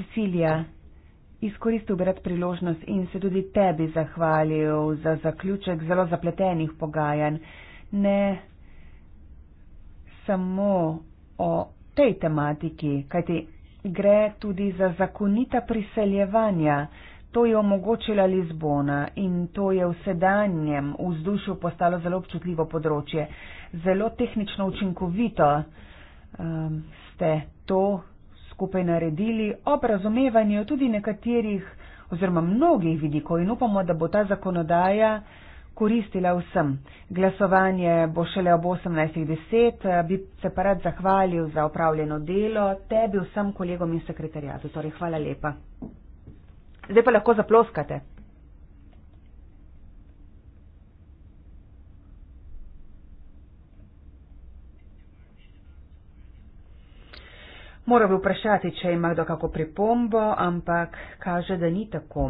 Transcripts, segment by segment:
Cecilija, izkoristil bi rad priložnost in se tudi tebi zahvalil za zaključek zelo zapletenih pogajanj. Ne samo o tej tematiki, kajti gre tudi za zakonita priseljevanja. To je omogočila Lizbona in to je v sedanjem vzdušju postalo zelo občutljivo področje. Zelo tehnično učinkovito um, ste to skupaj naredili ob razumevanju tudi nekaterih oziroma mnogih vidikov in upamo, da bo ta zakonodaja koristila vsem. Glasovanje bo šele ob 18.10, bi se pa rad zahvalil za opravljeno delo tebi, vsem kolegom in sekretarjatu. Torej, hvala lepa. Zdaj pa lahko zaploskate. Moral bi vprašati, če ima kdo kako pripombo, ampak kaže, da ni tako.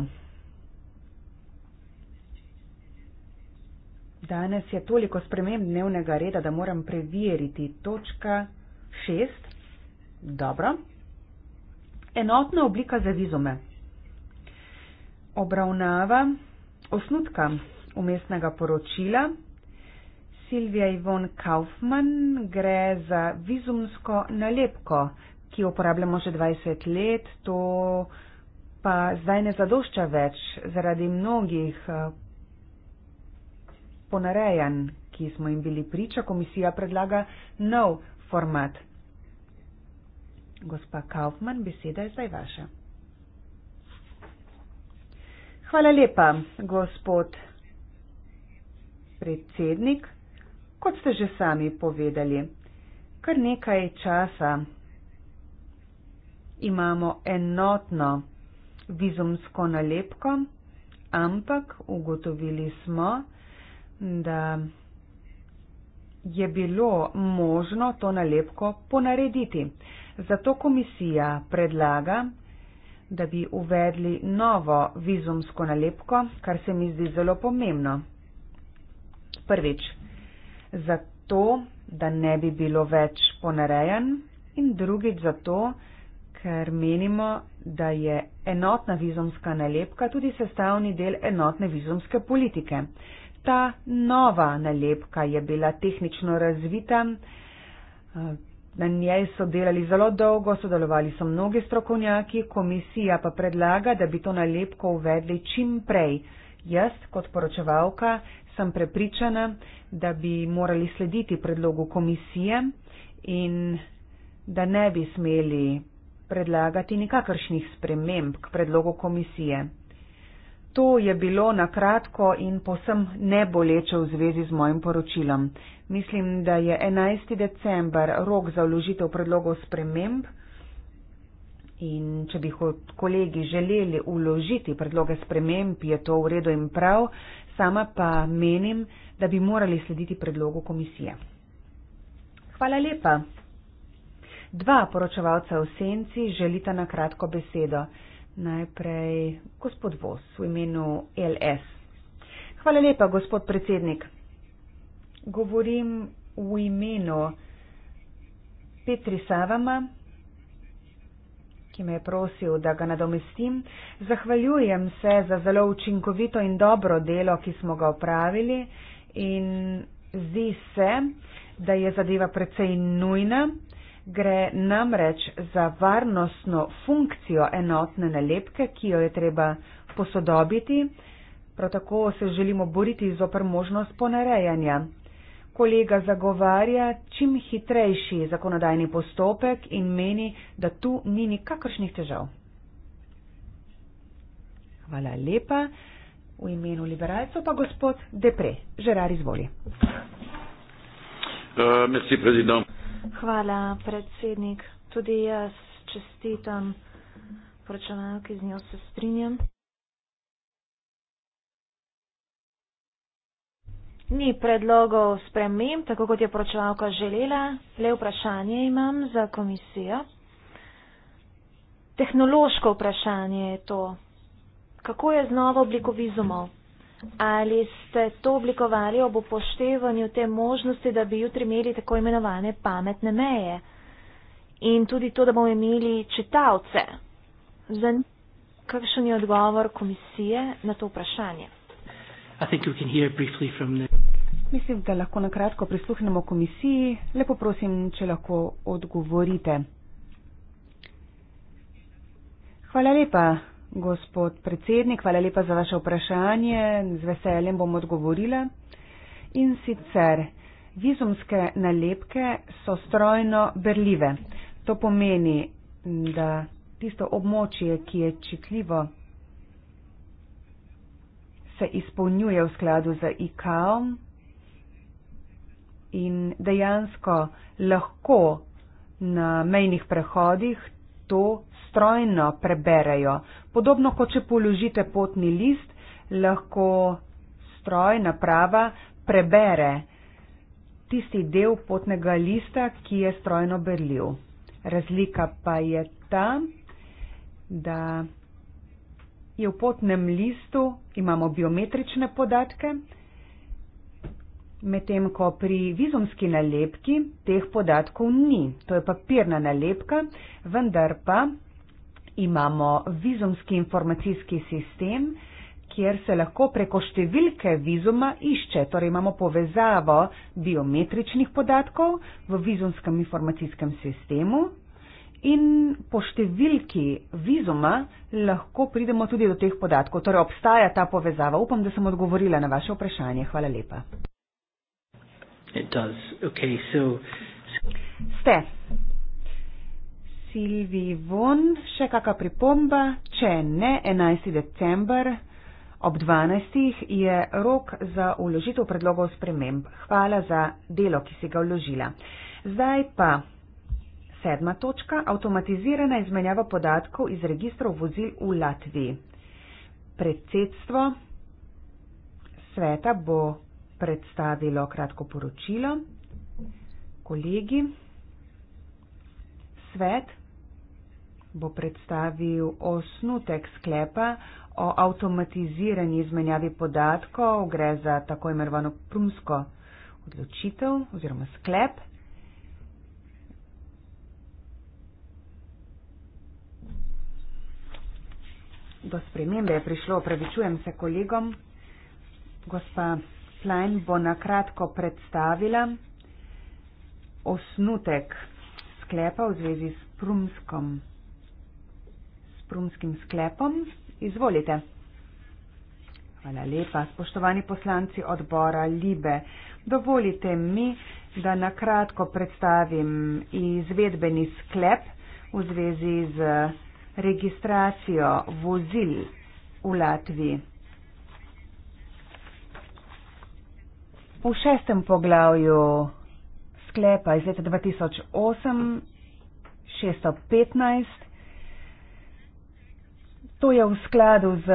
Danes je toliko sprememb dnevnega reda, da moram preveriti. Točka 6. Dobro. Enotna oblika za vizume. Obravnava osnutka umestnega poročila. Silvija Ivon Kaufman gre za vizumsko nalepko ki jo uporabljamo že 20 let, to pa zdaj ne zadošča več zaradi mnogih eh, ponarejanj, ki smo jim bili priča. Komisija predlaga nov format. Gospa Kaufman, beseda je zdaj vaša. Hvala lepa, gospod predsednik. Kot ste že sami povedali, kar nekaj časa imamo enotno vizumsko nalepko, ampak ugotovili smo, da je bilo možno to nalepko ponarediti. Zato komisija predlaga, da bi uvedli novo vizumsko nalepko, kar se mi zdi zelo pomembno. Prvič, zato, da ne bi bilo več ponarejen in drugič zato, da ker menimo, da je enotna vizumska nalepka tudi sestavni del enotne vizumske politike. Ta nova nalepka je bila tehnično razvita, na njej so delali zelo dolgo, sodelovali so mnogi strokovnjaki, komisija pa predlaga, da bi to nalepko uvedli čim prej. Jaz kot poročevalka sem prepričana, da bi morali slediti predlogu komisije in da ne bi smeli predlagati nikakršnih sprememb k predlogu komisije. To je bilo na kratko in posem neboleče v zvezi z mojim poročilom. Mislim, da je 11. december rok za vložitev predlogov sprememb in če bi kolegi želeli vložiti predloge sprememb, je to v redu in prav, sama pa menim, da bi morali slediti predlogu komisije. Hvala lepa. Dva poročevalca v senci želita na kratko besedo. Najprej gospod Vos v imenu LS. Hvala lepa, gospod predsednik. Govorim v imenu Petri Savama, ki me je prosil, da ga nadomestim. Zahvaljujem se za zelo učinkovito in dobro delo, ki smo ga opravili in zdi se, da je zadeva precej nujna. Gre namreč za varnostno funkcijo enotne nalepke, ki jo je treba posodobiti, prav tako se želimo boriti z opr možnost ponarejanja. Kolega zagovarja čim hitrejši zakonodajni postopek in meni, da tu ni nikakršnih težav. Hvala lepa. V imenu liberalcev pa gospod Depre. Žerar izvoli. Uh, Hvala, predsednik. Tudi jaz čestitam poročevalki, z njo se strinjam. Ni predlogov sprememb, tako kot je poročevalka želela. Le vprašanje imam za komisijo. Tehnološko vprašanje je to. Kako je z novo obliko vizumov? Ali ste to oblikovali ob upoštevanju te možnosti, da bi jutri imeli tako imenovane pametne meje in tudi to, da bomo imeli čitavce? Zan kakšen je odgovor komisije na to vprašanje? Mislim, da lahko na kratko prisluhnemo komisiji. Lepo prosim, če lahko odgovorite. Hvala lepa, Gospod predsednik, hvala lepa za vaše vprašanje. Z veseljem bom odgovorila. In sicer, vizumske nalepke so strojno berljive. To pomeni, da tisto območje, ki je čitljivo, se izpolnjuje v skladu z IKO in dejansko lahko na mejnih prehodih to strojno preberejo. Podobno kot če položite potni list, lahko stroj, naprava prebere tisti del potnega lista, ki je strojno berljiv. Razlika pa je ta, da je v potnem listu imamo biometrične podatke, medtem ko pri vizumski nalepki teh podatkov ni. To je papirna nalepka, vendar pa imamo vizumski informacijski sistem, kjer se lahko preko številke vizuma išče. Torej imamo povezavo biometričnih podatkov v vizumskem informacijskem sistemu in po številki vizuma lahko pridemo tudi do teh podatkov. Torej obstaja ta povezava. Upam, da sem odgovorila na vaše vprašanje. Hvala lepa. It does. Okay, so... Ste. Silvi Von, še kakšna pripomba, če ne 11. december ob 12. je rok za uložitev predlogov sprememb. Hvala za delo, ki si ga uložila. Zdaj pa sedma točka, avtomatizirana izmenjava podatkov iz registrov vozil v Latviji. Predsedstvo sveta bo predstavilo kratko poročilo. Kolegi, svet bo predstavil osnutek sklepa o avtomatizirani izmenjavi podatkov, gre za tako imenovano prumsko odločitev oziroma sklep. Do spremembe je prišlo, opravičujem se kolegom. Gospa Klein bo nakratko predstavila osnutek sklepa v zvezi s prumskom odločitvijo prumskim sklepom. Izvolite. Hvala lepa, spoštovani poslanci odbora Libe. Dovolite mi, da nakratko predstavim izvedbeni sklep v zvezi z registracijo vozil v Latviji. V šestem poglavju sklepa iz leta 2008, 615, To je v skladu z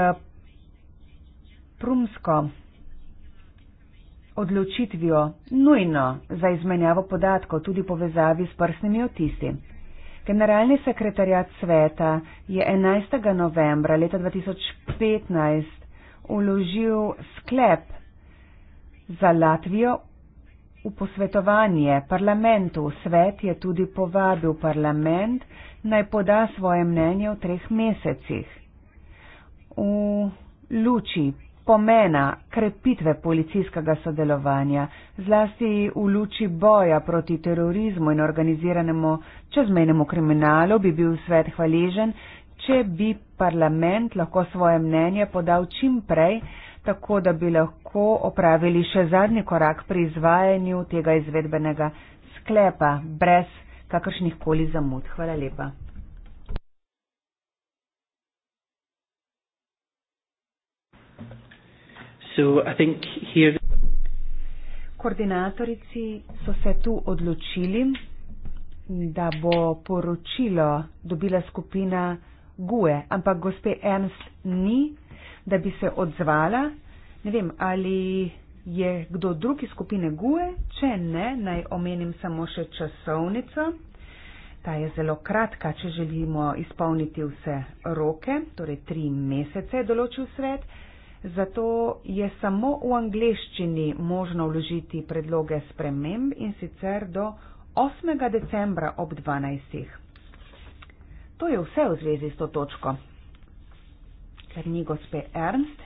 prumsko odločitvijo nujno za izmenjavo podatkov tudi povezavi s prstnimi otisti. Generalni sekretarjat sveta je 11. novembra leta 2015 uložil sklep za Latvijo v posvetovanje parlamentu. Svet je tudi povabil parlament naj poda svoje mnenje v treh mesecih v luči pomena krepitve policijskega sodelovanja, zlasti v luči boja proti terorizmu in organiziranemu čezmejnemu kriminalu, bi bil svet hvaležen, če bi parlament lahko svoje mnenje podal čim prej, tako da bi lahko opravili še zadnji korak pri izvajanju tega izvedbenega sklepa brez kakršnih koli zamud. Hvala lepa. So I think here Koordinatorici so se tu odločili, da bo poročilo dobila skupina GUE, ampak gospe Ernst ni, da bi se odzvala. Ne vem, ali je kdo drug iz skupine GUE, če ne, naj omenim samo še časovnico. Ta je zelo kratka, če želimo izpolniti vse roke, torej tri mesece je določil svet. Zato je samo v angleščini možno vložiti predloge sprememb in sicer do 8. decembra ob 12. To je vse v zvezi s to točko. Ker ni gospe Ernst,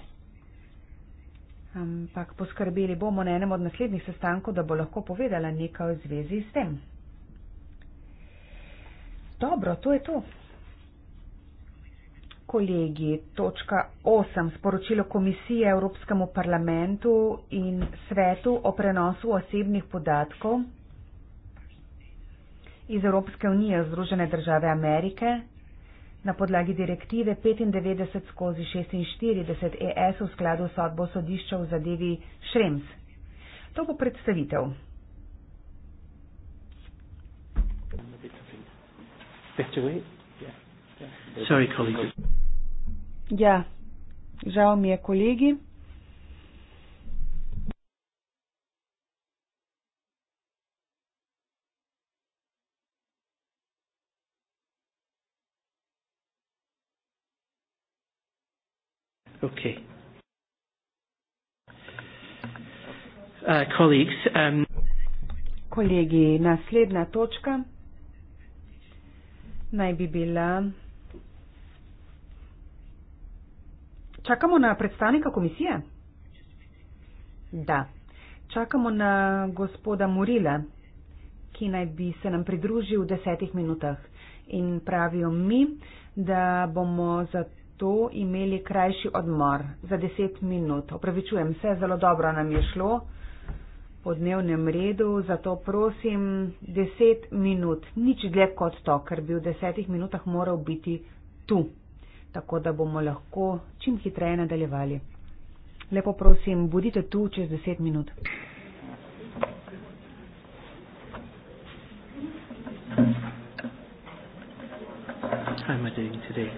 ampak poskrbeli bomo na enem od naslednjih sestankov, da bo lahko povedala nekaj v zvezi s tem. Dobro, to je to kolegi, točka 8, sporočilo Komisije Evropskemu parlamentu in svetu o prenosu osebnih podatkov iz Evropske unije v Združene države Amerike na podlagi direktive 95 skozi 46 ES v skladu s sodbo sodišča v zadevi Šrems. To bo predstavitev. Sorry, colleagues. Ja, žal mi je kolegi. Okay. Uh, colleagues, um... Kolegi, naslednja točka naj bi bila. Čakamo na predstavnika komisije? Da. Čakamo na gospoda Murila, ki naj bi se nam pridružil v desetih minutah. In pravijo mi, da bomo zato imeli krajši odmor za deset minut. Opravičujem se, zelo dobro nam je šlo po dnevnem redu, zato prosim deset minut, nič dlje kot to, ker bi v desetih minutah moral biti tu tako da bomo lahko čim hitreje nadaljevali. Lepo prosim, budite tu čez deset minut. Hi, my doing today?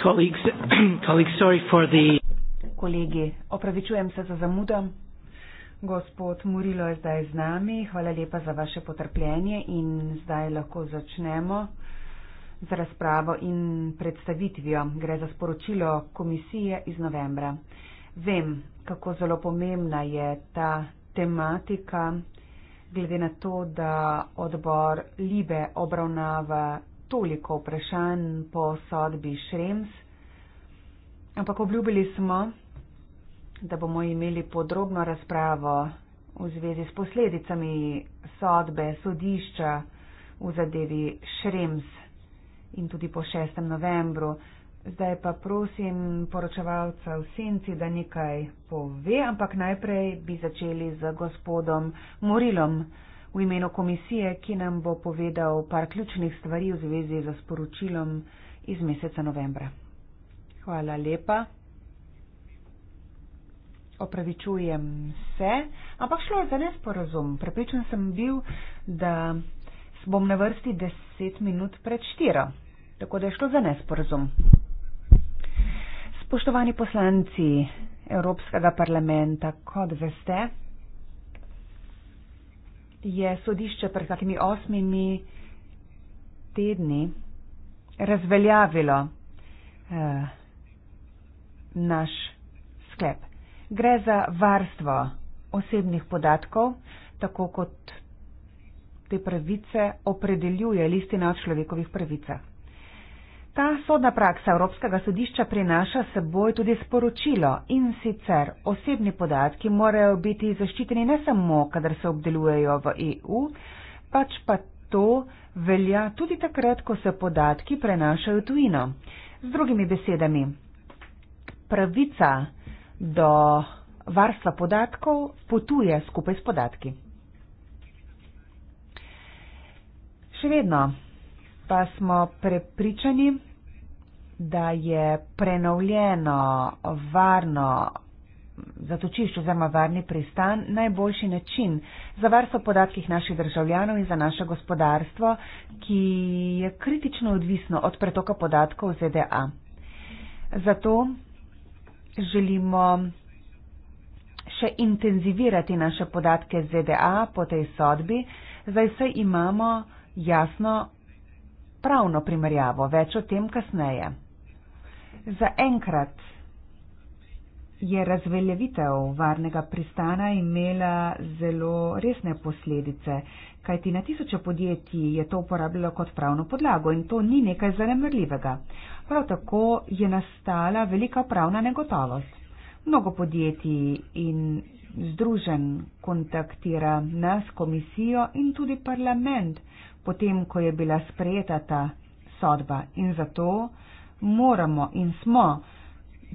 Colleagues, colleagues, sorry for the... Kolegi, opravičujem se za zamudo. Gospod Murilo je zdaj z nami. Hvala lepa za vaše potrpljenje in zdaj lahko začnemo z razpravo in predstavitvijo. Gre za sporočilo komisije iz novembra. Vem, kako zelo pomembna je ta tematika, glede na to, da odbor Libe obravnava toliko vprašanj po sodbi Šrems, ampak obljubili smo, da bomo imeli podrobno razpravo v zvezi s posledicami sodbe sodišča v zadevi Šrems in tudi po 6. novembru. Zdaj pa prosim poročevalca v senci, da nekaj pove, ampak najprej bi začeli z gospodom Morilom v imenu komisije, ki nam bo povedal par ključnih stvari v zvezi za sporočilom iz meseca novembra. Hvala lepa. Opravičujem se, ampak šlo je za nesporazum. Prepričan sem bil, da bom na vrsti deset minut pred štiro. Tako da je šlo za nesporazum. Spoštovani poslanci Evropskega parlamenta, kot veste, je sodišče pred kakimi osmimi tedni razveljavilo eh, naš sklep. Gre za varstvo osebnih podatkov, tako kot te pravice opredeljuje listina o človekovih pravicah. Ta sodna praksa Evropskega sodišča prinaša seboj tudi sporočilo in sicer osebni podatki morajo biti zaščiteni ne samo, kadar se obdelujejo v EU, pač pa to velja tudi takrat, ko se podatki prenašajo tujino. Z drugimi besedami, pravica do varstva podatkov potuje skupaj s podatki. Še vedno pa smo prepričani, da je prenovljeno varno zatočišče oziroma varni pristan najboljši način za varstvo podatkih naših državljanov in za naše gospodarstvo, ki je kritično odvisno od pretoka podatkov ZDA. Zato želimo še intenzivirati naše podatke ZDA po tej sodbi, zdaj se imamo jasno pravno primerjavo, več o tem kasneje. Za enkrat je razveljavitev varnega pristana imela zelo resne posledice, kajti na tisoče podjetij je to uporabljalo kot pravno podlago in to ni nekaj zanemrljivega. Prav tako je nastala velika pravna negotovost. Mnogo podjetij in združen kontaktira nas, komisijo in tudi parlament, potem, ko je bila sprejeta ta sodba. In zato moramo in smo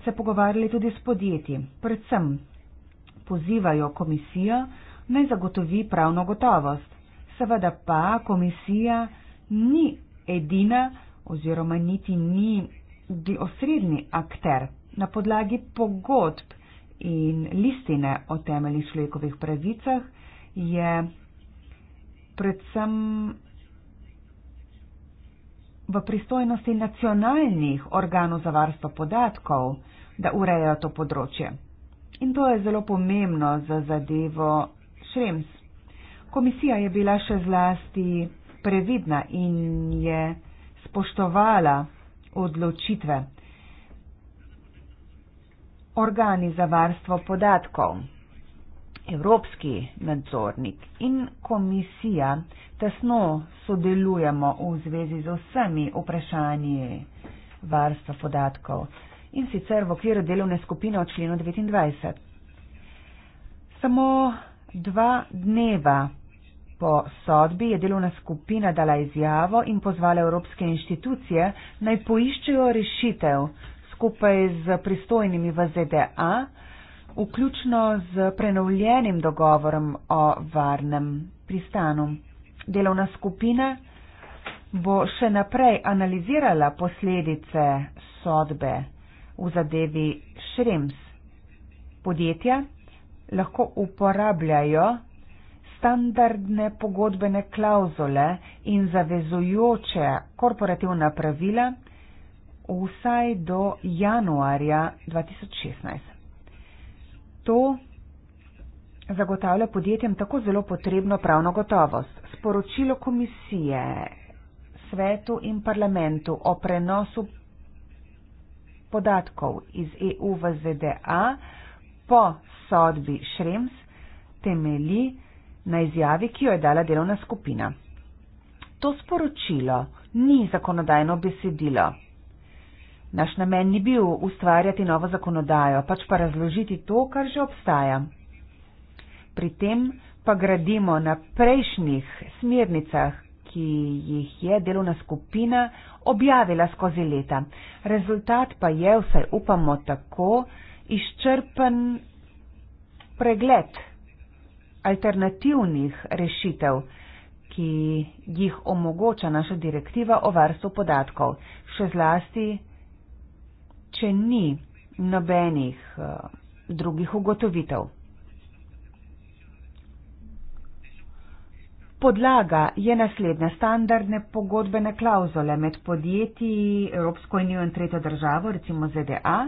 se pogovarjali tudi s podjetji. Predvsem pozivajo komisijo, naj zagotovi pravno gotovost. Seveda pa komisija ni edina oziroma niti ni osrednji akter. Na podlagi pogodb in listine o temeljih človekovih pravicah je predvsem v pristojnosti nacionalnih organov za varstvo podatkov, da urejajo to področje. In to je zelo pomembno za zadevo Šrems. Komisija je bila še zlasti previdna in je spoštovala odločitve organi za varstvo podatkov. Evropski nadzornik in komisija tesno sodelujemo v zvezi z vsemi vprašanji varstva podatkov in sicer v okviru delovne skupine o členu 29. Samo dva dneva po sodbi je delovna skupina dala izjavo in pozvala evropske inštitucije naj poiščejo rešitev skupaj z pristojnimi v ZDA, vključno z prenovljenim dogovorom o varnem pristanu. Delovna skupina bo še naprej analizirala posledice sodbe v zadevi Šrems. Podjetja lahko uporabljajo standardne pogodbene klauzule in zavezujoče korporativna pravila vsaj do januarja 2016 to zagotavlja podjetjem tako zelo potrebno pravno gotovost. Sporočilo komisije svetu in parlamentu o prenosu podatkov iz EU v ZDA po sodbi Šrems temeli na izjavi, ki jo je dala delovna skupina. To sporočilo ni zakonodajno besedilo. Naš namen ni bil ustvarjati novo zakonodajo, pač pa razložiti to, kar že obstaja. Pri tem pa gradimo na prejšnjih smernicah, ki jih je delovna skupina objavila skozi leta. Rezultat pa je, vsaj upamo tako, izčrpen pregled alternativnih rešitev, ki jih omogoča naša direktiva o varstvu podatkov, še zlasti če ni nobenih eh, drugih ugotovitev. Podlaga je naslednja standardne pogodbene klauzule med podjetji Evropsko unijo in tretjo državo, recimo ZDA.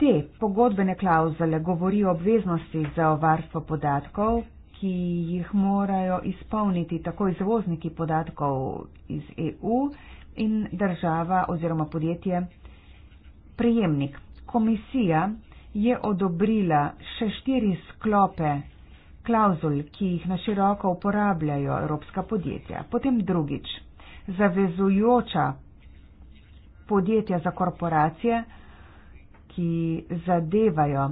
Te pogodbene klauzule govorijo o obveznosti za varstvo podatkov, ki jih morajo izpolniti tako izvozniki podatkov iz EU in država oziroma podjetje prijemnik. Komisija je odobrila še štiri sklope klauzul, ki jih na široko uporabljajo evropska podjetja. Potem drugič, zavezujoča podjetja za korporacije, ki zadevajo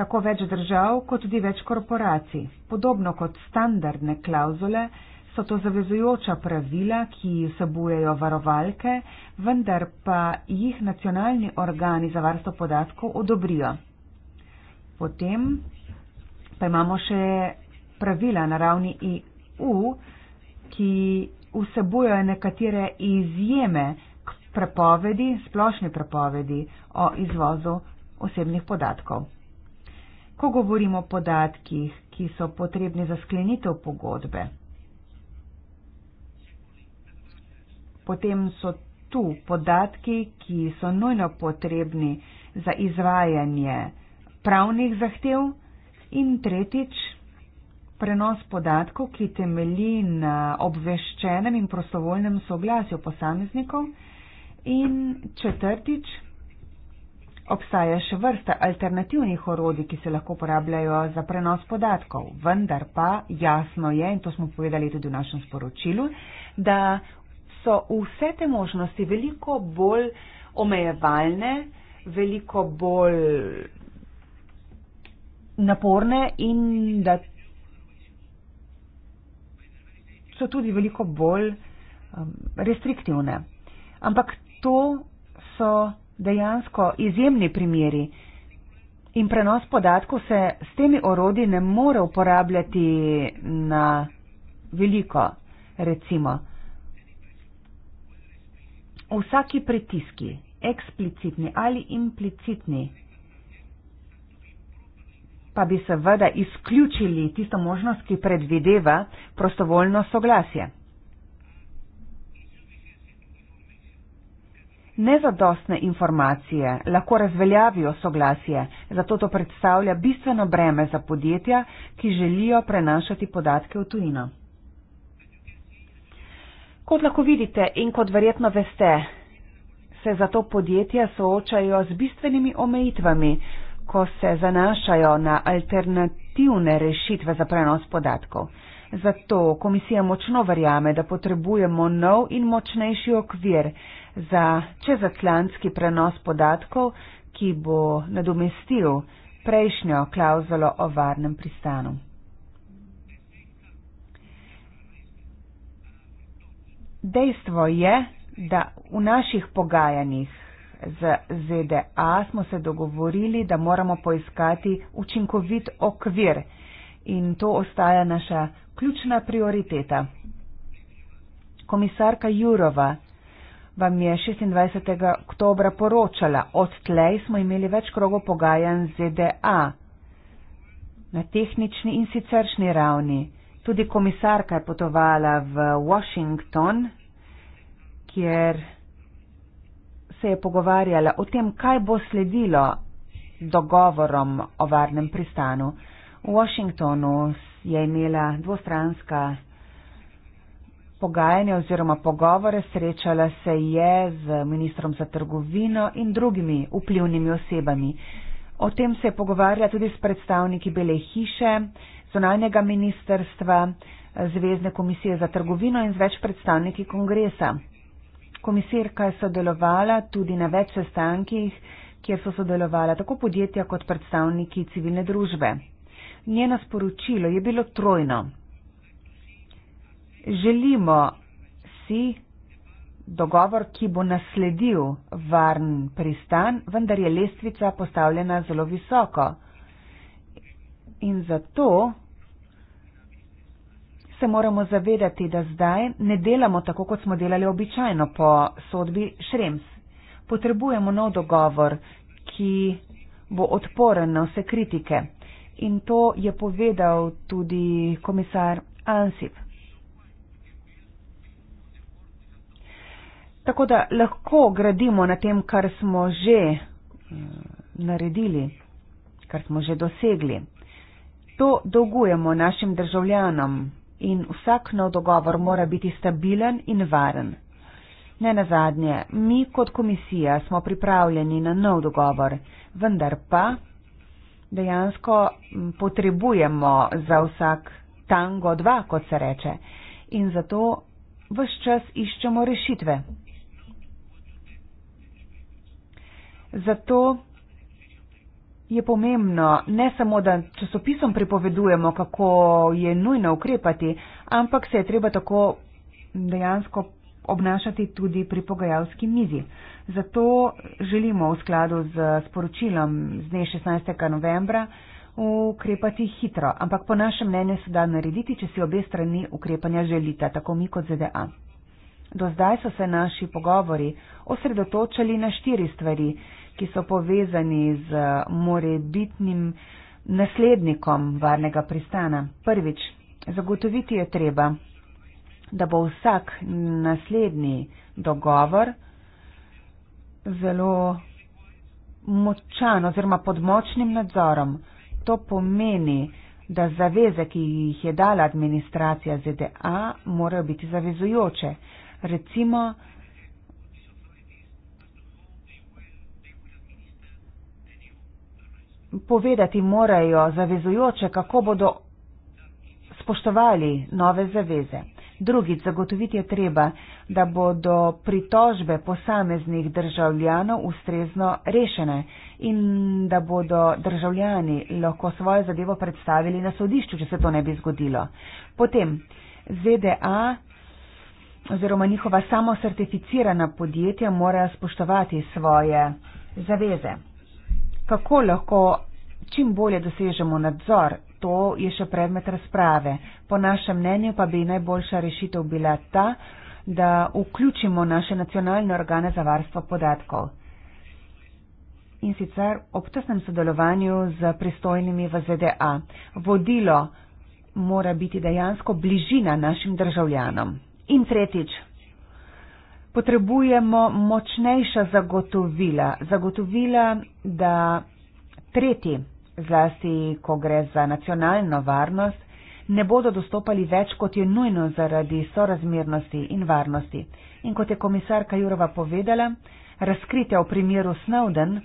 tako več držav kot tudi več korporacij. Podobno kot standardne klauzule, so to zavezujoča pravila, ki vsebujejo varovalke, vendar pa jih nacionalni organi za varstvo podatkov odobrijo. Potem pa imamo še pravila na ravni EU, ki vsebujejo nekatere izjeme k prepovedi, splošni prepovedi o izvozu osebnih podatkov. Ko govorimo o podatkih, ki so potrebni za sklenitev pogodbe, potem so tu podatki, ki so nujno potrebni za izvajanje pravnih zahtev in tretjič prenos podatkov, ki temelji na obveščenem in prostovoljnem soglasju posameznikov in četrtič obstaja še vrsta alternativnih orodij, ki se lahko uporabljajo za prenos podatkov, vendar pa jasno je, in to smo povedali tudi v našem sporočilu, da so vse te možnosti veliko bolj omejevalne, veliko bolj naporne in da so tudi veliko bolj um, restriktivne. Ampak to so dejansko izjemni primeri in prenos podatkov se s temi orodji ne more uporabljati na veliko, recimo. Vsaki pritiski, eksplicitni ali implicitni, pa bi seveda izključili tisto možnost, ki predvideva prostovoljno soglasje. Nezadostne informacije lahko razveljavijo soglasje, zato to predstavlja bistveno breme za podjetja, ki želijo prenašati podatke v tujino. Kot lahko vidite in kot verjetno veste, se zato podjetja soočajo z bistvenimi omejitvami, ko se zanašajo na alternativne rešitve za prenos podatkov. Zato komisija močno verjame, da potrebujemo nov in močnejši okvir za čezatlantski prenos podatkov, ki bo nadomestil prejšnjo klauzulo o varnem pristanu. Dejstvo je, da v naših pogajanjih z ZDA smo se dogovorili, da moramo poiskati učinkovit okvir in to ostaja naša ključna prioriteta. Komisarka Jurova vam je 26. oktober poročala, od tlej smo imeli več krogov pogajanj z ZDA na tehnični in siceršnji ravni. Tudi komisarka je potovala v Washington, kjer se je pogovarjala o tem, kaj bo sledilo dogovorom o varnem pristanu. V Washingtonu je imela dvostranska pogajanja oziroma pogovore, srečala se je z ministrom za trgovino in drugimi vplivnimi osebami. O tem se je pogovarjala tudi s predstavniki Bele hiše zunanjega ministerstva, Zvezdne komisije za trgovino in z več predstavniki kongresa. Komisirka je sodelovala tudi na več sestankih, kjer so sodelovala tako podjetja kot predstavniki civilne družbe. Njeno sporočilo je bilo trojno. Želimo si dogovor, ki bo nasledil varen pristan, vendar je lestvica postavljena zelo visoko in zato se moramo zavedati, da zdaj ne delamo tako, kot smo delali običajno po sodbi Šrems. Potrebujemo nov dogovor, ki bo odporen na vse kritike. In to je povedal tudi komisar Ansip. Tako da lahko gradimo na tem, kar smo že eh, naredili, kar smo že dosegli. To dolgujemo našim državljanom in vsak nov dogovor mora biti stabilen in varen. Ne na zadnje, mi kot komisija smo pripravljeni na nov dogovor, vendar pa dejansko potrebujemo za vsak tango dva, kot se reče, in zato vse čas iščemo rešitve. Zato je pomembno ne samo, da časopisom pripovedujemo, kako je nujno ukrepati, ampak se je treba tako dejansko obnašati tudi pri pogajalski mizi. Zato želimo v skladu z sporočilom z dne 16. novembra ukrepati hitro, ampak po našem mnenju se da narediti, če si obe strani ukrepanja želite, tako mi kot ZDA. Do zdaj so se naši pogovori osredotočali na štiri stvari ki so povezani z morebitnim naslednikom varnega pristana. Prvič, zagotoviti je treba, da bo vsak naslednji dogovor zelo močan oziroma pod močnim nadzorom. To pomeni, da zaveze, ki jih je dala administracija ZDA, morajo biti zavezujoče. Recimo, povedati morajo zavezujoče, kako bodo spoštovali nove zaveze. Drugič, zagotoviti je treba, da bodo pritožbe posameznih državljanov ustrezno rešene in da bodo državljani lahko svojo zadevo predstavili na sodišču, če se to ne bi zgodilo. Potem, ZDA oziroma njihova samo certificirana podjetja morajo spoštovati svoje zaveze kako lahko čim bolje dosežemo nadzor, to je še predmet razprave. Po našem mnenju pa bi najboljša rešitev bila ta, da vključimo naše nacionalne organe za varstvo podatkov. In sicer ob tesnem sodelovanju z pristojnimi v ZDA. Vodilo mora biti dejansko bližina našim državljanom. In tretjič, potrebujemo močnejša zagotovila, zagotovila, da tretji, zlasti ko gre za nacionalno varnost, ne bodo dostopali več, kot je nujno zaradi sorazmernosti in varnosti. In kot je komisarka Jurova povedala, razkritja v primeru Snowden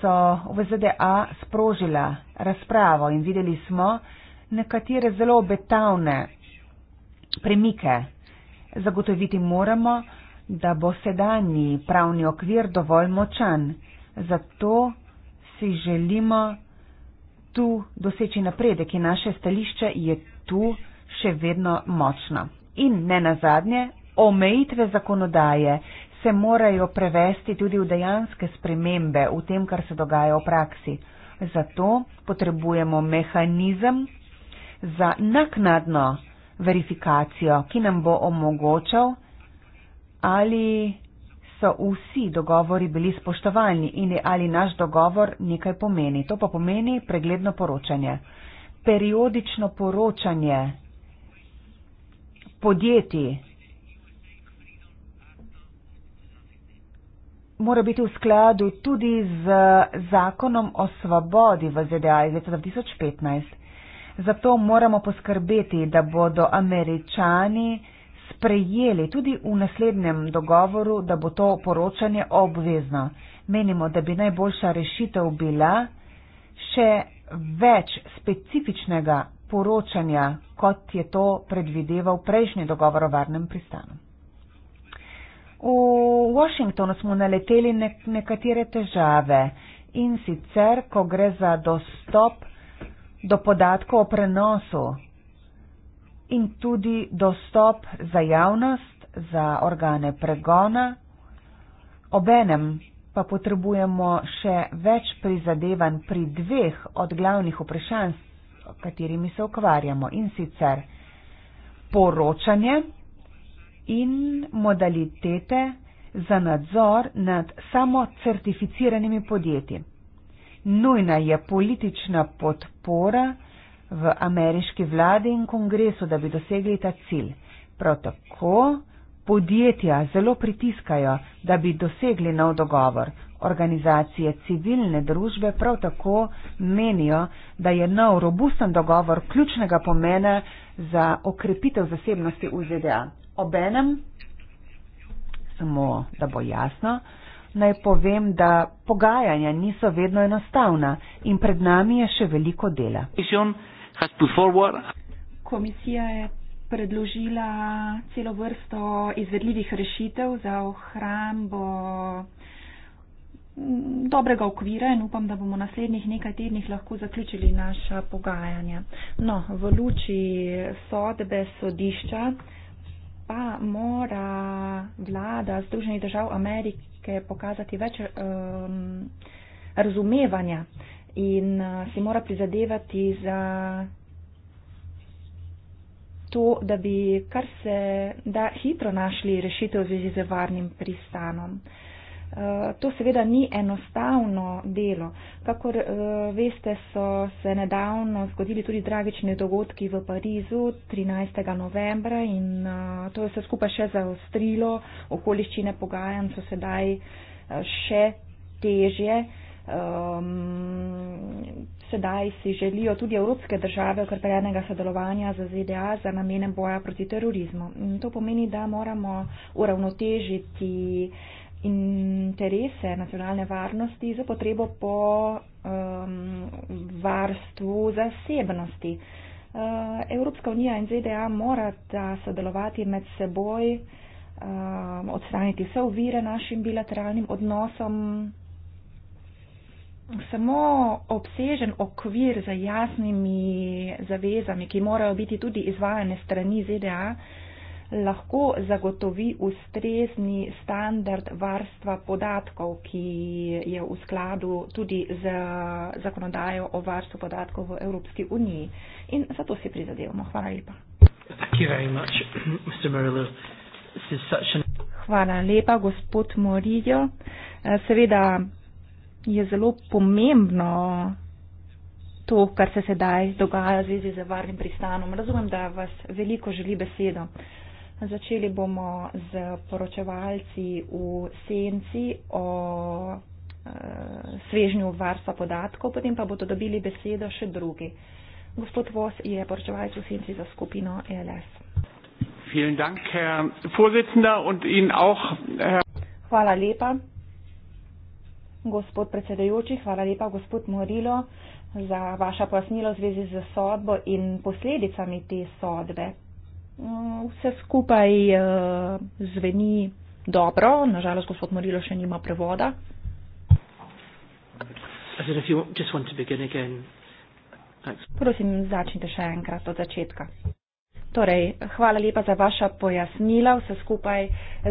so v ZDA sprožila razpravo in videli smo nekatere zelo obetavne premike. Zagotoviti moramo, da bo sedanji pravni okvir dovolj močan. Zato si želimo tu doseči napredek in naše stališče je tu še vedno močno. In ne nazadnje, omejitve zakonodaje se morajo prevesti tudi v dejanske spremembe v tem, kar se dogaja v praksi. Zato potrebujemo mehanizem za naknadno verifikacijo, ki nam bo omogočal, ali so vsi dogovori bili spoštovani in ali naš dogovor nekaj pomeni. To pa pomeni pregledno poročanje. Periodično poročanje podjetij mora biti v skladu tudi z zakonom o svobodi v ZDA iz leta 2015. Zato moramo poskrbeti, da bodo američani sprejeli tudi v naslednjem dogovoru, da bo to poročanje obvezno. Menimo, da bi najboljša rešitev bila še več specifičnega poročanja, kot je to predvideval prejšnji dogovor o varnem pristanu. V Washingtonu smo naleteli na nek nekatere težave in sicer, ko gre za dostop do podatkov o prenosu in tudi dostop za javnost, za organe pregona. Obenem pa potrebujemo še več prizadevanj pri dveh od glavnih vprašanj, s katerimi se ukvarjamo in sicer poročanje in modalitete za nadzor nad samocertificiranimi podjetji. Nujna je politična podpora, v ameriški vladi in kongresu, da bi dosegli ta cilj. Prav tako podjetja zelo pritiskajo, da bi dosegli nov dogovor. Organizacije civilne družbe prav tako menijo, da je nov robusten dogovor ključnega pomena za okrepitev zasebnosti v ZDA. Obenem, samo da bo jasno, naj povem, da pogajanja niso vedno enostavna in pred nami je še veliko dela. Mislim has put forward. Komisija je predložila celo vrsto izvedljivih rešitev za ohrambo mm, dobrega okvira in upam, da bomo naslednjih nekaj tednih lahko zaključili naša pogajanja. No, v luči sodbe sodišča pa mora vlada Združenih držav Amerike pokazati več um, razumevanja in uh, si mora prizadevati za to, da bi kar se da hitro našli rešitev v zvezi z varnim pristanom. Uh, to seveda ni enostavno delo. Kakor uh, veste, so se nedavno zgodili tudi dragični dogodki v Parizu 13. novembra in uh, to je se skupaj še zaostrilo. Okoliščine pogajanj so sedaj uh, še težje. Uh, um, sedaj si želijo tudi evropske države okrepljenega sodelovanja z ZDA za namenem boja proti terorizmu. In to pomeni, da moramo uravnotežiti interese nacionalne varnosti za potrebo po um, varstvu zasebnosti. Uh, Evropska unija in ZDA morata sodelovati med seboj, um, odstraniti vse ovire našim bilateralnim odnosom, samo obsežen okvir z jasnimi zavezami, ki morajo biti tudi izvajane strani ZDA, lahko zagotovi ustrezni standard varstva podatkov, ki je v skladu tudi z zakonodajo o varstvu podatkov v Evropski uniji. In zato si prizadevamo. Hvala lepa. Hvala lepa, gospod Morillo. Eh, seveda je zelo pomembno to, kar se sedaj dogaja v zvezi z varnim pristanom. Razumem, da vas veliko želi besedo. Začeli bomo z poročevalci v senci o e, svežnju varstva podatkov, potem pa bodo dobili besedo še drugi. Gospod Vos je poročevalec v senci za skupino e ELS. Hvala lepa. Gospod predsedajoči, hvala lepa, gospod Morilo, za vaša pojasnila v zvezi z sodbo in posledicami te sodbe. Mm, vse skupaj eh, zveni dobro, nažalost, gospod Morilo še nima prevoda. Prosim, začnite še enkrat od začetka. Torej, hvala lepa za vaša pojasnila. Vse skupaj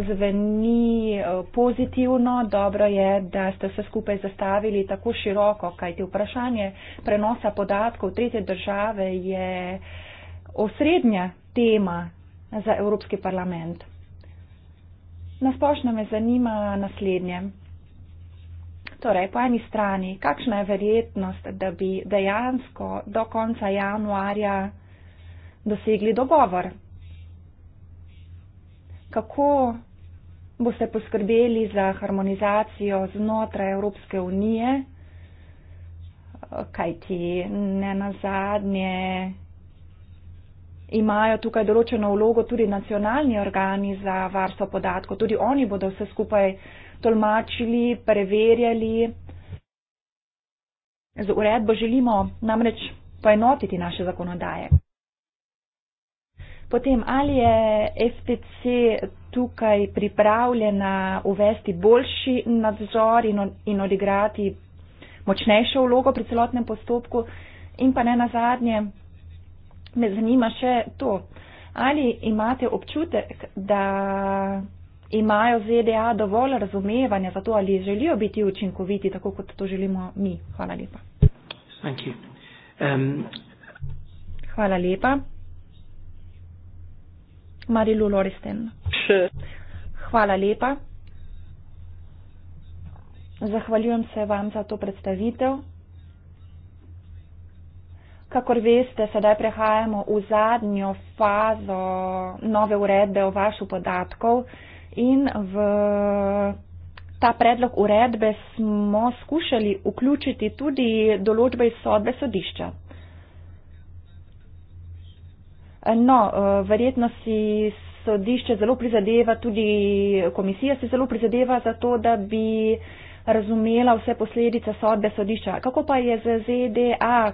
zveni eh, pozitivno. Dobro je, da ste se skupaj zastavili tako široko, kajti vprašanje prenosa podatkov tretje države je osrednja tema za Evropski parlament. Nasplošno me zanima naslednje. Torej, po eni strani, kakšna je verjetnost, da bi dejansko do konca januarja dosegli dogovor? Kako boste poskrbeli za harmonizacijo znotraj Evropske unije, kajti ne na zadnje imajo tukaj določeno vlogo tudi nacionalni organi za varstvo podatkov. Tudi oni bodo vse skupaj tolmačili, preverjali. Z uredbo želimo namreč poenotiti naše zakonodaje. Potem, ali je FTC tukaj pripravljena uvesti boljši nadzor in, in odigrati močnejšo vlogo pri celotnem postopku? In pa ne na zadnje, me zanima še to, ali imate občutek, da imajo ZDA dovolj razumevanja za to, ali želijo biti učinkoviti, tako kot to želimo mi. Hvala lepa. Um... Hvala lepa. Marilu Loristen. Še. Hvala lepa. Zahvaljujem se vam za to predstavitev. Kakor veste, sedaj prehajamo v zadnjo fazo nove uredbe o vašu podatkov in v ta predlog uredbe smo skušali vključiti tudi določbe iz sodbe sodišča. No, eh, verjetno si sodišče zelo prizadeva, tudi komisija si zelo prizadeva za to, da bi razumela vse posledice sodbe sodišča. Kako pa je z ZDA?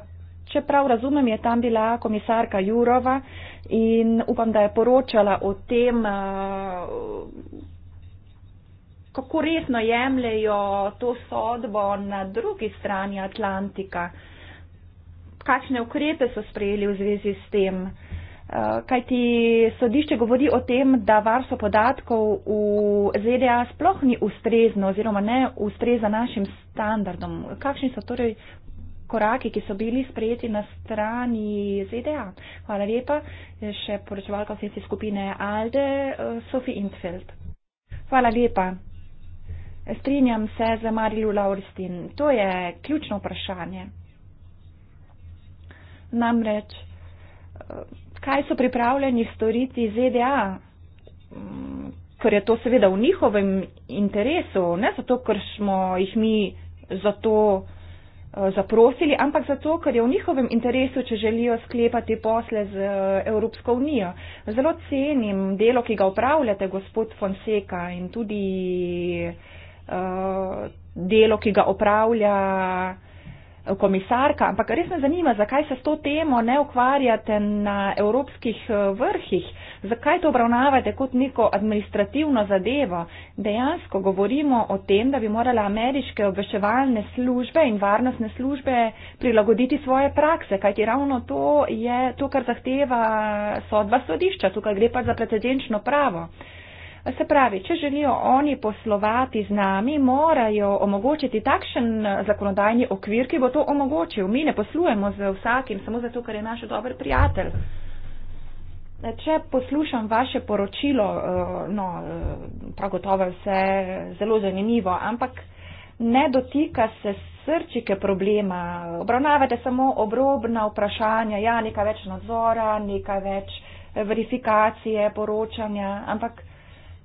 Čeprav razumem, je tam bila komisarka Jurova in upam, da je poročala o tem, eh, kako resno jemljajo to sodbo na drugi strani Atlantika. Kakšne ukrepe so sprejeli v zvezi s tem? Eh, Kaj ti sodišče govori o tem, da varstvo podatkov v ZDA sploh ni ustrezno oziroma ne ustreza našim standardom. Kakšni so torej koraki, ki so bili sprejeti na strani ZDA? Hvala lepa. Še poročevalka vsej skupine Alde, eh, Sophie Intfeld. Hvala lepa. Strinjam se za Marilu Lauristin. To je ključno vprašanje. Namreč. Eh, kaj so pripravljeni storiti ZDA, mm, ker je to seveda v njihovem interesu, ne zato, ker smo jih mi za to eh, zaprosili, ampak zato, ker je v njihovem interesu, če želijo sklepati posle z eh, Evropsko unijo. Zelo cenim delo, ki ga upravljate, gospod Fonseca, in tudi uh, delo, ki ga upravlja uh, komisarka, ampak res me zanima, zakaj se s to temo ne ukvarjate na evropskih eh, vrhih, zakaj to obravnavate kot neko administrativno zadevo. Dejansko govorimo o tem, da bi morale ameriške obveševalne službe in varnostne službe prilagoditi svoje prakse, kajti ravno to je to, kar zahteva sodba sodišča, tukaj gre pa za precedenčno pravo. Se pravi, če želijo oni poslovati z nami, morajo omogočiti takšen zakonodajni okvir, ki bo to omogočil. Mi ne poslujemo z vsakim, samo zato, ker je naš dober prijatelj. Če poslušam vaše poročilo, eh, no, eh, prav gotovo vse zelo zanimivo, ampak ne dotika se srčike problema. Obravnavate samo obrobna vprašanja, ja, nekaj več nadzora, nekaj več verifikacije, poročanja, ampak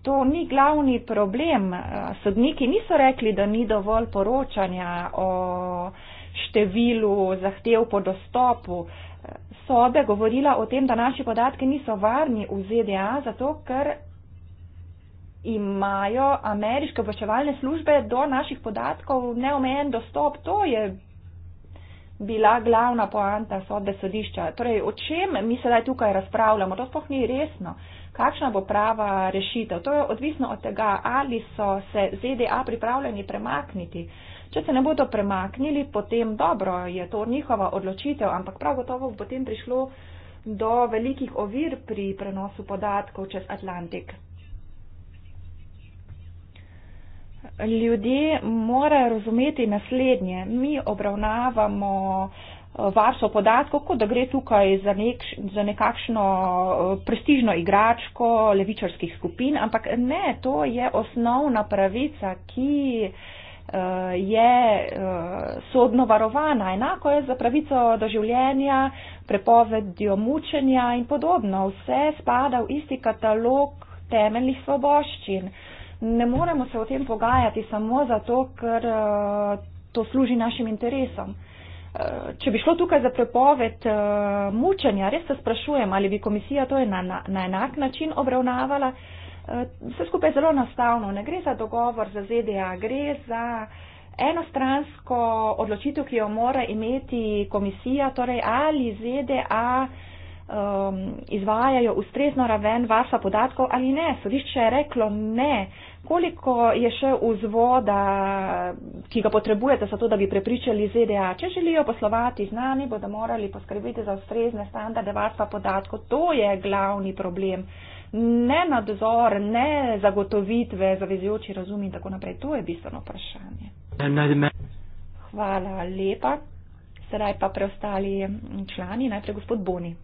to ni glavni problem. Eh, sodniki niso rekli, da ni dovolj poročanja o številu zahtev po dostopu. Eh, sobe govorila o tem, da naši podatki niso varni v ZDA, zato ker imajo ameriške obveščevalne službe do naših podatkov neomejen dostop. To je bila glavna poanta sodbe sodišča. Torej, o čem mi sedaj tukaj razpravljamo? To sploh ni resno. Uh, kakšna bo prava rešitev. To je odvisno od tega, ali so se ZDA pripravljeni premakniti. Če se ne bodo premaknili, potem dobro, je to njihova odločitev, ampak prav gotovo bo potem prišlo do velikih ovir pri prenosu podatkov čez Atlantik. Ljudje morajo razumeti naslednje. Mi obravnavamo uh, varstvo podatkov, kot da gre tukaj za, nek, za nekakšno eh, prestižno igračko levičarskih skupin, ampak ne, to je osnovna pravica, ki eh, je eh, sodno varovana. Enako je za pravico do življenja, prepovedjo mučenja in podobno. Vse spada v isti katalog temeljnih svoboščin. Ne moremo se o tem pogajati samo zato, ker to služi našim interesom. Eh, če bi šlo tukaj za prepoved eh, mučenja, res se sprašujem, ali bi komisija to na, na, na enak način obravnavala. Eh, vse skupaj je zelo nastavno. Ne gre za dogovor za ZDA, gre za enostransko odločitev, ki jo mora imeti komisija, torej ali ZDA um, ehm, izvajajo ustrezno raven varstva podatkov ali ne. Sodišče je reklo ne. Uh, koliko je še vzvoda, ki ga potrebujete za to, da bi prepričali ZDA. Če želijo poslovati z nami, bodo morali poskrbeti za ustrezne standarde varstva podatkov. To je glavni problem. Ne nadzor, ne zagotovitve, zavezujoči razum in tako naprej. To je bistveno vprašanje. Hvala lepa. Sedaj pa preostali člani, najprej gospod Boni.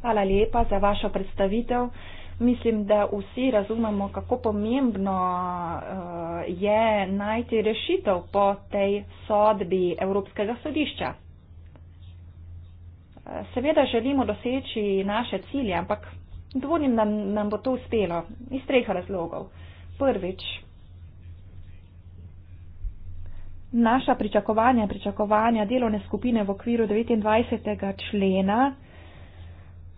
Hvala lepa za vašo predstavitev mislim, da vsi razumemo, kako pomembno eh, je najti rešitev po tej sodbi Evropskega sodišča. Eh, seveda želimo doseči naše cilje, ampak dvomim, da nam bo to uspelo iz treh razlogov. Prvič, naša pričakovanja, pričakovanja delovne skupine v okviru 29. člena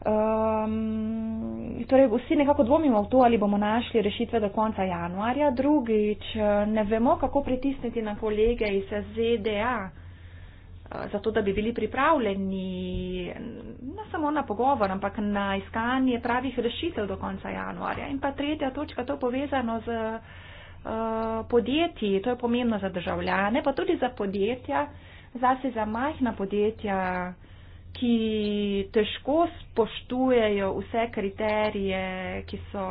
Um, torej vsi nekako dvomimo v to, ali bomo našli rešitve do konca januarja. Drugič, eh, ne vemo, kako pritisniti na kolege iz ZDA, eh, zato da bi bili pripravljeni ne samo na pogovor, ampak na iskanje pravih rešitev do konca januarja. In pa tretja točka, to je povezano z uh, podjetji, to je pomembno za državljane, pa tudi za podjetja, zase za majhna podjetja ki težko spoštujejo vse kriterije, ki, so,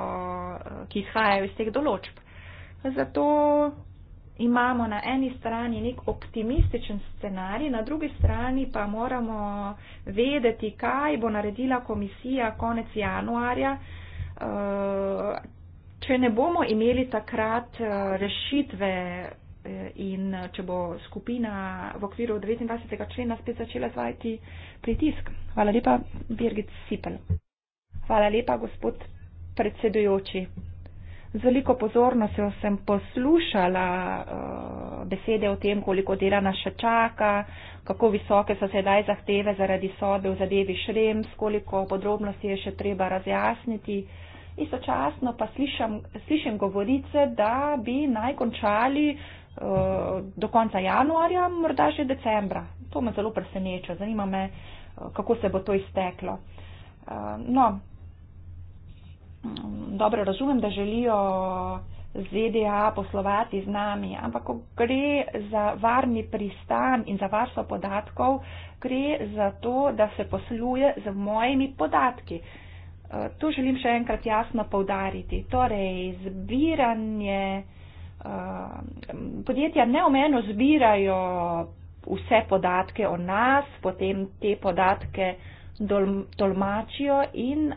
eh, ki izhajajo iz teh določb. Zato imamo na eni strani nek optimističen scenarij, na drugi strani pa moramo vedeti, kaj bo naredila komisija konec januarja, eh, če ne bomo imeli takrat eh, rešitve Eh, in eh, če bo skupina v okviru 29. člena spet začela zvajati pritisk. Hvala lepa, Birgit Sipel. Hvala lepa, gospod predsedujoči. Z veliko pozornostjo sem poslušala uh, besede o tem, koliko dela nas še čaka, kako visoke so sedaj zahteve zaradi sodbe v zadevi Šrems, koliko podrobnosti je še treba razjasniti. Istočasno pa slišam, slišim govorice, da bi naj končali uh, Eh, do konca januarja, morda že decembra. To me zelo preseneča, zanima me, eh, kako se bo to izteklo. Eh, no, mm, dobro razumem, da želijo ZDA poslovati z nami, ampak ko gre za varni pristan in za varstvo podatkov, gre za to, da se posluje z mojimi podatki. To želim še enkrat jasno povdariti. Torej, zbiranje. Ehm, podjetja neomejeno zbirajo vse podatke o nas, potem te podatke tolmačijo in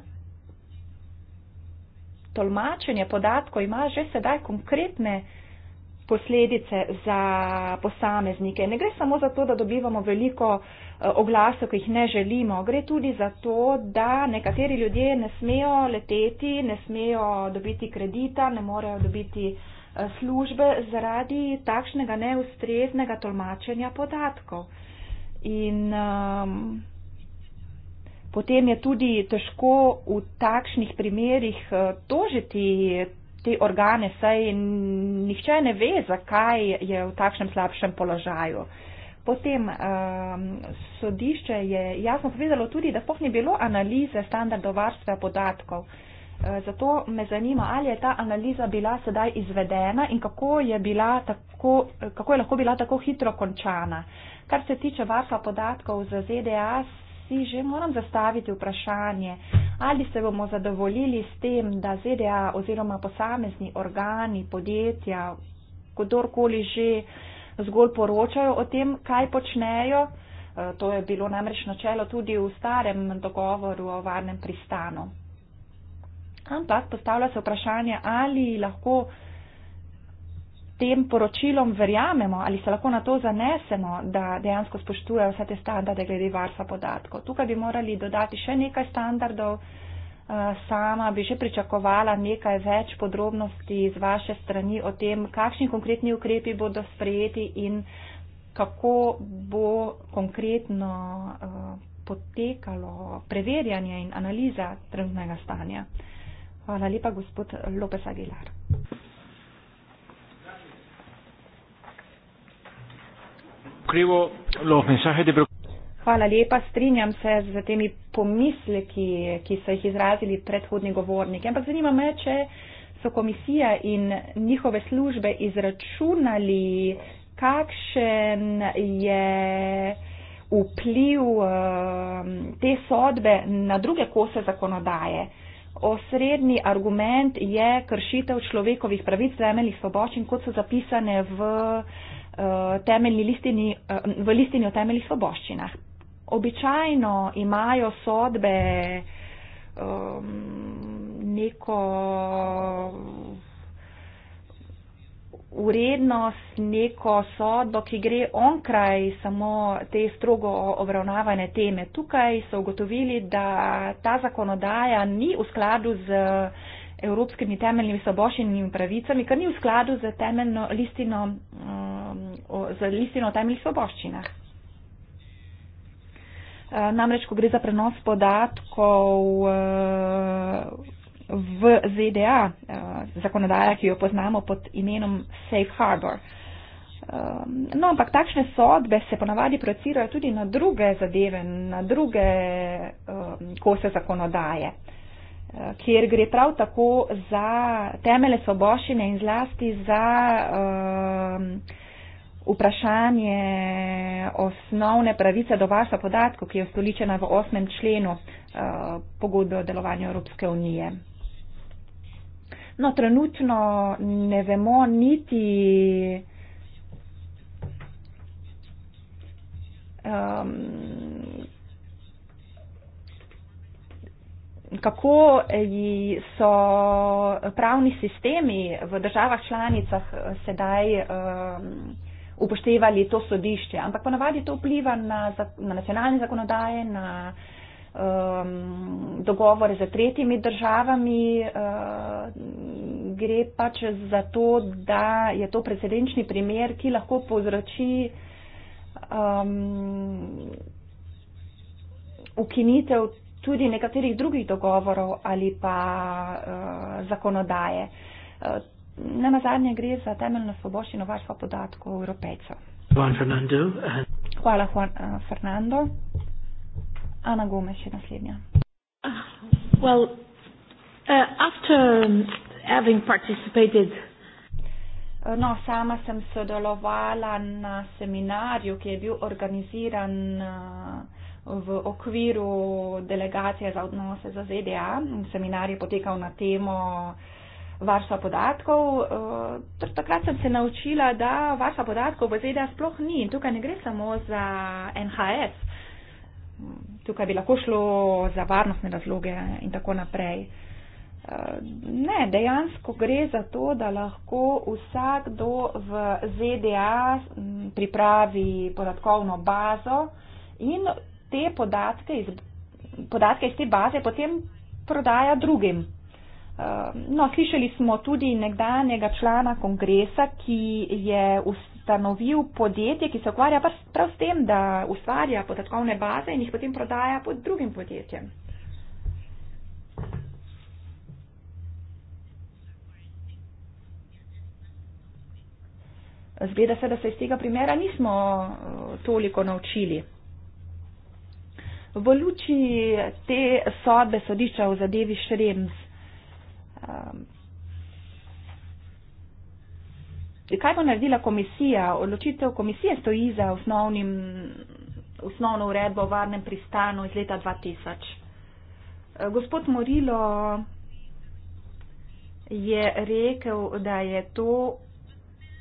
tolmačenje podatkov ima že sedaj konkretne posledice za posameznike. Ne gre samo za to, da dobivamo veliko eh, oglasov, ki jih ne želimo. Gre tudi za to, da nekateri ljudje ne smejo leteti, ne smejo dobiti kredita, ne morejo dobiti uh, službe zaradi takšnega neustreznega tolmačenja podatkov. In um, potem je tudi težko v takšnih primerih uh, tožiti te organe, saj nihče ne ve, zakaj je v takšnem slabšem položaju. Potem um, sodišče je jasno povedalo tudi, da pohni bilo analize standardov varstva podatkov. Uh, Eh, zato me zanima, ali je ta analiza bila sedaj izvedena in kako je, bila tako, eh, kako je lahko bila tako hitro končana. Kar se tiče varstva podatkov za ZDA, si že moram zastaviti vprašanje, ali se bomo zadovoljili s tem, da ZDA oziroma posamezni organi, podjetja, kdorkoli že zgolj poročajo o tem, kaj počnejo. Eh, to je bilo namreč načelo tudi v starem dogovoru o varnem pristanu. Ampak postavlja se vprašanje, ali lahko tem poročilom verjamemo, ali se lahko na to zanesemo, da dejansko spoštujejo vse te standarde glede varstva podatkov. Tukaj bi morali dodati še nekaj standardov. Eh, sama bi že pričakovala nekaj več podrobnosti z vaše strani o tem, kakšni konkretni ukrepi bodo sprejeti in kako bo konkretno eh, potekalo preverjanje in analiza trenutnega stanja. Hvala lepa, gospod Lopes Aguilar. Hvala lepa, strinjam se z temi pomisleki, ki so jih izrazili predhodni govorniki. Ampak zanima me, če so komisija in njihove službe izračunali, kakšen je vpliv eh, te sodbe na druge kose zakonodaje osrednji argument je kršitev človekovih pravic, temeljnih svoboščin, kot so zapisane v, eh, listini, eh, v listini o temeljnih svoboščinah. Običajno imajo sodbe um, neko vrednost, neko sodbo, ki gre onkraj samo te strogo obravnavane teme. Tukaj so ugotovili, da ta zakonodaja ni v skladu z evropskimi temeljnimi soboščinami in pravicami, kar ni v skladu z temeljno listino, um, z listino o temeljnih soboščinah. Uh, namreč, ko gre za prenos podatkov uh, v ZDA, eh, zakonodaja, ki jo poznamo pod imenom Safe Harbor. Eh, no, ampak takšne sodbe se ponavadi projecirajo tudi na druge zadeve, na druge eh, kose zakonodaje, kjer gre prav tako za temele svoboščine in zlasti za vprašanje osnovne pravice do varstva podatkov, ki je ustoličena v osmem členu pogodbe o delovanju Evropske unije. No, trenutno ne vemo niti, um, kako so pravni sistemi v državah članicah uh, sedaj um, upoštevali to sodišče, ampak ponavadi to vpliva na, na nacionalne zakonodaje, na uh, um, dogovor z tretjimi državami. Uh, gre pač za to, da je to precedenčni primer, ki lahko povzroči um, ukinitev tudi nekaterih drugih dogovorov ali pa uh, zakonodaje. Uh, Na nazadnje gre za temeljno svoboščino varstva podatkov evropejcev. Juan Fernando. Hvala, Juan uh, Fernando. Ana Gomes je naslednja. Well, uh, after um, having participated No, sama sem sodelovala na seminarju, ki je bil organiziran uh, v okviru delegacije za odnose za ZDA. Seminar je potekal na temo varstva podatkov. Uh, takrat sem se naučila, da varstva podatkov v ZDA sploh ni. Tukaj ne gre samo za NHS, tukaj bi lahko šlo za varnostne razloge in tako naprej. Eh, ne, dejansko gre za to, da lahko vsakdo v ZDA pripravi podatkovno bazo in te podatke iz, podatke iz te baze potem prodaja drugim. Eh, no, slišali smo tudi nekdanjega člana kongresa, ki je vse ustanovil podjetje, ki se ukvarja prav s tem, da ustvarja podatkovne baze in jih potem prodaja pod drugim podjetjem. Zgleda se, da se iz tega primera nismo eh, toliko naučili. V luči te sodbe sodišča v zadevi Šrems ehm, kaj bo naredila komisija? Odločitev komisije stoji za osnovnim, osnovno uredbo o varnem pristanu iz leta 2000. Eh, gospod Morilo je rekel, da je to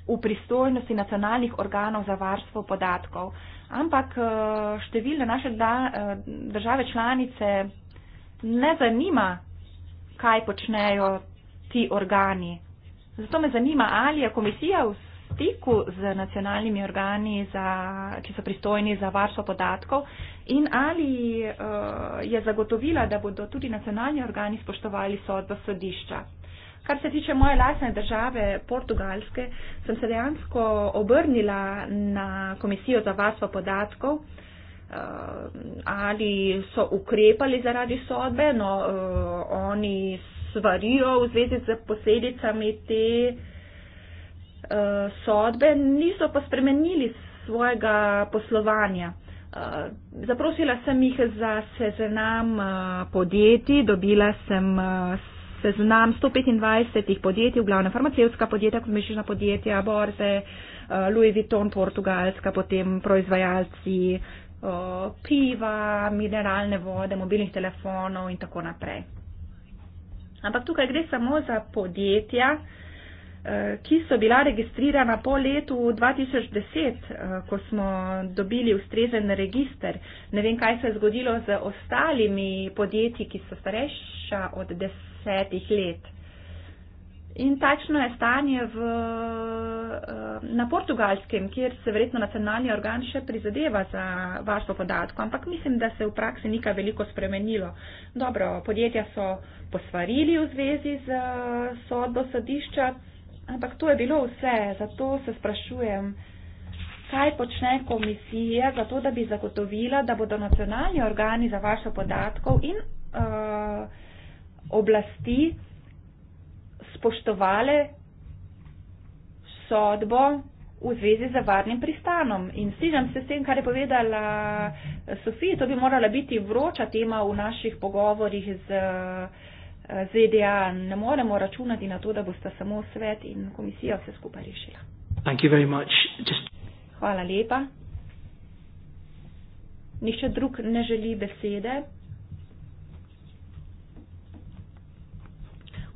v pristojnosti nacionalnih organov za varstvo podatkov. Ampak eh, številne naše eh, države članice ne zanima, kaj počnejo ti organi. Zato me zanima, ali je komisija v stiku z nacionalnimi organi, za, ki so pristojni za varstvo podatkov in ali uh, je zagotovila, da bodo tudi nacionalni organi spoštovali sodbo sodišča. Kar se tiče moje lasne države, portugalske, sem se dejansko obrnila na komisijo za varstvo podatkov, eh, ali so ukrepali zaradi sodbe, no eh, oni svarijo v zvezi z posledicami te uh, sodbe, niso pa spremenili svojega poslovanja. Uh, zaprosila sem jih za seznam uh, podjetij, dobila sem uh, seznam 125 podjetij, v glavnem farmacevska podjetja, kozmetična podjetja, borze, uh, Louis Vuitton, portugalska, potem proizvajalci uh, piva, mineralne vode, mobilnih telefonov in tako naprej. Ampak tukaj gre samo za podjetja, eh, ki so bila registrirana po letu 2010, eh, ko smo dobili ustrezen register. Ne vem, kaj se je zgodilo z ostalimi podjetji, ki so starejša od desetih let. In takšno je stanje v, eh, na portugalskem, kjer se verjetno nacionalni organ še prizadeva za varstvo podatkov, ampak mislim, da se v praksi nika veliko spremenilo. Dobro, podjetja so posvarili v zvezi z eh, sodbo sodišča, ampak to je bilo vse. Zato se sprašujem, kaj počne komisija za to, da bi zagotovila, da bodo nacionalni organi za varstvo podatkov in uh, oblasti spoštovale sodbo v zvezi z varnim pristanom. In strinjam se s tem, kar je povedala eh, Sofija, to bi morala biti vroča tema v naših pogovorjih z eh, ZDA. Ne moremo računati na to, da boste samo svet in komisija vse skupaj rešila. Just... Hvala lepa. Nihče drug ne želi besede.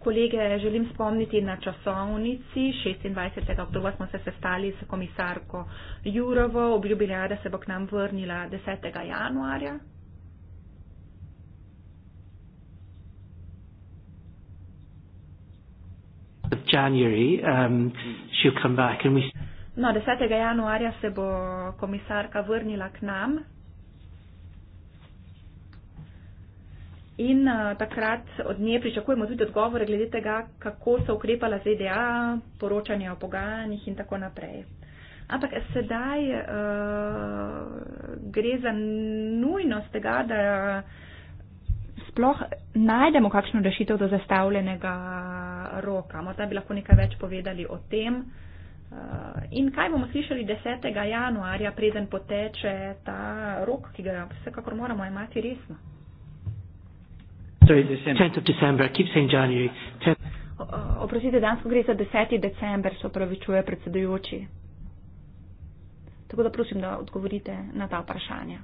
kolege želim spomniti na časovnici. 26. oktober smo se sestali s komisarko Jurovo, obljubila, da se bo k nam vrnila 10. januarja. January, um, no, 10. januarja se bo komisarka vrnila k nam. In uh, takrat od nje pričakujemo tudi odgovore glede tega, kako so ukrepala ZDA, poročanje o pogajanjih in tako naprej. Ampak sedaj uh, gre za nujnost tega, da sploh najdemo kakšno rešitev do zastavljenega roka. Morda bi lahko nekaj več povedali o tem. Uh, in kaj bomo slišali 10. januarja, preden poteče ta rok, ki ga vsekakor moramo imati resno. Sorry, December. 10th of December. I keep saying January. 10th. Oprostite, dansko gre za 10. december, se opravičuje predsedujoči. Tako da prosim, da odgovorite na ta vprašanja.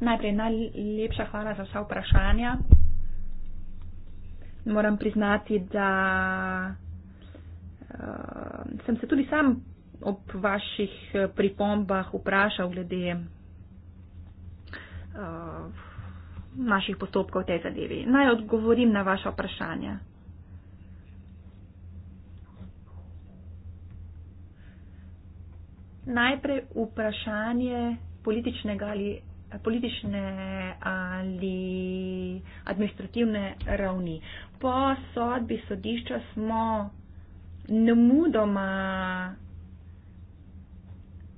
Najprej najlepša hvala za vsa vprašanja. Moram priznati, da Eh, sem se tudi sam ob vaših eh, pripombah vprašal glede uh, eh, naših postopkov v tej zadevi. Naj odgovorim na vaše vprašanje. Najprej vprašanje političnega ali politične ali administrativne ravni. Po sodbi sodišča smo nemudoma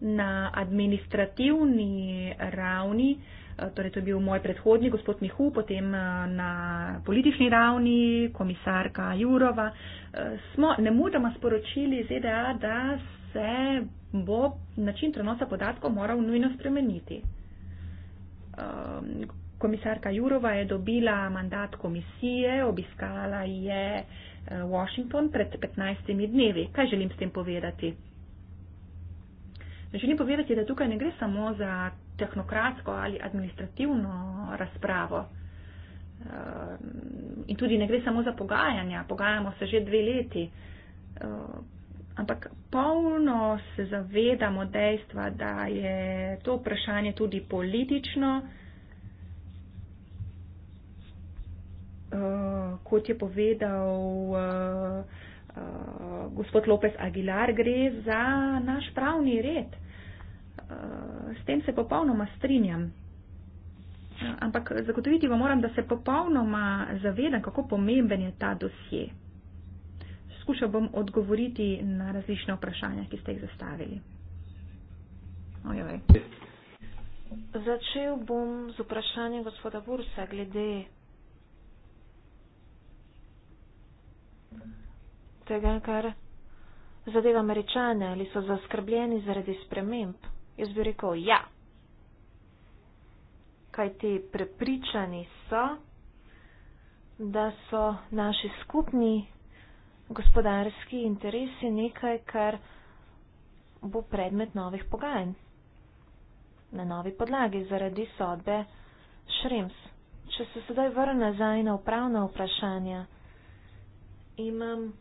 na administrativni ravni, eh, torej to je bil moj predhodnik, gospod Mihu, potem eh, na politični ravni, komisarka Jurova, eh, smo nemudoma sporočili iz EDA, da se bo način prenosa podatkov moral nujno spremeniti. Ehm, komisarka Jurova je dobila mandat komisije, obiskala je uh, Eh, Washington pred 15 dnevi. Kaj želim s tem povedati? Želim povedati, da tukaj ne gre samo za tehnokratsko ali administrativno razpravo eh, in tudi ne gre samo za pogajanja. Pogajamo se že dve leti, eh, ampak polno se zavedamo dejstva, da je to vprašanje tudi politično. uh, kot je povedal uh, uh, gospod Lopez Aguilar, gre za naš pravni red. Uh, s tem se popolnoma strinjam. Uh, ampak zagotoviti vam moram, da se popolnoma zavedam, kako pomemben je ta dosje. Skušal bom odgovoriti na različne vprašanja, ki ste jih zastavili. Začel bom z vprašanjem gospoda Bursa glede tega, kar zadeva američane, ali so zaskrbljeni zaradi sprememb, jaz bi rekel ja. Kaj ti prepričani so, da so naši skupni gospodarski interesi nekaj, kar bo predmet novih pogajanj na novi podlagi zaradi sodbe Šrems. Če se sedaj vrnem nazaj na upravna vprašanja, imam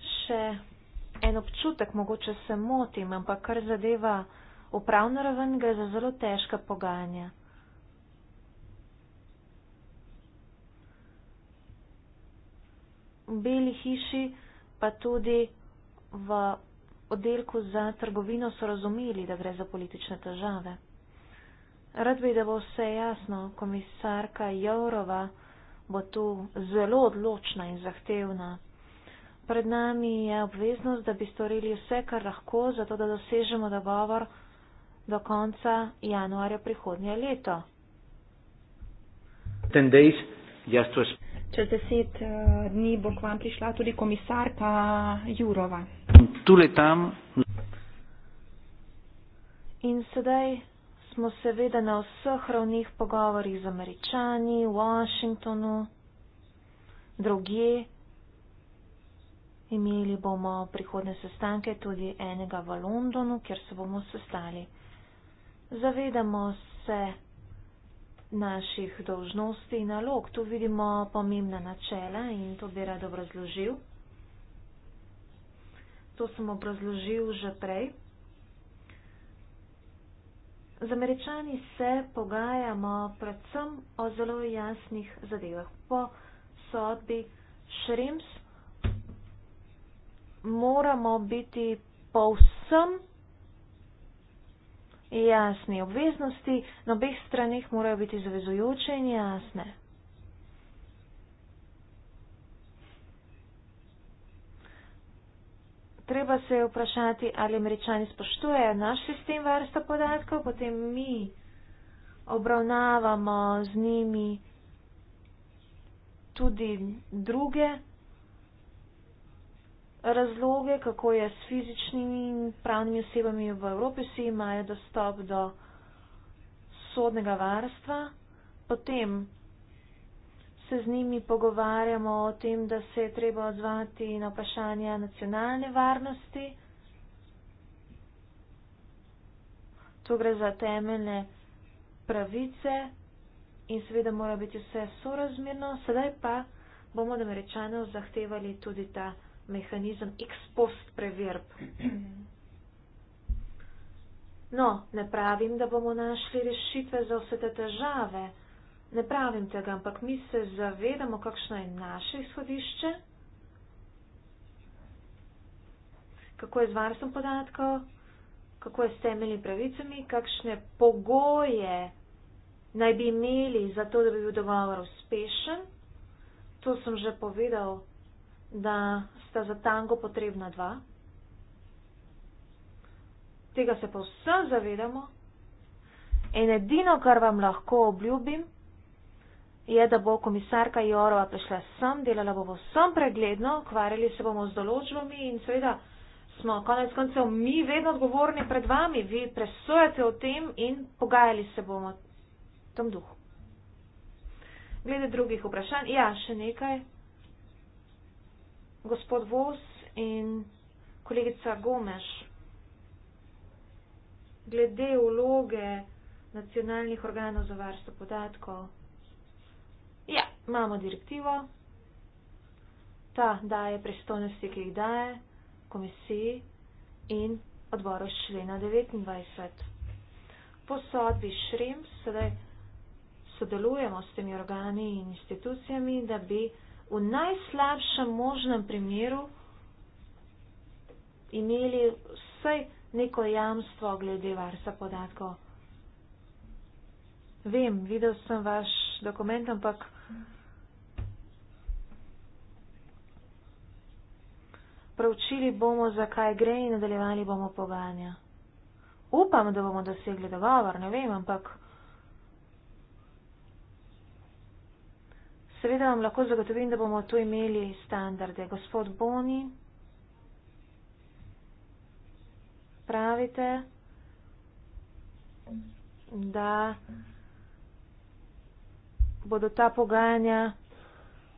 še en občutek, mogoče se motim, ampak kar zadeva upravno raven, gre za zelo težka pogajanja. V beli hiši pa tudi v oddelku za trgovino so razumeli, da gre za politične težave. Rad bi, da bo vse jasno, komisarka Jourova bo to zelo odločna in zahtevna. Pred nami je obveznost, da bi storili vse, kar lahko, zato da dosežemo dogovor do konca januarja prihodnje leto. Čez deset eh, dni bo k vam prišla tudi komisarka Jurova. In sedaj smo seveda na vseh ravnih pogovorih z američani, v Washingtonu, drugje. Imeli bomo prihodne sestanke tudi enega v Londonu, kjer se bomo sestali. Zavedamo se naših dolžnosti in nalog. Tu vidimo pomembna načela in to bi rad obrazložil. To sem obrazložil že prej. Z američani se pogajamo predvsem o zelo jasnih zadevah. Po sodbi Šrims moramo biti povsem jasni. Obveznosti na obeh stranih morajo biti zavezujoče in jasne. treba se je vprašati, ali američani spoštujejo naš sistem varstva podatkov, potem mi obravnavamo z njimi tudi druge razloge, kako je s fizičnimi in pravnimi osebami v Evropi, vsi imajo dostop do sodnega varstva, potem se z njimi pogovarjamo o tem, da se je treba odzvati na vprašanja nacionalne varnosti. Tu gre za temeljne pravice in seveda mora biti vse sorazmerno, sedaj pa bomo od američanov zahtevali tudi ta mehanizem ex post preverb. No, ne pravim, da bomo našli rešitve za vse te težave ne pravim tega, ampak mi se zavedamo, kakšno je naše izhodišče, kako je z varstvom podatkov, kako je s temeljnimi pravicami, kakšne pogoje naj bi imeli za to, da bi bil dogovor uspešen. To sem že povedal, da sta za tango potrebna dva. Tega se pa vsem zavedamo. In edino, kar vam lahko obljubim, je, da bo komisarka Jorova prišla sem, delala bo vsem pregledno, kvarjali se bomo z določbami in seveda smo konec koncev mi vedno odgovorni pred vami, vi presojate o tem in pogajali se bomo v tom duhu. Glede drugih vprašanj, ja, še nekaj. Gospod Vos in kolegica Gomeš, glede vloge nacionalnih organov za varstvo podatkov imamo direktivo, ta daje pristojnosti, ki jih daje komisiji in odboru člena 29. Po sodbi Šrim sedaj sodelujemo s temi organi in institucijami, da bi v najslabšem možnem primeru imeli vsaj neko jamstvo glede varstva podatkov. Vem, videl sem vaš dokument, ampak Pravčili bomo, zakaj gre in nadaljevali bomo pogajanja. Upam, da bomo dosegli dogovor, ne vem, ampak. Seveda vam lahko zagotovim, da bomo tu imeli standarde. Gospod Boni, pravite, da bodo ta pogajanja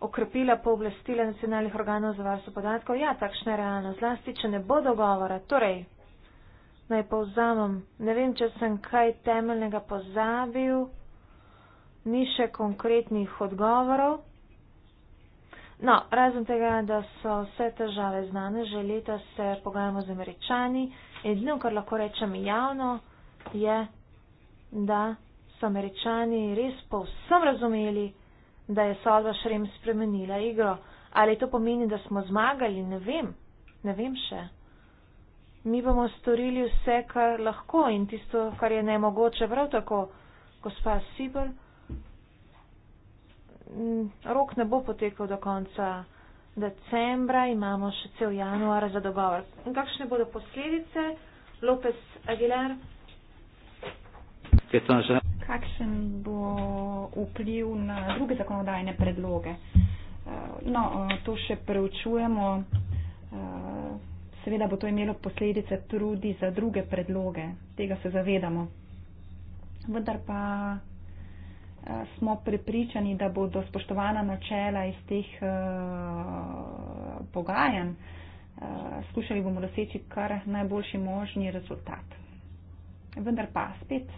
okrepila pooblastila nacionalnih organov za varstvo podatkov. Ja, takšna je realnost. Zlasti, če ne bo dogovora. Torej, naj povzamem. Ne vem, če sem kaj temeljnega pozabil. Ni še konkretnih odgovorov. No, razen tega, da so vse težave znane, že leta se pogajamo z američani. Edino, kar lahko rečem javno, je, da so američani res povsem razumeli, da je sodba Šrem spremenila igro. Ali to pomeni, da smo zmagali? Ne vem. Ne vem še. Mi bomo storili vse, kar lahko in tisto, kar je nemogoče, prav tako, gospa Sibel. Rok ne bo potekal do konca decembra, imamo še cel januar za dogovor. In kakšne bodo posledice? Lopez Aguilar. Že... Kakšen bo vpliv na druge zakonodajne predloge? Eh, no, eh, to še preučujemo. Eh, seveda bo to imelo posledice tudi za druge predloge, tega se zavedamo. Vendar pa smo prepričani, da bodo spoštovana načela iz teh pogajanj, skušali bomo doseči kar najboljši možni rezultat. Vendar pa spet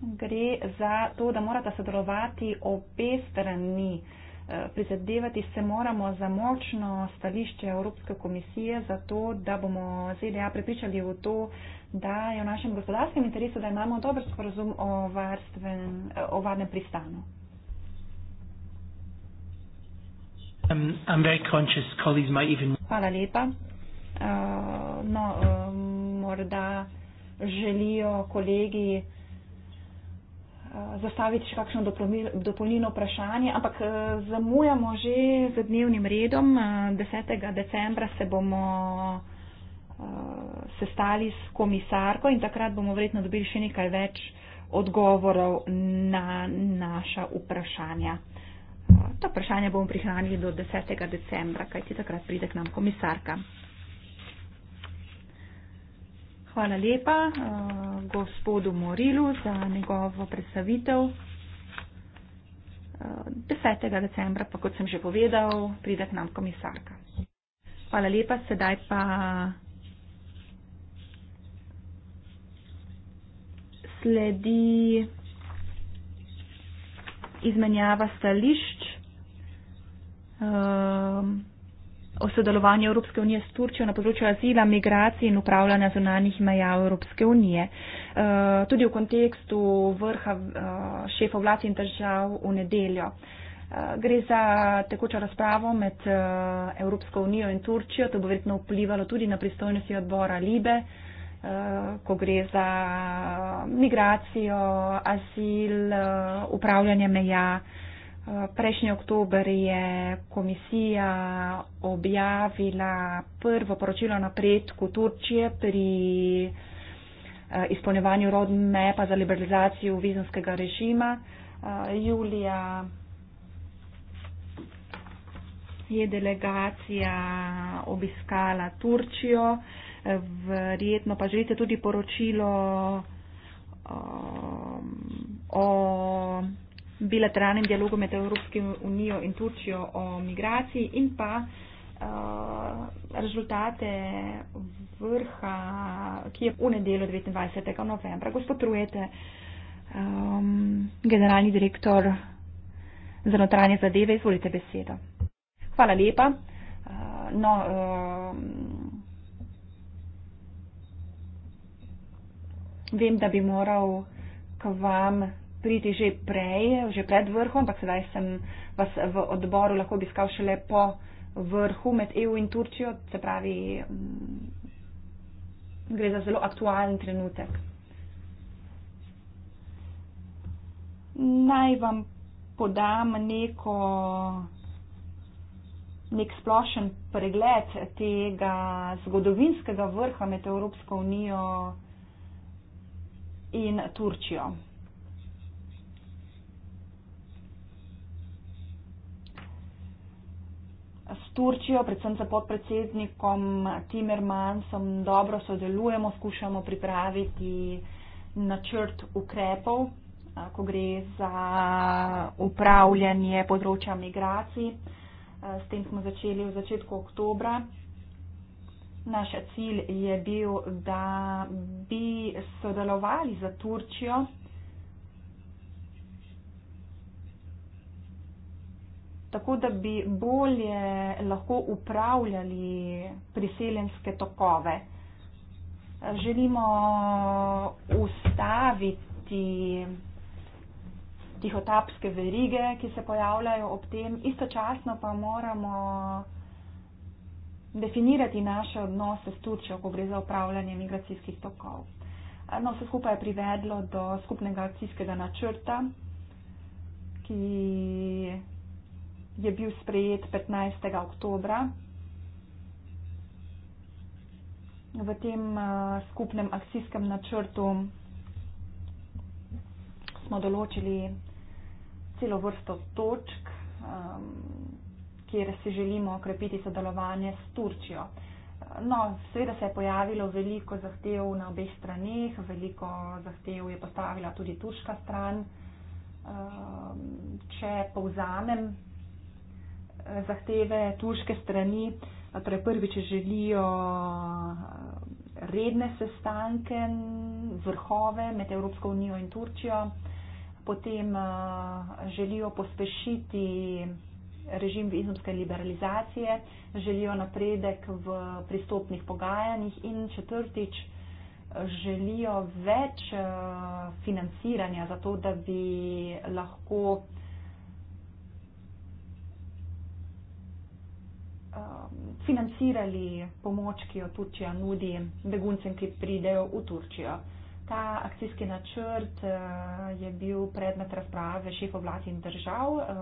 gre za to, da morata sodelovati obe strani. Eh, prizadevati se moramo za močno stališče Evropske komisije, zato da bomo ZDA pripričali v to, da je v našem gospodarskem interesu, da imamo dober sporozum o, eh, o varnem pristanu. Um, Hvala lepa. Uh, no, um, morda želijo kolegi uh, Eh, zastaviti še kakšno dopolnilno vprašanje, ampak eh, zamujamo že z dnevnim redom. 10. Eh, decembra se bomo sestali s komisarko in takrat bomo verjetno dobili še nekaj več odgovorov na naša vprašanja. Ta vprašanja bomo prihranili do 10. decembra, kajti takrat pride k nam komisarka. Hvala lepa uh, gospodu Morilu za njegovo predstavitev. Uh, eh, 10. decembra, pa kot sem že povedal, pride k nam komisarka. Hvala lepa, sedaj pa sledi izmenjava stališč. Uh, o sodelovanju Evropske unije s Turčjo na področju azila, migracij in upravljanja zunanjih meja Evropske unije. Eh, tudi v kontekstu vrha eh, šefov vlad in držav v nedeljo. Eh, gre za tekočo razpravo med Evropsko unijo in Turčjo. To bo verjetno vplivalo tudi na pristojnosti odbora Libe, ko gre za migracijo, azil, upravljanje meja. Prejšnji oktober je komisija objavila prvo poročilo napredku Turčije pri eh, izpolnjevanju roadmapa za liberalizacijo vizumskega režima. Eh, julija je delegacija obiskala Turčijo, eh, verjetno pa želite tudi poročilo o bilateralnem dialogu med Evropsko unijo in Turčijo o migraciji in pa eh, rezultate vrha, ki je v nedeljo 29. novembra. Gospod Trujete, um, ehm, generalni direktor za notranje zadeve, izvolite besedo. Hvala lepa. Uh, no, um, vem, da bi moral k vam priti že prej, že pred vrhom, ampak sedaj sem vas v odboru lahko obiskal šele po vrhu med EU in Turčijo, se pravi, mm, gre za zelo aktualen trenutek. Naj vam podam neko, nek splošen pregled tega zgodovinskega vrha med Evropsko unijo in Turčijo. s Turčijo, predvsem za podpredsednikom Timermansom, dobro sodelujemo, skušamo pripraviti načrt ukrepov, ko gre za upravljanje področja migracij. S tem smo začeli v začetku oktobra. Naš cilj je bil, da bi sodelovali za Turčijo tako da bi bolje lahko upravljali priseljenske tokove. Želimo ustaviti tihotapske verige, ki se pojavljajo ob tem, istočasno pa moramo definirati naše odnose s Turčjo, ko gre za upravljanje migracijskih tokov. No, vse skupaj je privedlo do skupnega akcijskega načrta, ki je bil sprejet 15. oktober v tem eh, skupnem akcijskem načrtu. Smo določili celo vrsto točk, um, kjer si želimo okrepiti sodelovanje s Turčijo. No, seveda se je pojavilo veliko zahtev na obeh straneh, veliko zahtev je postavila tudi turška stran. Um, če povzamem, zahteve turške strani, torej prvič želijo redne sestanke z vrhove med Evropsko unijo in Turčijo, potem želijo pospešiti režim vizumske liberalizacije, želijo napredek v pristopnih pogajanjih in četrtič želijo več financiranja za to, da bi lahko um, financirali pomoč, ki jo Turčija nudi beguncem, ki pridejo v Turčijo. Ta akcijski načrt uh, je bil predmet razprave šefov vlad in držav uh,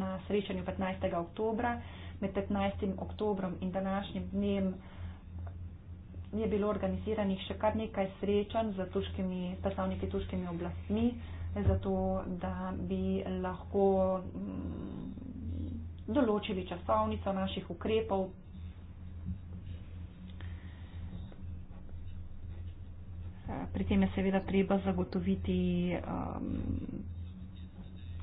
na srečanju 15. oktobra. Med 15. oktobrom in današnjim dnem je bilo organiziranih še kar nekaj srečanj z tuškimi, predstavniki tuškimi oblastmi, zato da bi lahko. Um, določili časovnico naših ukrepov. Pri tem je seveda treba zagotoviti um,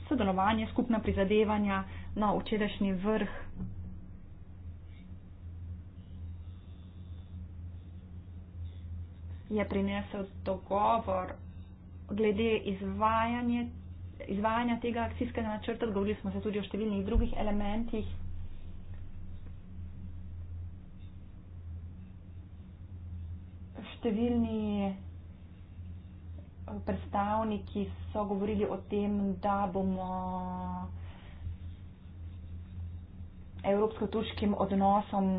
sodelovanje, skupna prizadevanja na no, včerajšnji vrh. Je prinesel dogovor glede izvajanja izvajanja tega akcijskega načrta, govorili smo se tudi o številnih drugih elementih. Številni eh, predstavniki so govorili o tem, da bomo evropsko-turškim odnosom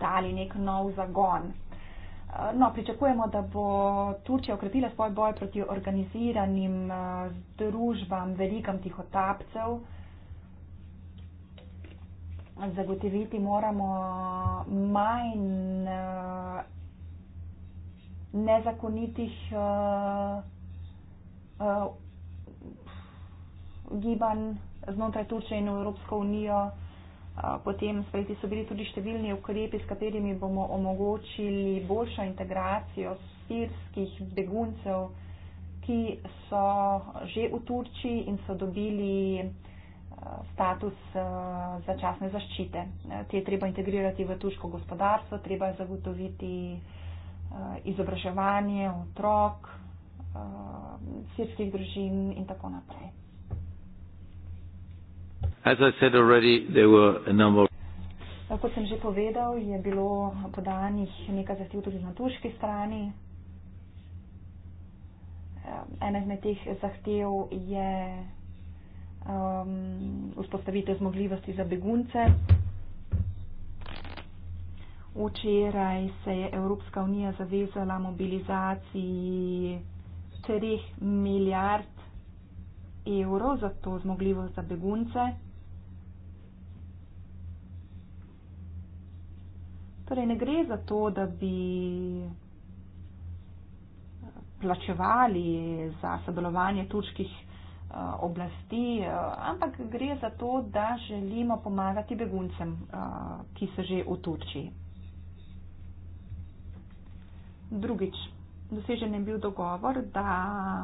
dali nek nov zagon. Eh, no, pričakujemo, da bo Turčija okrepila svoj boj proti organiziranim eh, družbam, verigam tihotapcev. Zagotoviti moramo manj eh, nezakonitih gibanj znotraj Turčije in Evropsko unijo. Potem sprejeti so bili tudi številni ukrepi, s katerimi bomo omogočili boljšo integracijo sirskih beguncev, ki so že v Turčiji in so dobili status začasne zaščite. Te je treba integrirati v turško gospodarstvo, treba je zagotoviti izobraževanje otrok, sirskih družin in tako naprej. As I said already, there were a number of Kot sem že povedal, je bilo podanih nekaj zahtev tudi na tuški strani. Eh, ena izmed teh zahtev je um, vzpostavitev zmogljivosti za begunce. Včeraj se je Evropska unija zavezala mobilizaciji 3 milijard evrov za to zmogljivost za begunce. Torej, ne gre za to, da bi eh, plačevali za sodelovanje turških eh, oblasti, eh, ampak gre za to, da želimo pomagati beguncem, ki so že v Turčiji. Drugič, dosežen je bil dogovor, da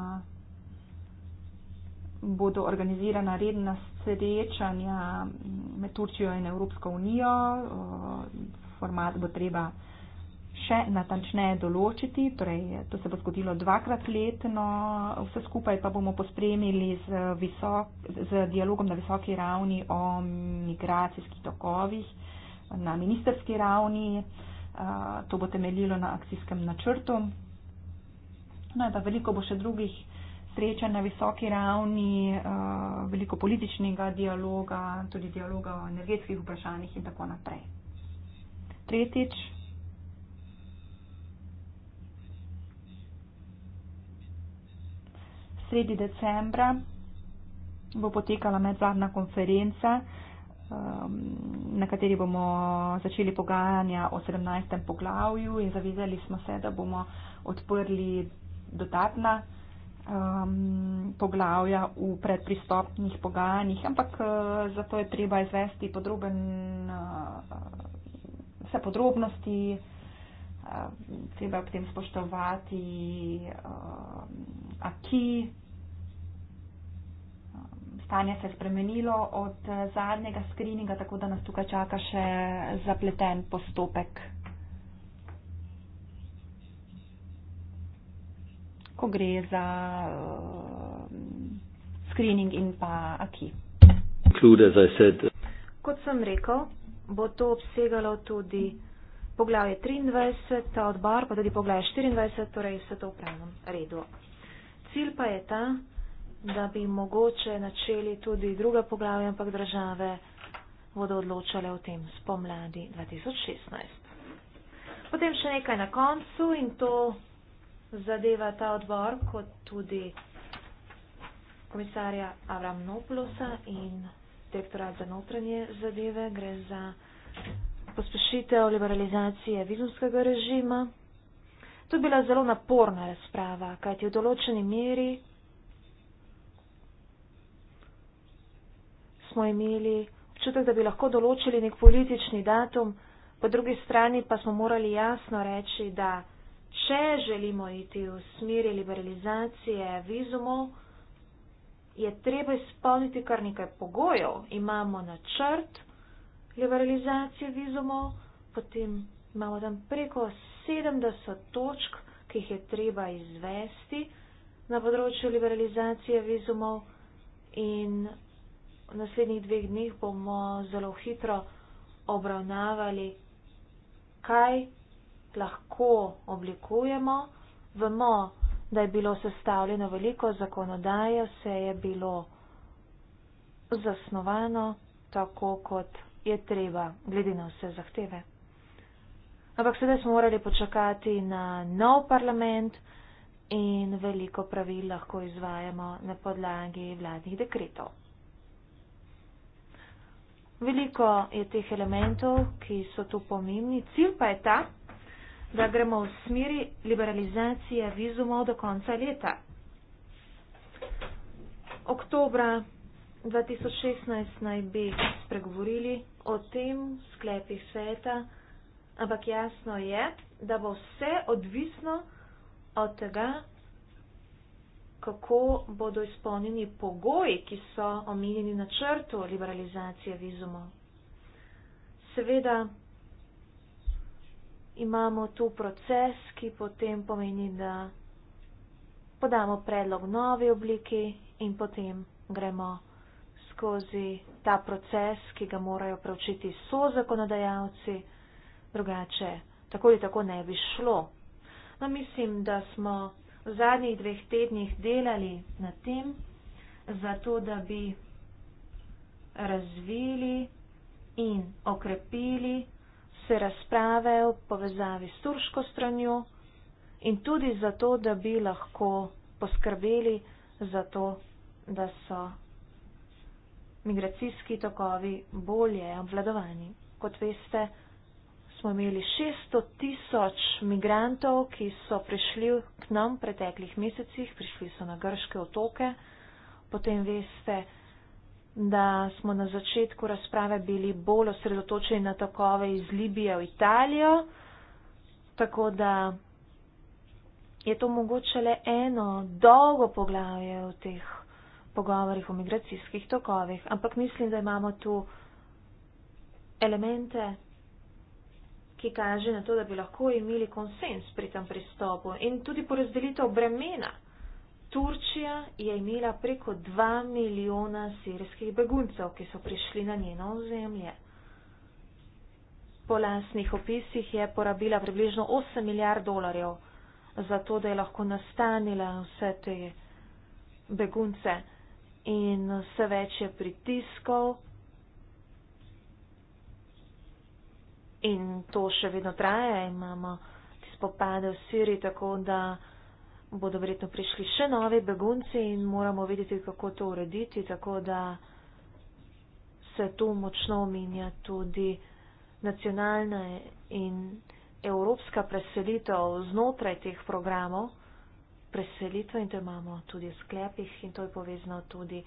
bodo organizirana redna srečanja med Turčijo in Evropsko unijo. Eh, format bo treba še natančneje določiti, torej eh, to se bo zgodilo dvakrat letno, vse skupaj pa bomo pospremili z, eh, visok, z dialogom na visoki ravni o migracijskih tokovih na ministerski ravni. To bo temeljilo na akcijskem načrtu. No, veliko bo še drugih sreča na visoki ravni, eh, veliko političnega dialoga, tudi dialoga o energetskih vprašanjih in tako naprej. Tretjič. Sredi decembra bo potekala medvladna konferenca, ehm, na kateri bomo začeli pogajanja o 17. poglavju in zavezali smo se, da bomo odprli dodatna um, poglavja v predpristopnih pogajanjih, ampak uh, zato je treba izvesti podroben, uh, vse podrobnosti, uh, treba je potem spoštovati uh, aki. Um, stanje se je spremenilo od zadnjega skrininga, tako da nas tukaj čaka še zapleten postopek. ko gre za uh, screening in pa aki. Kot sem rekel, bo to obsegalo tudi poglavje 23, odbor pa tudi poglavje 24, torej vse to v pravnem redu. Cilj pa je ta, da bi mogoče načeli tudi druga poglavja, ampak države bodo odločale o tem spomladi 2016. Potem še nekaj na koncu in to zadeva ta odbor, kot tudi komisarja Avramnoplosa in direktora za notranje zadeve. Gre za pospešitev liberalizacije vizumskega režima. To je bila zelo naporna razprava, kajti v določeni meri smo imeli občutek, da bi lahko določili nek politični datum, po drugi strani pa smo morali jasno reči, da Če želimo iti v smeri liberalizacije vizumov, je treba izpolniti kar nekaj pogojev. Imamo načrt liberalizacije vizumov, potem imamo tam preko 70 točk, ki jih je treba izvesti na področju liberalizacije vizumov in v naslednjih dveh dneh bomo zelo hitro obravnavali, kaj lahko oblikujemo. Vemo, da je bilo sestavljeno veliko zakonodaje, vse je bilo zasnovano tako, kot je treba, glede na vse zahteve. Ampak sedaj smo morali počakati na nov parlament in veliko pravil lahko izvajamo na podlagi vladnih dekretov. Veliko je teh elementov, ki so tu pomembni. Cilj pa je ta, da gremo v smeri liberalizacije vizumov do konca leta. Oktobra 2016 naj bi spregovorili o tem sklepih sveta, ampak jasno je, da bo vse odvisno od tega, kako bodo izpolnjeni pogoji, ki so omenjeni na črtu liberalizacije vizumov. Seveda, imamo tu proces, ki potem pomeni, da podamo predlog v novi obliki in potem gremo skozi ta proces, ki ga morajo preučiti so zakonodajalci, drugače tako ali tako ne bi šlo. No, mislim, da smo v zadnjih dveh tednih delali na tem, zato da bi razvili in okrepili vrste razprave v povezavi s turško stranjo in tudi zato, da bi lahko poskrbeli za to, da so migracijski tokovi bolje obvladovani. Kot veste, smo imeli 600 tisoč migrantov, ki so prišli k nam v preteklih mesecih, prišli so na grške otoke, potem veste, da smo na začetku razprave bili bolj osredotočeni na takove iz Libije v Italijo, tako da je to mogoče le eno dolgo poglavje v teh pogovorih o migracijskih tokovih, ampak mislim, da imamo tu elemente, ki kaže na to, da bi lahko imeli konsens pri tem pristopu in tudi porazdelitev bremena. Turčija je imela preko 2 milijona sirskih beguncev, ki so prišli na njeno ozemlje. Po lasnih opisih je porabila približno 8 milijard dolarjev, zato da je lahko nastanila vse te begunce in vse več je pritiskov. In to še vedno traja, imamo spopade v Siriji, tako da bodo verjetno prišli še novi begunci in moramo vedeti, kako to urediti, tako da se tu močno omenja tudi nacionalna in evropska preselitev znotraj teh programov, preselitve in to imamo tudi v sklepih in to je povezano tudi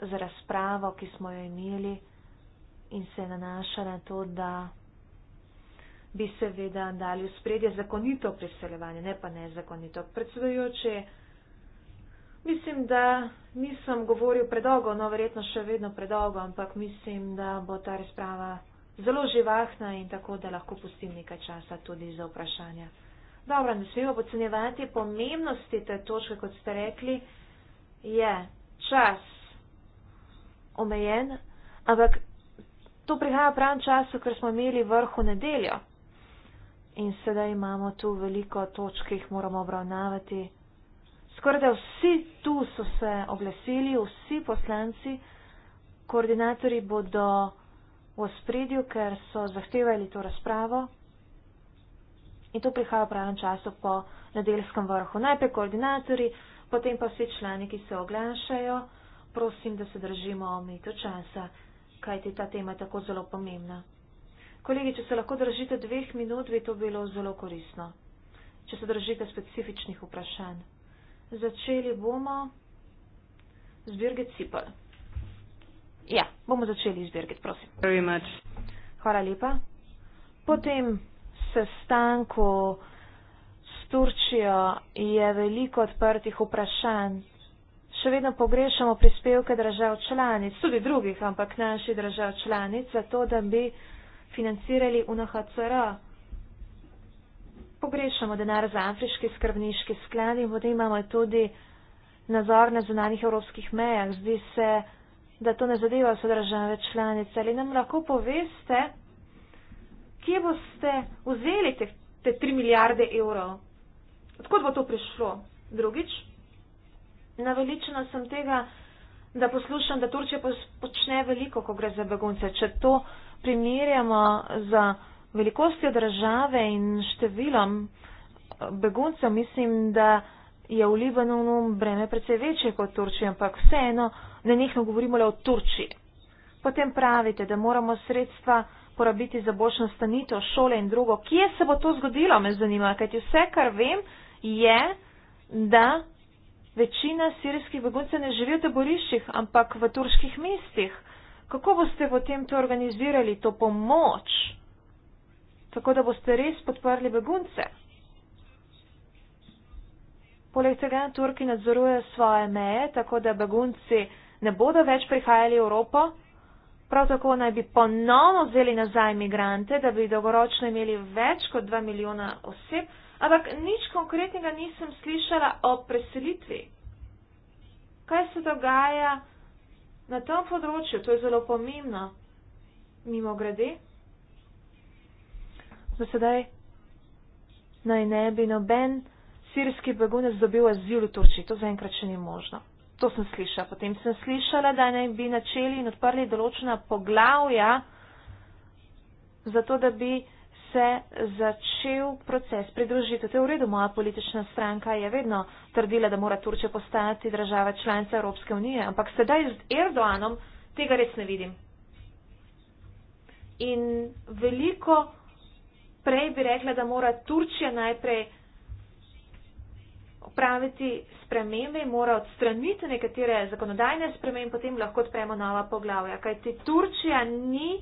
z razpravo, ki smo jo imeli in se nanaša na to, da bi seveda dali v spredje zakonito preseljevanje, ne pa nezakonito. Predsedujoče, mislim, da nisem govoril predolgo, no verjetno še vedno predolgo, ampak mislim, da bo ta razprava zelo živahna in tako, da lahko pustim nekaj časa tudi za vprašanja. Dobro, ne smemo pocenjevati pomembnosti te točke, kot ste rekli, je čas omejen, ampak to prihaja v pravem času, ker smo imeli vrhu nedeljo in sedaj imamo tu veliko točk, ki jih moramo obravnavati. Skoraj da vsi tu so se oglasili, vsi poslanci, koordinatori bodo v spredju, ker so zahtevali to razpravo. In to prihaja v pravem času po nedeljskem vrhu. Najprej koordinatori, potem pa vsi člani, ki se oglašajo. Prosim, da se držimo omejitev časa, kajti ta tema je tako zelo pomembna. Kolegi, če se lahko držite dveh minut, bi to bilo zelo koristno, če se držite specifičnih vprašanj. Začeli bomo z Birgit Cipel. Ja, bomo začeli z Birgit, prosim. Hvala lepa. Po tem sestanku s Turčijo je veliko odprtih vprašanj. Še vedno pogrešamo prispevke držav članic, tudi drugih, ampak naših držav članic, zato da bi financirali UNHCR. Pogrešamo denar za afriški skrbniški sklad in potem imamo tudi nazor na zunanjih evropskih mejah. Zdi se, da to ne zadeva vse države članice. Ali nam lahko poveste, kje boste vzeli te, te 3 milijarde evrov? Odkud bo to prišlo? Drugič, naveličena sem tega, da poslušam, da Turčija počne veliko, ko gre za begunce. Če to primerjamo z velikostjo države in številom beguncev, mislim, da je v Libanonu breme precej večje kot Turčija, ampak vseeno ne nekno govorimo le o Turčiji. Potem pravite, da moramo sredstva porabiti za boljšo nastanitev, šole in drugo. Kje se bo to zgodilo, me zanima, kajti vse, kar vem, je, da večina sirskih beguncev ne živi v taboriščih, ampak v turških mestih kako boste potem to organizirali, to pomoč, tako da boste res podprli begunce. Poleg tega Turki nadzorujejo svoje meje, tako da begunci ne bodo več prihajali v Evropo. Prav tako naj bi ponovno vzeli nazaj imigrante, da bi dolgoročno imeli več kot 2 milijona oseb, ampak nič konkretnega nisem slišala o preselitvi. Kaj se dogaja? Na tem področju, to je zelo pomembno, mimo grede, za sedaj naj ne bi noben sirski begunec dobil azil v Turčiji, to zaenkrat še ni možno. To sem slišala. Potem sem slišala, da naj bi načeli in odprli določena poglavja, zato da bi se začel proces pridružitev. To je v redu, moja politična stranka je vedno trdila, da mora Turčija postati država članica Evropske unije, ampak sedaj z Erdoanom tega res ne vidim. In veliko prej bi rekla, da mora Turčija najprej opraviti spremembe, mora odstraniti nekatere zakonodajne spremembe, potem lahko odpremo nova poglavja. Kajti Turčija ni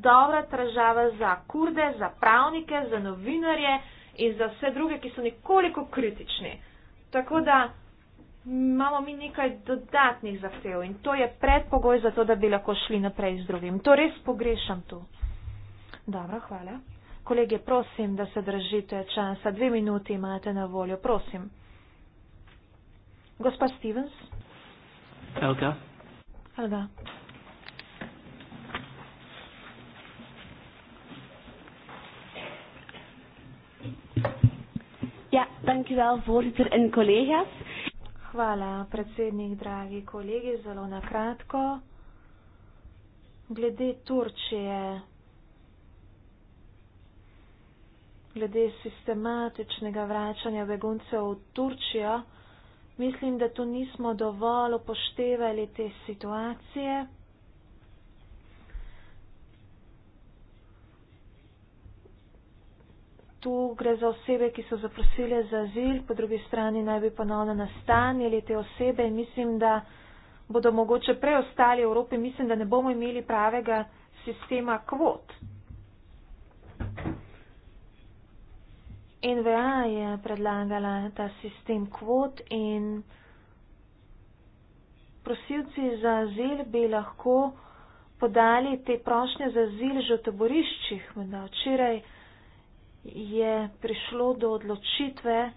dobra država za kurde, za pravnike, za novinarje in za vse druge, ki so nekoliko kritični. Tako da imamo mi nekaj dodatnih zahtev in to je predpogoj za to, da bi lahko šli naprej z drugim. To res pogrešam tu. Dobro, hvala. Kolege, prosim, da se držite časa. Dve minuti imate na voljo. Prosim. Gospa Stevens. Helga. Helga. Ja, dankjewel voorzitter en collega's. Hvala, predsednik, dragi kolegi, zelo na kratko. Glede Turčije, glede sistematičnega vračanja beguncev v Turčijo, mislim, da tu nismo dovolj upoštevali te situacije. tu gre za osebe, ki so zaprosile za azil, po drugi strani naj bi ponovno nastanili te osebe in mislim, da bodo mogoče preostali v Evropi, mislim, da ne bomo imeli pravega sistema kvot. NVA je predlagala ta sistem kvot in prosilci za azil bi lahko podali te prošnje za azil že v taboriščih, morda včeraj je prišlo do odločitve,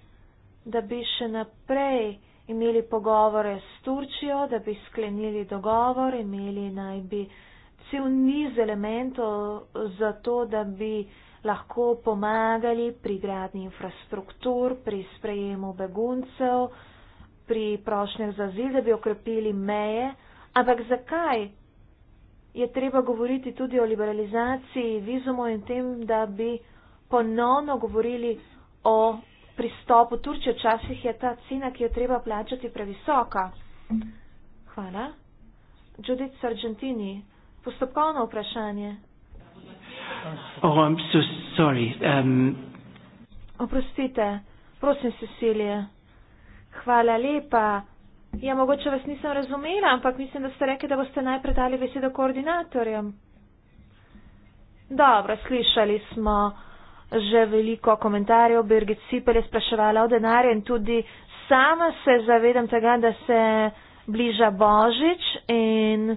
da bi še naprej imeli pogovore s Turčijo, da bi sklenili dogovor, imeli naj bi cel niz elementov za to, da bi lahko pomagali pri gradni infrastruktur, pri sprejemu beguncev, pri prošnjah za zil, da bi okrepili meje. Ampak zakaj je treba govoriti tudi o liberalizaciji vizumov in tem, da bi ponovno govorili o pristopu Turčije. Včasih je ta cena, ki jo treba plačati, previsoka. Hvala. Judith Sargentini, postopkovno vprašanje. Oh, so sorry, um... Oprostite, prosim, Cecilije. Hvala lepa. Ja, mogoče vas nisem razumela, ampak mislim, da ste rekli, da boste najprej dali besedo koordinatorjem. Dobro, slišali smo že veliko komentarjev, Birgit Sipel je spraševala o denarju in tudi sama se zavedam tega, da se bliža Božič in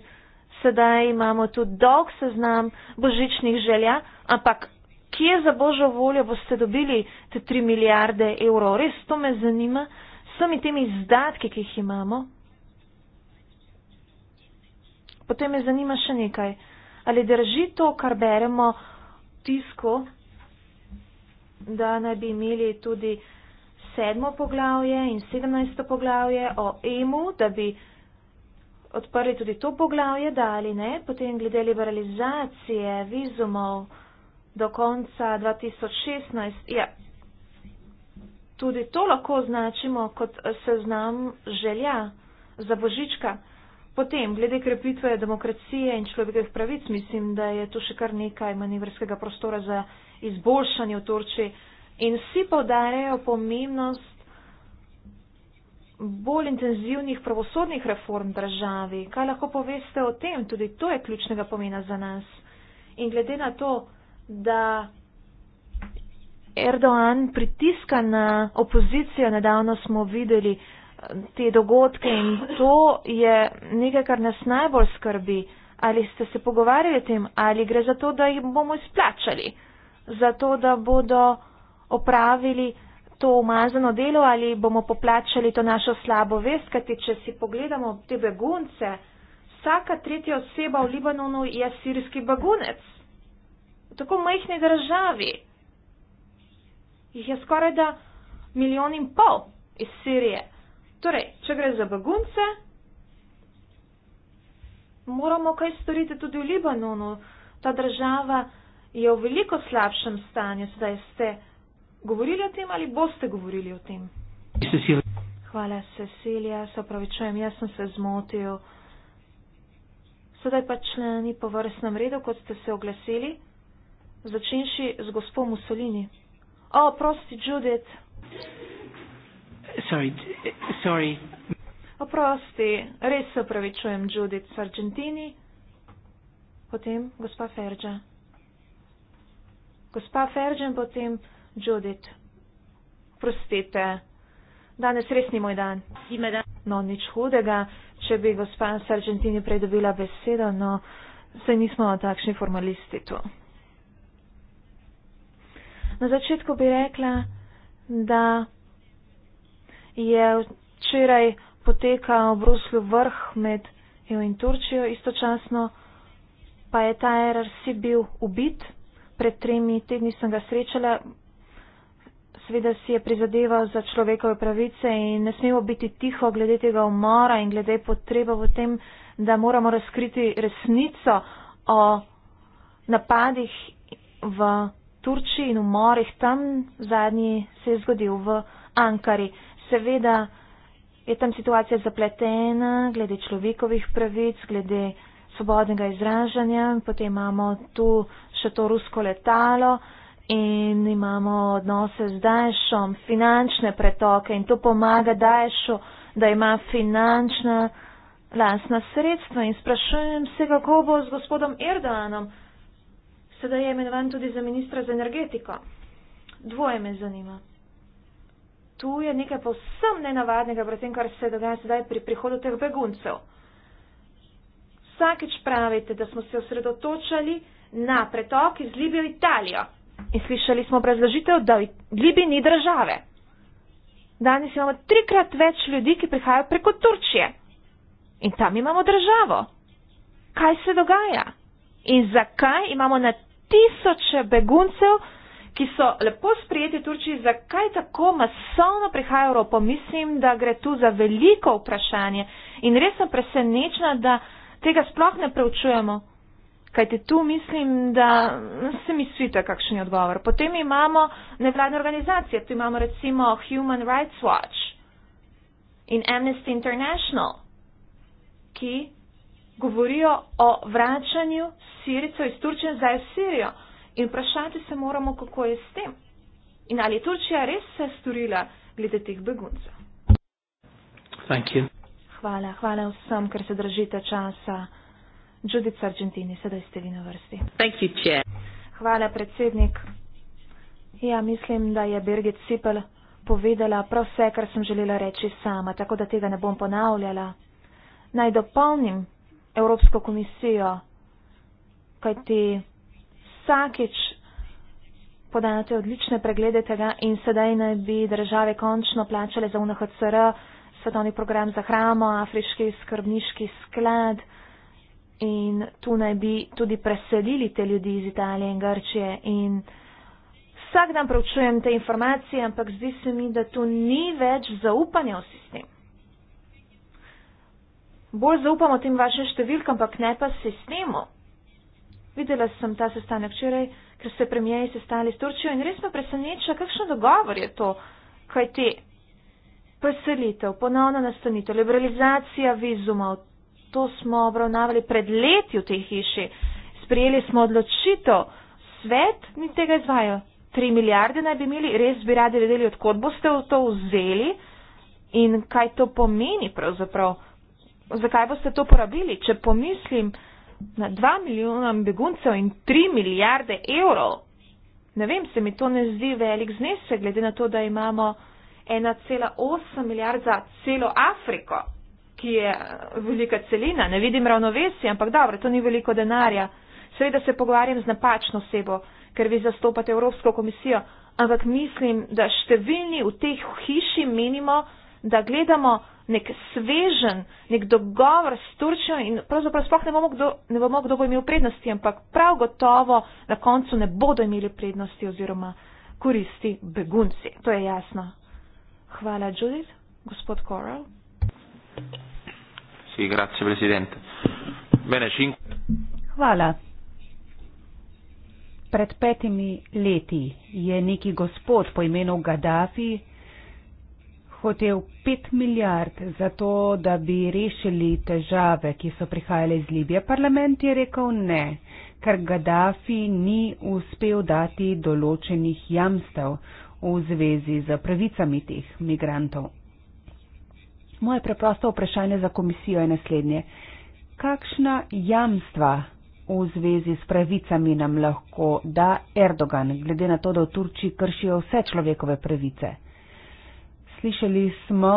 sedaj imamo tudi dolg seznam božičnih želja, ampak kje za božjo voljo boste dobili te 3 milijarde evrov? Res to me zanima, sami temi izdatki, ki jih imamo. Potem me zanima še nekaj. Ali drži to, kar beremo v tisku? da naj bi imeli tudi sedmo poglavje in sedemnajsto poglavje o emu, da bi odprli tudi to poglavje, da ali ne, potem glede liberalizacije vizumov do konca 2016. Ja. Tudi to lahko označimo kot seznam želja za božička. Potem, glede krepitve demokracije in človekovih pravic, mislim, da je tu še kar nekaj manevrskega prostora za izboljšanju v Turčiji in vsi povdarjajo pomembnost bolj intenzivnih pravosodnih reform državi. Kaj lahko poveste o tem? Tudi to je ključnega pomena za nas. In glede na to, da Erdoan pritiska na opozicijo, nedavno smo videli eh, te dogodke in to je nekaj, kar nas najbolj skrbi. Ali ste se pogovarjali o tem, ali gre za to, da jih bomo izplačali? zato da bodo opravili to umazano delo ali bomo poplačali to našo slabo vest, kajti če si pogledamo te begunce, vsaka tretja oseba v Libanonu je sirski begunec. V tako majhni državi jih je skoraj da milijon in pol iz Sirije. Torej, če gre za begunce, moramo kaj storiti tudi v Libanonu. Ta država je v veliko slabšem stanju. Zdaj ste govorili o tem ali boste govorili o tem? Cecilia. Hvala, Cecilija. Se opravičujem, jaz sem se zmotil. Sedaj pa člani po vrstnem redu, kot ste se oglasili, začenši z gospod Mussolini. O, oh, prosti, Judith. Sorry, sorry. Oprosti, res se opravičujem, Judith, s Argentini. Potem gospa Ferdža. Gospa Feržen, potem Judith. Prostite, danes res ni moj dan. No, nič hudega, če bi gospa Sargentini prej dobila besedo, no, se nismo takšni formalisti tu. Na začetku bi rekla, da je včeraj potekal v Bruslu vrh med EU in Turčijo, istočasno pa je ta RRC bil ubit pred tremi tedni sem ga srečala. Seveda si je prizadeval za človekove pravice in ne smemo biti tiho glede tega umora in glede potreba v tem, da moramo razkriti resnico o napadih v Turčiji in umorih. Tam zadnji se je zgodil v Ankari. Seveda je tam situacija zapletena glede človekovih pravic, glede svobodnega izražanja. Potem imamo tu še to rusko letalo in imamo odnose z Daješom, finančne pretoke in to pomaga Daješu, da ima finančna lasna sredstva in sprašujem se, kako bo z gospodom Erdoganom, sedaj je imenovan tudi za ministra za energetiko. Dvoje me zanima. Tu je nekaj povsem nenavadnega, predtem, kar se dogaja sedaj pri prihodu teh beguncev. Vsakeč pravite, da smo se osredotočali na pretok iz Libije v Italijo. In slišali smo obrazložitev, da v Libiji ni države. Danes imamo trikrat več ljudi, ki prihajajo preko Turčije. In tam imamo državo. Kaj se dogaja? In zakaj imamo na tisoče beguncev, ki so lepo sprijeti v Turčiji, zakaj tako masovno prihaja v Evropo? Mislim, da gre tu za veliko vprašanje. In res sem presenečena, da tega sploh ne preučujemo. Kajte tu mislim, da se mi svita kakšen je odgovor. Potem imamo nevladne organizacije, tu imamo recimo Human Rights Watch in Amnesty International, ki govorijo o vračanju Sirico iz Turčije zdaj v Sirijo. In vprašati se moramo, kako je s tem. In ali je Turčija res se storila glede teh beguncev. Hvala, hvala vsem, ker se držite časa. Judith Sargentini, sedaj ste vi na vrsti. You, Hvala, predsednik. Ja, mislim, da je Birgit Sipel povedala prav vse, kar sem želela reči sama, tako da tega ne bom ponavljala. Naj dopolnim Evropsko komisijo, kajti vsakič podajate odlične preglede tega in sedaj naj bi države končno plačale za UNHCR, svetovni program za hramo, afriški skrbniški sklad in tu naj bi tudi preselili te ljudi iz Italije in Grčije. In vsak dan preučujem te informacije, ampak zdi se mi, da tu ni več zaupanja v sistem. Bolj zaupamo tem vašim številkam, ampak ne pa sistemu. Videla sem ta sestanek včeraj, ker se premijeji sestali s Turčijo in resno preseneča, kakšen dogovor je to, kaj te preselitev, ponovna nastanitev, liberalizacija vizumov, to smo obravnavali pred leti v tej hiši. Sprijeli smo odločitev, svet ni tega izvajal. 3 milijarde naj bi imeli, res bi radi vedeli, odkot boste v to vzeli in kaj to pomeni pravzaprav. Zakaj boste to porabili? Če pomislim na 2 milijona beguncev in 3 milijarde evrov, ne vem, se mi to ne zdi velik znesek, glede na to, da imamo 1,8 milijard za celo Afriko ki je eh, velika celina, ne vidim ravnovesja, ampak dobro, to ni veliko denarja. Seveda se pogovarjam z napačno osebo, ker vi zastopate Evropsko komisijo, ampak mislim, da številni v tej hiši menimo, da gledamo nek svežen, nek dogovor s Turčjo in pravzaprav sploh ne bomo, kdo, ne bomo kdo bo imel prednosti, ampak prav gotovo na koncu ne bodo imeli prednosti oziroma koristi begunci. To je jasno. Hvala, Judith. Gospod Koral. Thank you. Sì, grazie Presidente. Bene, cinque. Hvala. Pred petimi leti je neki gospod po imenu Gaddafi hotel pet milijard za to, da bi rešili težave, ki so prihajale iz Libije. Parlament je rekel ne, ker Gaddafi ni uspel dati določenih jamstev v zvezi z pravicami teh migrantov. Moje preprosto vprašanje za komisijo je naslednje. Kakšna jamstva v zvezi s pravicami nam lahko da Erdogan, glede na to, da v Turčiji kršijo vse človekove pravice? Slišali smo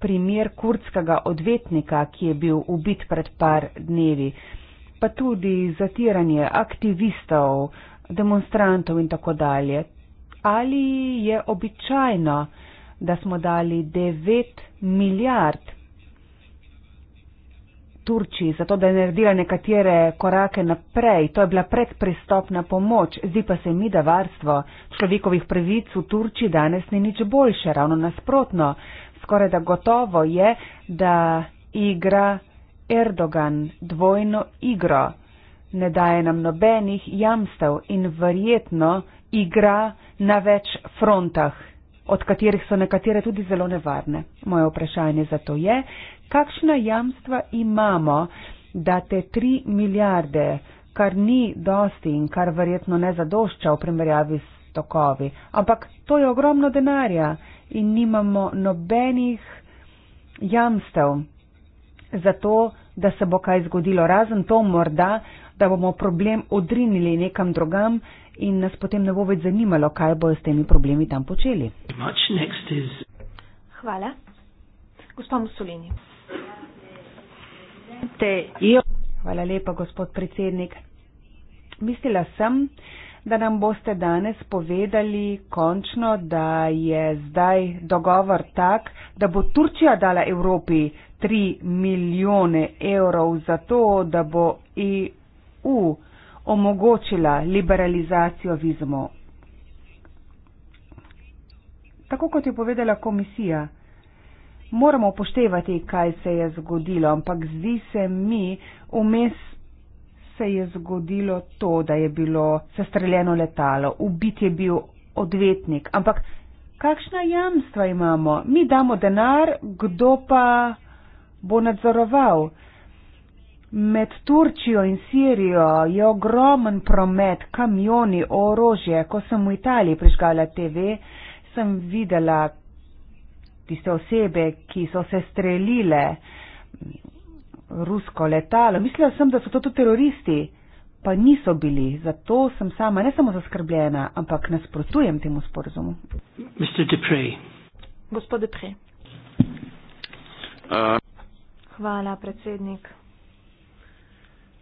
primer kurdskega odvetnika, ki je bil ubit pred par dnevi, pa tudi zatiranje aktivistov, demonstrantov in tako dalje. Ali je običajno, da smo dali 9 milijard Turčiji, zato da je naredila nekatere korake naprej. To je bila predpristopna pomoč. Zdi pa se mi, da varstvo človekovih pravic v Turčiji danes ni nič boljše. Ravno nasprotno, skoraj da gotovo je, da igra Erdogan dvojno igro. Ne daje nam nobenih jamstev in verjetno igra na več frontah od katerih so nekatere tudi zelo nevarne. Moje vprašanje zato je, kakšna jamstva imamo, da te tri milijarde, kar ni dosti in kar verjetno ne zadošča v primerjavi s tokovi, ampak to je ogromno denarja in nimamo nobenih jamstev za to, da se bo kaj zgodilo, razen to morda, da bomo problem odrinili nekam drugam, in nas potem ne bo več zanimalo, kaj bojo s temi problemi tam počeli. Hvala. Gospod Mussolini. Ja. Hvala lepa, gospod predsednik. Mislila sem, da nam boste danes povedali končno, da je zdaj dogovor tak, da bo Turčija dala Evropi 3 milijone evrov za to, da bo EU omogočila liberalizacijo vizumov. Tako kot je povedala komisija, moramo upoštevati, kaj se je zgodilo, ampak zdi se mi, vmes se je zgodilo to, da je bilo sestreljeno letalo, ubit je bil odvetnik, ampak kakšna jamstva imamo? Mi damo denar, kdo pa bo nadzoroval? Med Turčijo in Sirijo je ogromen promet, kamioni, orožje. Ko sem v Italiji prižgala TV, sem videla tiste osebe, ki so se streljile rusko letalo. Mislila sem, da so to tudi teroristi, pa niso bili. Zato sem sama ne samo zaskrbljena, ampak nasprotujem temu sporozumu. Uh. Hvala, predsednik.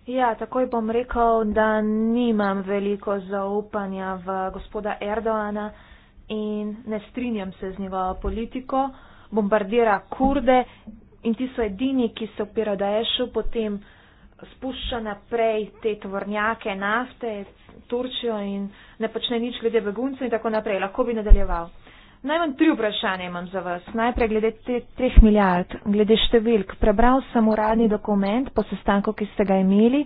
Ja, takoj bom rekel, da nimam veliko zaupanja v gospoda Erdoana in ne strinjam se z njegovo politiko. Bombardira kurde in ti so edini, ki se opirajo Daešu, potem spušča naprej te tvornjake nafte, Turčijo in ne počne nič glede beguncev in tako naprej. Lahko bi nadaljeval. Najmanj tri vprašanja imam za vas. Najprej glede te, treh milijard, glede številk. Prebral sem uradni dokument po sestanku, ki ste ga imeli.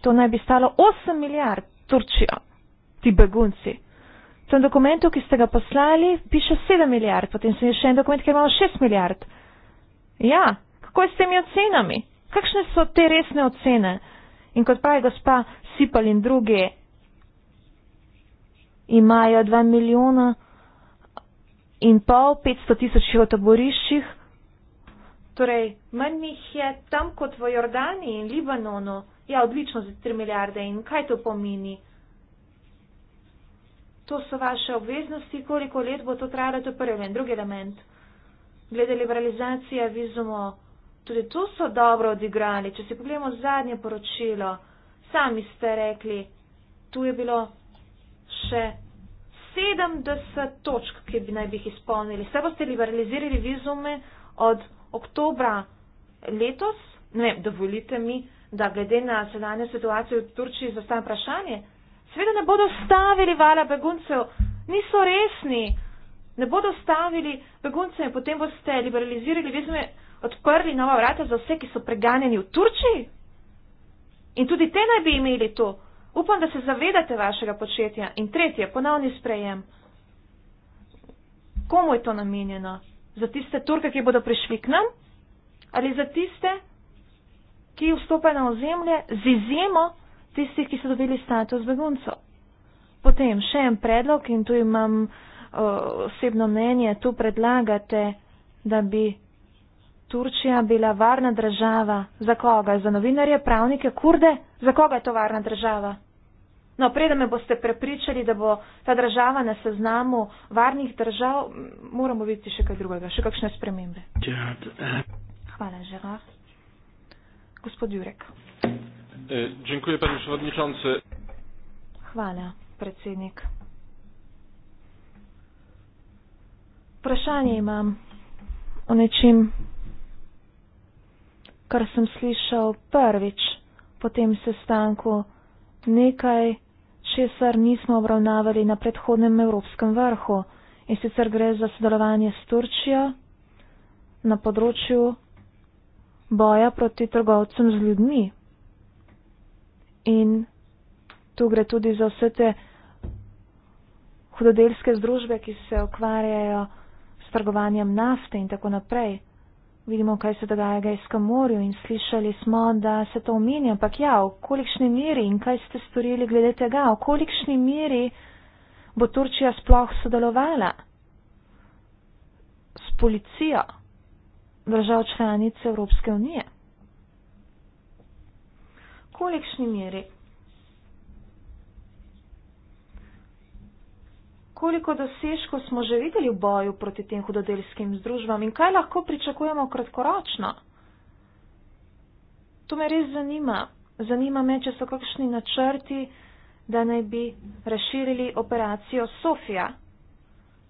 To naj bi stalo 8 milijard Turčijo, ti begunci. V tem dokumentu, ki ste ga poslali, piše 7 milijard, potem se je še en dokument, ki ima 6 milijard. Ja, kako je s temi ocenami? Kakšne so te resne ocene? In kot pravi gospa Sipal in druge, imajo 2 milijona in pol, 500 tisoč je v taboriščih. Torej, manj jih je tam kot v Jordani in Libanonu. Ja, odlično za 3 milijarde in kaj to pomeni? To so vaše obveznosti, koliko let bo to trajalo, to je prvi element. Drugi element, glede liberalizacije vizumo, tudi to so dobro odigrali. Če si pogledamo zadnje poročilo, sami ste rekli, tu je bilo še 70 točk, ki bi naj bi jih izpolnili. Se boste liberalizirali vizume od oktobra letos? Ne vem, dovolite mi, da glede na sedanje situacije v Turčiji zastavim vprašanje. Sveda ne bodo stavili vala beguncev, niso resni. Ne bodo stavili beguncev in potem boste liberalizirali vizume, odprli nova vrata za vse, ki so preganjeni v Turčiji. In tudi te naj bi imeli to. Upam, da se zavedate vašega početja. In tretje, ponovni sprejem. Komu je to namenjeno? Za tiste Turke, ki bodo prišli k nam? Ali za tiste, ki vstopajo na ozemlje z izjemo tistih, ki so dobili status beguncov? Potem še en predlog in tu imam uh, osebno mnenje, tu predlagate, da bi Turčija bila varna država? Za koga? Za novinarje, pravnike, kurde? Za koga je to varna država? No, preden me boste prepričali, da bo ta država na seznamu varnih držav, moramo videti še kaj drugega, še kakšne spremembe. Gerard, eh. Hvala, Žerah. Gospod Jurek. Eh, Hvala, predsednik. Vprašanje imam o nečem, kar sem slišal prvič po tem sestanku, nekaj, česar nismo obravnavali na predhodnem Evropskem vrhu in sicer gre za sodelovanje s Turčijo na področju boja proti trgovcem z ljudmi. In tu gre tudi za vse te hudodelske združbe, ki se ukvarjajo s trgovanjem nafte in tako naprej vidimo, kaj se dogaja v Gajskem morju in slišali smo, da se to omenja, ampak ja, v kolikšni meri in kaj ste storili glede tega, v kolikšni meri bo Turčija sploh sodelovala s policijo držav članic Evropske unije. V kolikšni meri? koliko dosežkov smo že videli v boju proti tem hudodelskim združbam in kaj lahko pričakujemo kratkoročno. To me res zanima. Zanima me, če so kakšni načrti, da naj bi razširili operacijo Sofija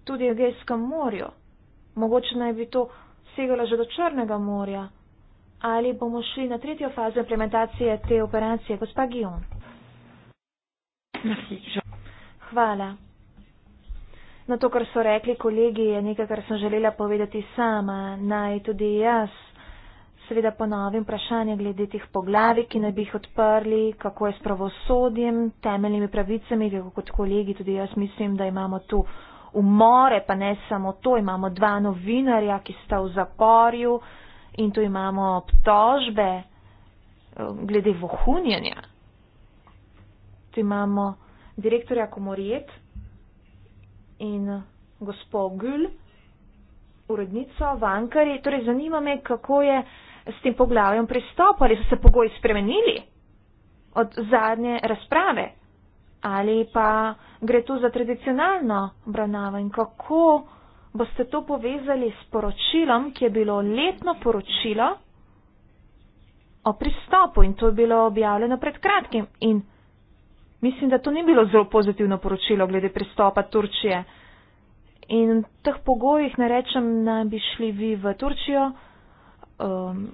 tudi v Gejskem morju. Mogoče naj bi to segalo že do Črnega morja. Ali bomo šli na tretjo fazo implementacije te operacije, gospa Gion? Hvala. Na to, kar so rekli kolegi, je nekaj, kar sem želela povedati sama. Naj tudi jaz seveda ponovim vprašanje glede teh poglavij, ki naj bi jih odprli, kako je s pravosodjem, temeljnimi pravicami, kako kot kolegi tudi jaz mislim, da imamo tu umore, pa ne samo to, imamo dva novinarja, ki sta v zaporju in tu imamo obtožbe um, glede vohunjenja. Tu imamo direktorja Komorjeta in gospod Gül, urednico v Ankari. Torej, zanima me, kako je s tem poglavjem pristop, ali so se pogoji spremenili od zadnje razprave, ali pa gre tu za tradicionalno obravnavo in kako boste to povezali s poročilom, ki je bilo letno poročilo o pristopu in to je bilo objavljeno pred kratkim. In Mislim, da to ni bilo zelo pozitivno poročilo glede prestopa Turčije. In v teh pogojih, ne rečem, naj bi šli vi v Turčijo. Um,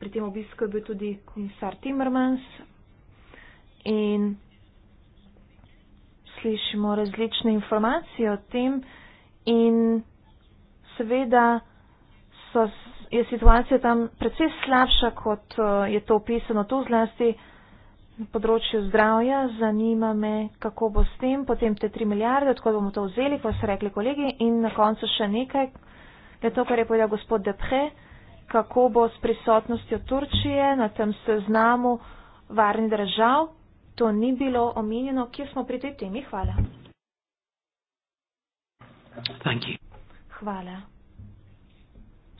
pri tem obisku je bil tudi komisar Timmermans. In slišimo različne informacije o tem. In seveda so, je situacija tam precej slabša, kot uh, je to opisano tu zlasti na področju zdravja, zanima me, kako bo s tem, potem te tri milijarde, odkud bomo to vzeli, ko so rekli kolegi, in na koncu še nekaj, je to, kar je povedal gospod Depre, kako bo s prisotnostjo Turčije na tem seznamu varnih držav, to ni bilo omenjeno, kje smo pri tej temi, hvala. Thank you. Hvala.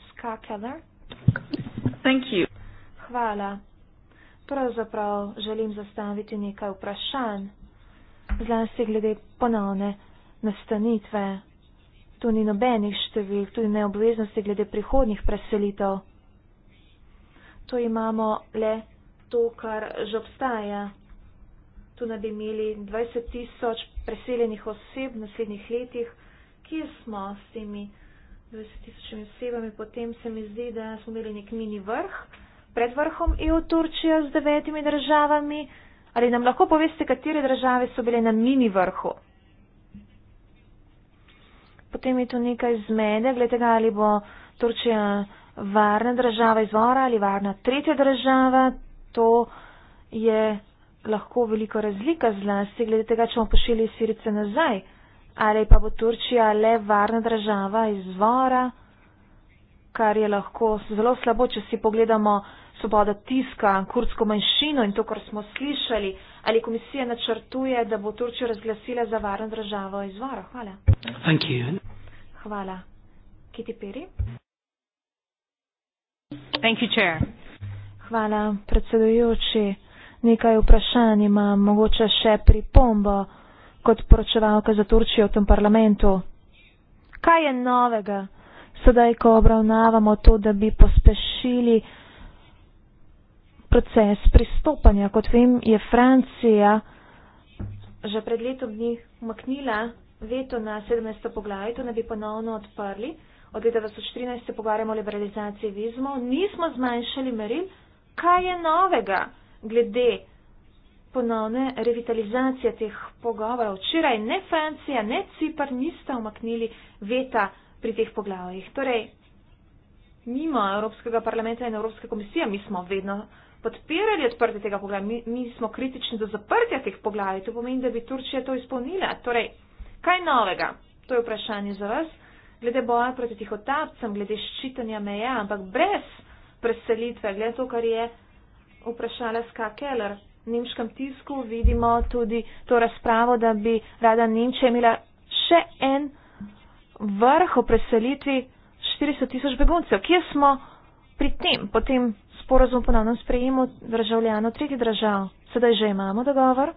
Scott Keller. Thank you. Hvala pravzaprav želim zastaviti nekaj vprašanj, zlasti glede ponovne nastanitve. Tu ni nobenih številk, tudi ne obveznosti glede prihodnjih preselitev. To imamo le to, kar že obstaja. Tu naj bi imeli 20 tisoč preseljenih oseb v naslednjih letih. Kje smo s temi 20 tisočimi osebami? Potem se mi zdi, da smo imeli nek mini vrh pred vrhom EU Turčija z devetimi državami? Ali nam lahko poveste, katere države so bile na mini vrhu? Potem je tu nekaj zmede, glede tega, ali bo Turčija varna država izvora ali varna tretja država. To je lahko veliko razlika zlasti, glede tega, če bomo pošili Sirice nazaj. Ali pa bo Turčija le varna država izvora, kar je lahko zelo slabo, če si pogledamo svoboda tiska, kurdsko manjšino in to, kar smo slišali. Ali komisija načrtuje, da bo Turčijo razglasila za varno državo izvora? Hvala. Hvala. Kiti Peri. Thank you, Hvala, predsedujoči. Nekaj vprašanj imam, mogoče še pripombo kot poročevalka za Turčijo v tem parlamentu. Kaj je novega sedaj, ko obravnavamo to, da bi pospešili proces pristopanja. Kot vem, je Francija že pred letom dni umaknila veto na 17. poglavje, to ne bi ponovno odprli. Od leta 2014 se pogovarjamo o liberalizaciji vizmov, nismo zmanjšali meril, kaj je novega glede ponovne revitalizacije teh pogovorov. Včeraj ne Francija, ne Cipr nista umaknili veta pri teh poglavjih. Torej, mimo Evropskega parlamenta in Evropske komisije, mi smo vedno podpirali odprtje tega poglavja, mi, mi smo kritični do zaprtja teh poglavij, to pomeni, da bi Turčija to izpolnila. Torej, kaj novega? To je vprašanje za vas. Glede boja proti tihotapcem, glede ščitanja meja, ampak brez preselitve, glede to, kar je vprašala Ska Keller. V nemškem tisku vidimo tudi to razpravo, da bi rada Nemčija imela še en vrh o preselitvi 400 tisoč beguncev. Kje smo pri tem? Potem sporazum ponovnem sprejemu državljanov tretjih držav. Sedaj že imamo dogovor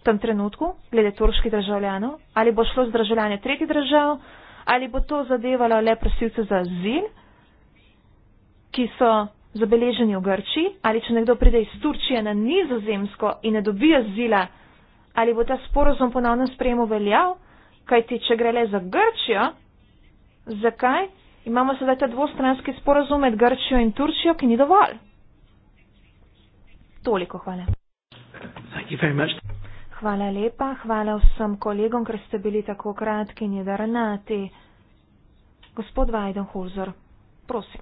v tem trenutku, glede turških državljanov, ali bo šlo z državljanje tretjih držav, ali bo to zadevalo le prosilce za azil, ki so zabeleženi v Grči, ali če nekdo pride iz Turčije na nizozemsko in ne dobi azila, ali bo ta sporazum ponovnem sprejemu veljal, kajti če gre le za Grčijo, zakaj? Imamo sedaj ta dvostranski sporazum med Grčijo in Turčijo, ki ni dovolj. Toliko hvala. Hvala lepa, hvala vsem kolegom, ker ste bili tako kratki in jedrnati. Gospod Weidenhuser, prosim.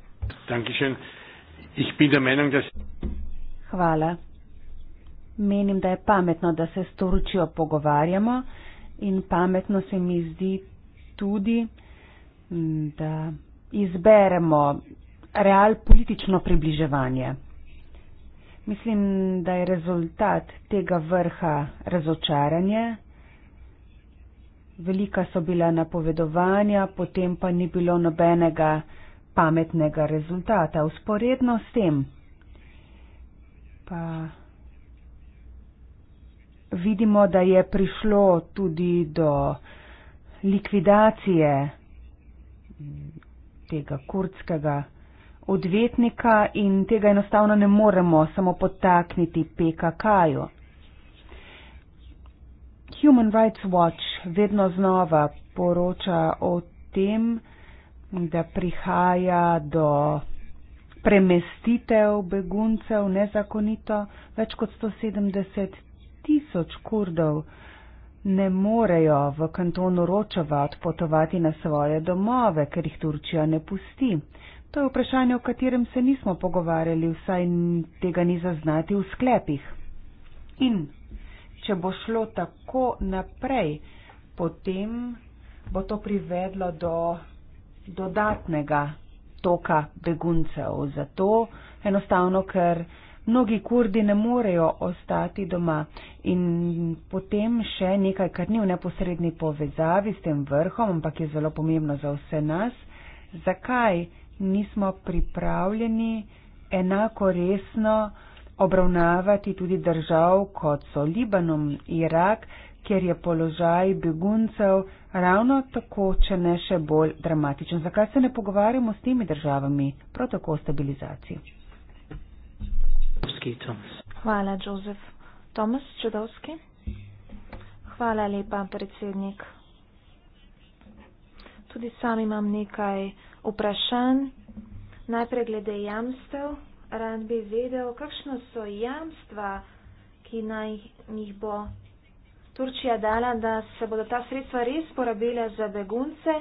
Hvala. Menim, da je pametno, da se s to ručjo pogovarjamo in pametno se mi zdi tudi, da izberemo real politično približevanje. Mislim, da je rezultat tega vrha razočaranje. Velika so bila napovedovanja, potem pa ni bilo nobenega pametnega rezultata. Usporedno s tem pa vidimo, da je prišlo tudi do likvidacije tega kurdskega odvetnika in tega enostavno ne moremo samo potakniti PKK-ju. Human Rights Watch vedno znova poroča o tem, da prihaja do premestitev beguncev nezakonito. Več kot 170 tisoč kurdov ne morejo v kantonu Ročava odpotovati na svoje domove, ker jih Turčija ne pusti. To je vprašanje, o katerem se nismo pogovarjali, vsaj tega ni zaznati v sklepih. In če bo šlo tako naprej, potem bo to privedlo do dodatnega toka beguncev. Zato enostavno, ker mnogi kurdi ne morejo ostati doma. In potem še nekaj, kar ni v neposredni povezavi s tem vrhom, ampak je zelo pomembno za vse nas. Zakaj? nismo pripravljeni enako resno obravnavati tudi držav, kot so Libanon, Irak, kjer je položaj beguncev ravno tako, če ne še bolj dramatičen. Zakaj se ne pogovarjamo s temi državami, prav tako o stabilizaciji? Hvala, Jozef. Tomas Čudovski. Hvala lepa, predsednik. Tudi sam imam nekaj vprašanj. Najprej glede jamstev. Rad bi vedel, kakšno so jamstva, ki naj jih bo Turčija dala, da se bodo ta sredstva res porabila za begunce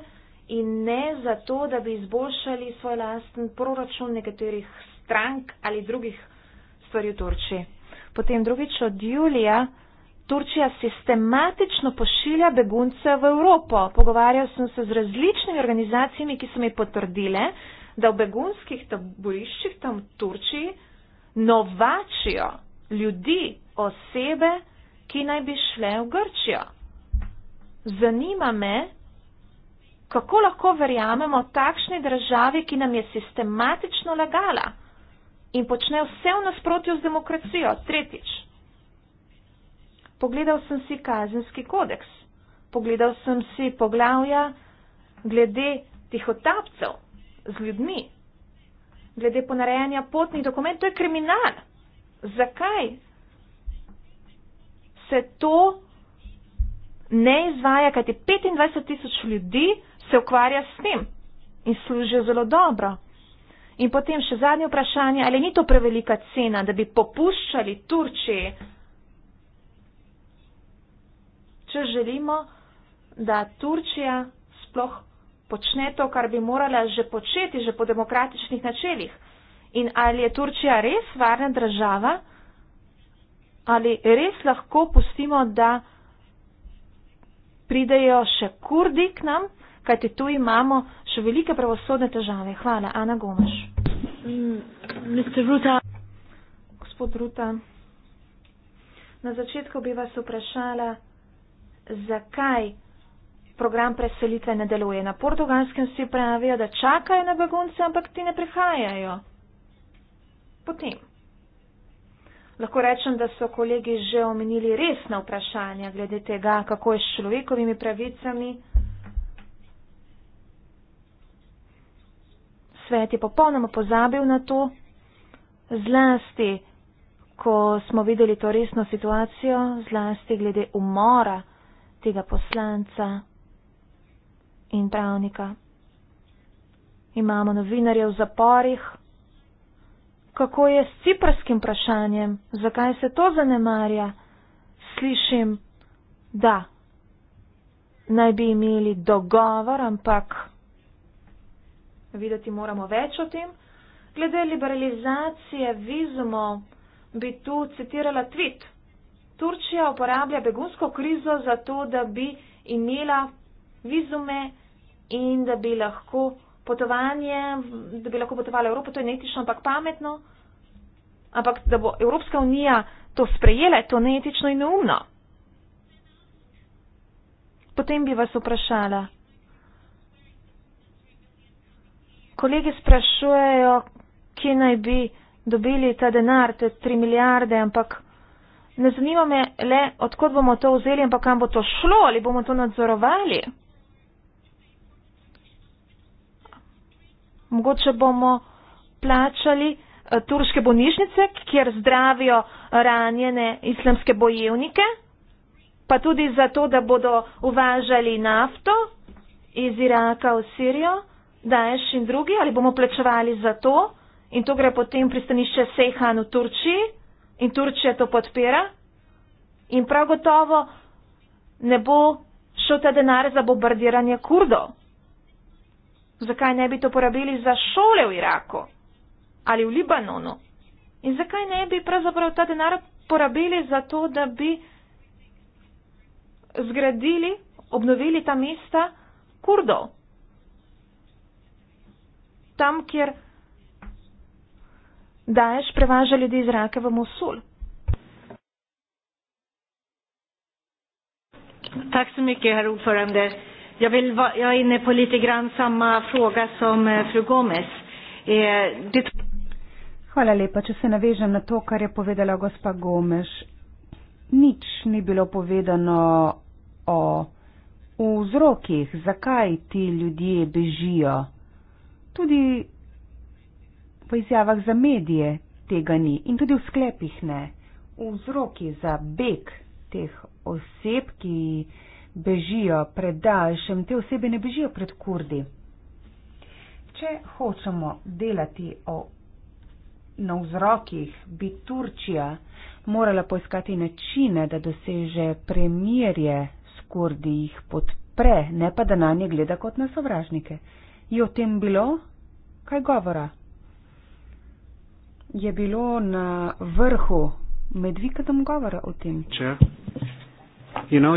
in ne za to, da bi izboljšali svoj lasten proračun nekaterih strank ali drugih stvari v Turčiji. Potem drugič od Julija. Turčija sistematično pošilja begunce v Evropo. Pogovarjal sem se z različnimi organizacijami, ki so mi potrdile, da v begunskih taboriščih tam v Turčiji novačijo ljudi, osebe, ki naj bi šle v Grčijo. Zanima me, kako lahko verjamemo takšni državi, ki nam je sistematično lagala in počne vse v nasprotju z demokracijo. Tretjič. Pogledal sem si kazenski kodeks, pogledal sem si poglavja glede tihotapcev z ljudmi, glede ponarejanja potnih dokumentov. To je kriminal. Zakaj se to ne izvaja, kajti 25 tisoč ljudi se ukvarja s tem in služijo zelo dobro. In potem še zadnje vprašanje, ali ni to prevelika cena, da bi popuščali Turčiji, če želimo, da Turčija sploh počne to, kar bi morala že početi, že po demokratičnih načelih. In ali je Turčija res varna država, ali res lahko pustimo, da pridejo še kurdi k nam, kajti tu imamo še velike pravosodne težave. Hvala, Ana Gomaš. Ruta. Gospod Ruta, na začetku bi vas vprašala, zakaj program preselitve ne deluje. Na portugalskem vsi pravijo, da čakajo na begunce, ampak ti ne prihajajo. Potem. Lahko rečem, da so kolegi že omenili resna vprašanja glede tega, kako je s človekovimi pravicami. Svet je popolnoma pozabil na to, zlasti, ko smo videli to resno situacijo, zlasti glede umora tega poslanca in pravnika. Imamo novinarje v zaporih. Kako je s ciprskim vprašanjem, zakaj se to zanemarja? Slišim, da naj bi imeli dogovor, ampak videti moramo več o tem. Glede liberalizacije vizumov bi tu citirala tweet Turčija uporablja begunsko krizo za to, da bi imela vizume in da bi lahko potovanje, da bi lahko potovala Evropo, to je neetično, ampak pametno, ampak da bo Evropska unija to sprejela, to neetično in neumno. Potem bi vas vprašala. Kolegi sprašujejo, kje naj bi dobili ta denar, te 3 milijarde, ampak ne zanima me le, odkot bomo to vzeli, ampak kam bo to šlo, ali bomo to nadzorovali. Mogoče bomo plačali eh, turške bolnišnice, kjer zdravijo ranjene islamske bojevnike, pa tudi zato, da bodo uvažali nafto iz Iraka v Sirijo, Daesh in drugi, ali bomo plačevali za to in to gre potem pristanišče Sehan v Turčiji in Turčija to podpira in prav gotovo ne bo šel ta denar za bombardiranje kurdov. Zakaj ne bi to porabili za šole v Iraku ali v Libanonu? In zakaj ne bi pravzaprav ta denar porabili za to, da bi zgradili, obnovili ta mesta kurdov? Tam, kjer Daješ prevaža ljudi iz Raka v Mosul. Tak so mikje, her uporende. Jag, vill, jag är inne på lite grann samma fråga som eh, fru Gomes. Eh, det... Hvala lepa, če se navežem na to, kar je povedala gospa Gomes. Nič ni bilo povedano o vzrokih, zakaj ti ljudje bežijo. Tudi v izjavah za medije tega ni in tudi v sklepih ne. Vzroki za beg teh oseb, ki bežijo pred daljšem, te osebe ne bežijo pred kurdi. Če hočemo delati o, na vzrokih, bi Turčija morala poiskati načine, da doseže premirje s kurdi, jih podpre, ne pa da na nje gleda kot na sovražnike. Je o tem bilo? Kaj govora? je bilo na vrhu med vikendom govora o tem. You know,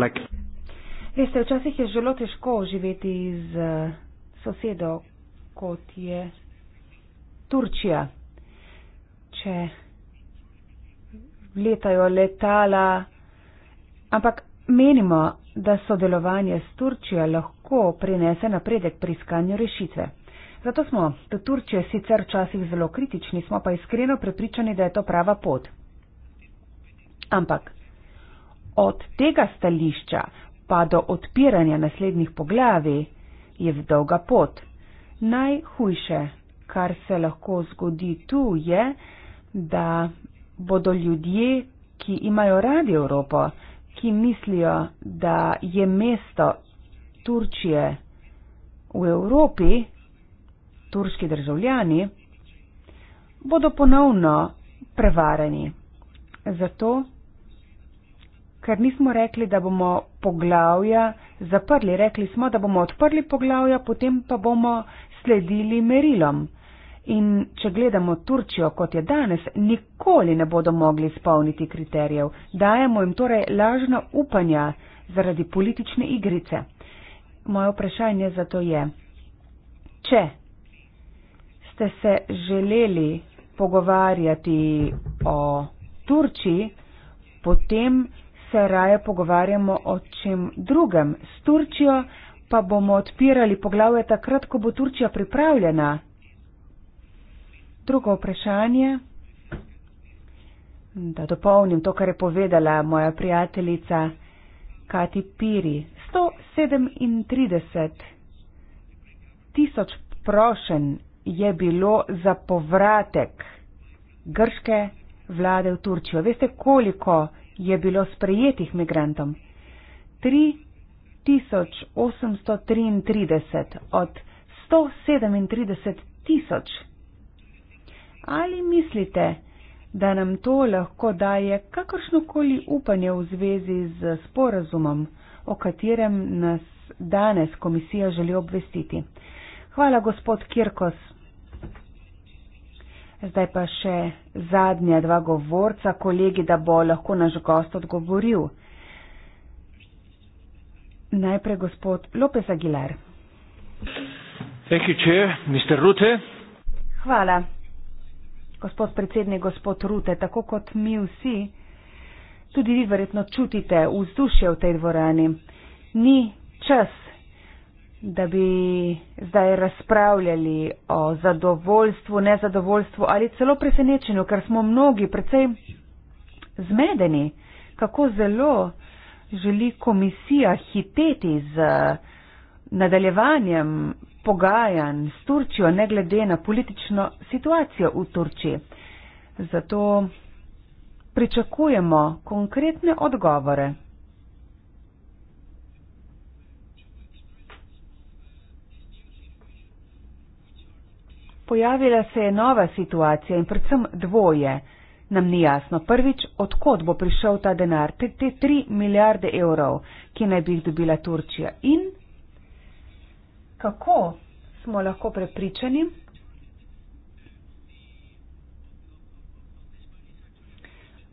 like... Veste, včasih je zelo težko živeti z eh, sosedo, kot je Turčija. Če letajo letala, ampak menimo, da sodelovanje s Turčijo lahko prinese napredek pri iskanju rešitve. Zato smo do Turčije sicer včasih zelo kritični, smo pa iskreno prepričani, da je to prava pot. Ampak od tega stališča pa do odpiranja naslednjih poglavi je dolga pot. Najhujše, kar se lahko zgodi tu, je, da bodo ljudje, ki imajo radi Evropo, ki mislijo, da je mesto Turčije v Evropi, turški državljani, bodo ponovno prevarani. Zato, ker nismo rekli, da bomo poglavja zaprli, rekli smo, da bomo odprli poglavja, potem pa bomo sledili merilom. In če gledamo Turčijo, kot je danes, nikoli ne bodo mogli izpolniti kriterijev. Dajemo jim torej lažna upanja zaradi politične igrice. Moje vprašanje zato je, če ste se želeli pogovarjati o Turčiji, potem se raje pogovarjamo o čem drugem. S Turčijo pa bomo odpirali poglavje takrat, ko bo Turčija pripravljena. Drugo vprašanje. Da dopolnim to, kar je povedala moja prijateljica Kati Piri. 137 tisoč prošen je bilo za povratek grške vlade v Turčijo. Veste, koliko je bilo sprejetih migrantom? 3833 od 137 tisoč. Ali mislite, da nam to lahko daje kakršnokoli upanje v zvezi z sporazumom, o katerem nas danes komisija želi obvestiti? Hvala, gospod Kirkos. Zdaj pa še zadnja dva govorca, kolegi, da bo lahko naš gost odgovoril. Najprej gospod Lopez Aguilar. You, chair, Hvala. Gospod predsednik, gospod Rute, tako kot mi vsi, tudi vi verjetno čutite vzdušje v tej dvorani. Ni čas da bi zdaj razpravljali o zadovoljstvu, nezadovoljstvu ali celo presenečenju, ker smo mnogi precej zmedeni, kako zelo želi komisija hiteti z nadaljevanjem pogajanj s Turčijo, ne glede na politično situacijo v Turčiji. Zato pričakujemo konkretne odgovore. Pojavila se je nova situacija in predvsem dvoje. Nam ni jasno prvič, odkot bo prišel ta denar, te, te tri milijarde evrov, ki naj bi jih dobila Turčija in kako smo lahko prepričani.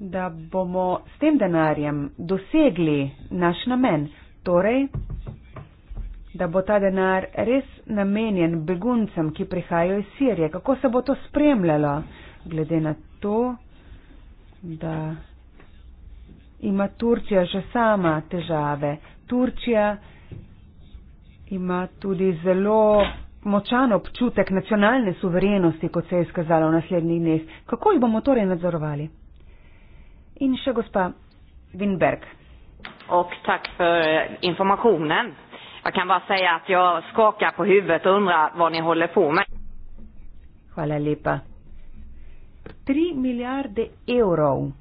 da bomo s tem denarjem dosegli naš namen, torej da bo ta denar res namenjen beguncem, ki prihajajo iz Sirije? Kako se bo to spremljalo, glede na to, da ima Turčija že sama težave? Turčija ima tudi zelo močan občutek nacionalne suverenosti, kot se je izkazalo v naslednjih dneh. Kako jih bomo torej nadzorovali? In še gospa Winberg. In tako za eh, informacijo. Jag kan bara säga att jag skakar på huvudet och undrar vad ni håller på med. Hvala lepa. Tri milijarde evrov.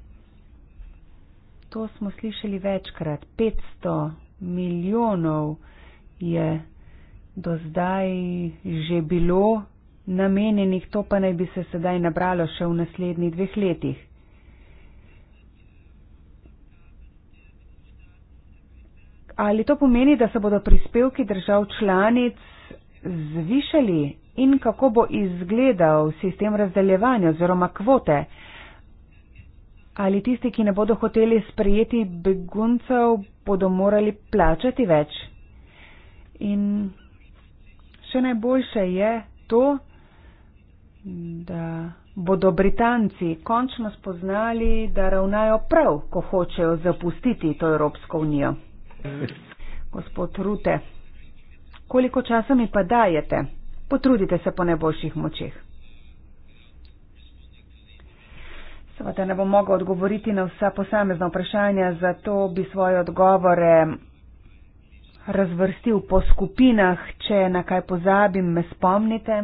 To smo slišali večkrat. 500 milijonov je do zdaj že bilo namenjenih, to pa naj bi se sedaj nabralo še v naslednjih dveh letih. ali to pomeni, da se bodo prispevki držav članic zvišali in kako bo izgledal sistem razdeljevanja oziroma kvote? Ali tisti, ki ne bodo hoteli sprejeti beguncev, bodo morali plačati več? In še najboljše je to, da bodo Britanci končno spoznali, da ravnajo prav, ko hočejo zapustiti to Evropsko unijo. Gospod Rute, koliko časa mi pa dajete? Potrudite se po najboljših močeh. Seveda ne bom mogel odgovoriti na vsa posamezna vprašanja, zato bi svoje odgovore razvrstil po skupinah, če na kaj pozabim, me spomnite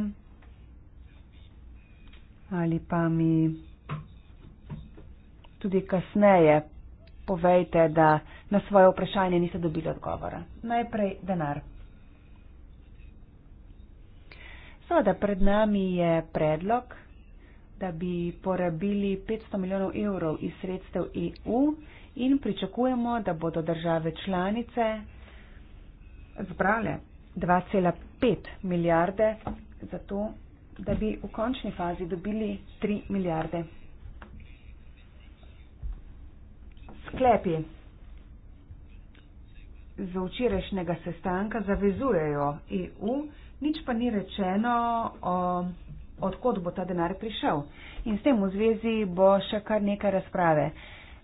ali pa mi tudi kasneje povejte, da na svoje vprašanje niste dobili odgovora. Najprej denar. Seveda, pred nami je predlog, da bi porabili 500 milijonov evrov iz sredstev EU in pričakujemo, da bodo države članice zbrale 2,5 milijarde za to, da bi v končni fazi dobili 3 milijarde Sklepi za včerajšnjega sestanka zavezujejo EU, nič pa ni rečeno, odkot bo ta denar prišel. In s tem v zvezi bo še kar nekaj razprave.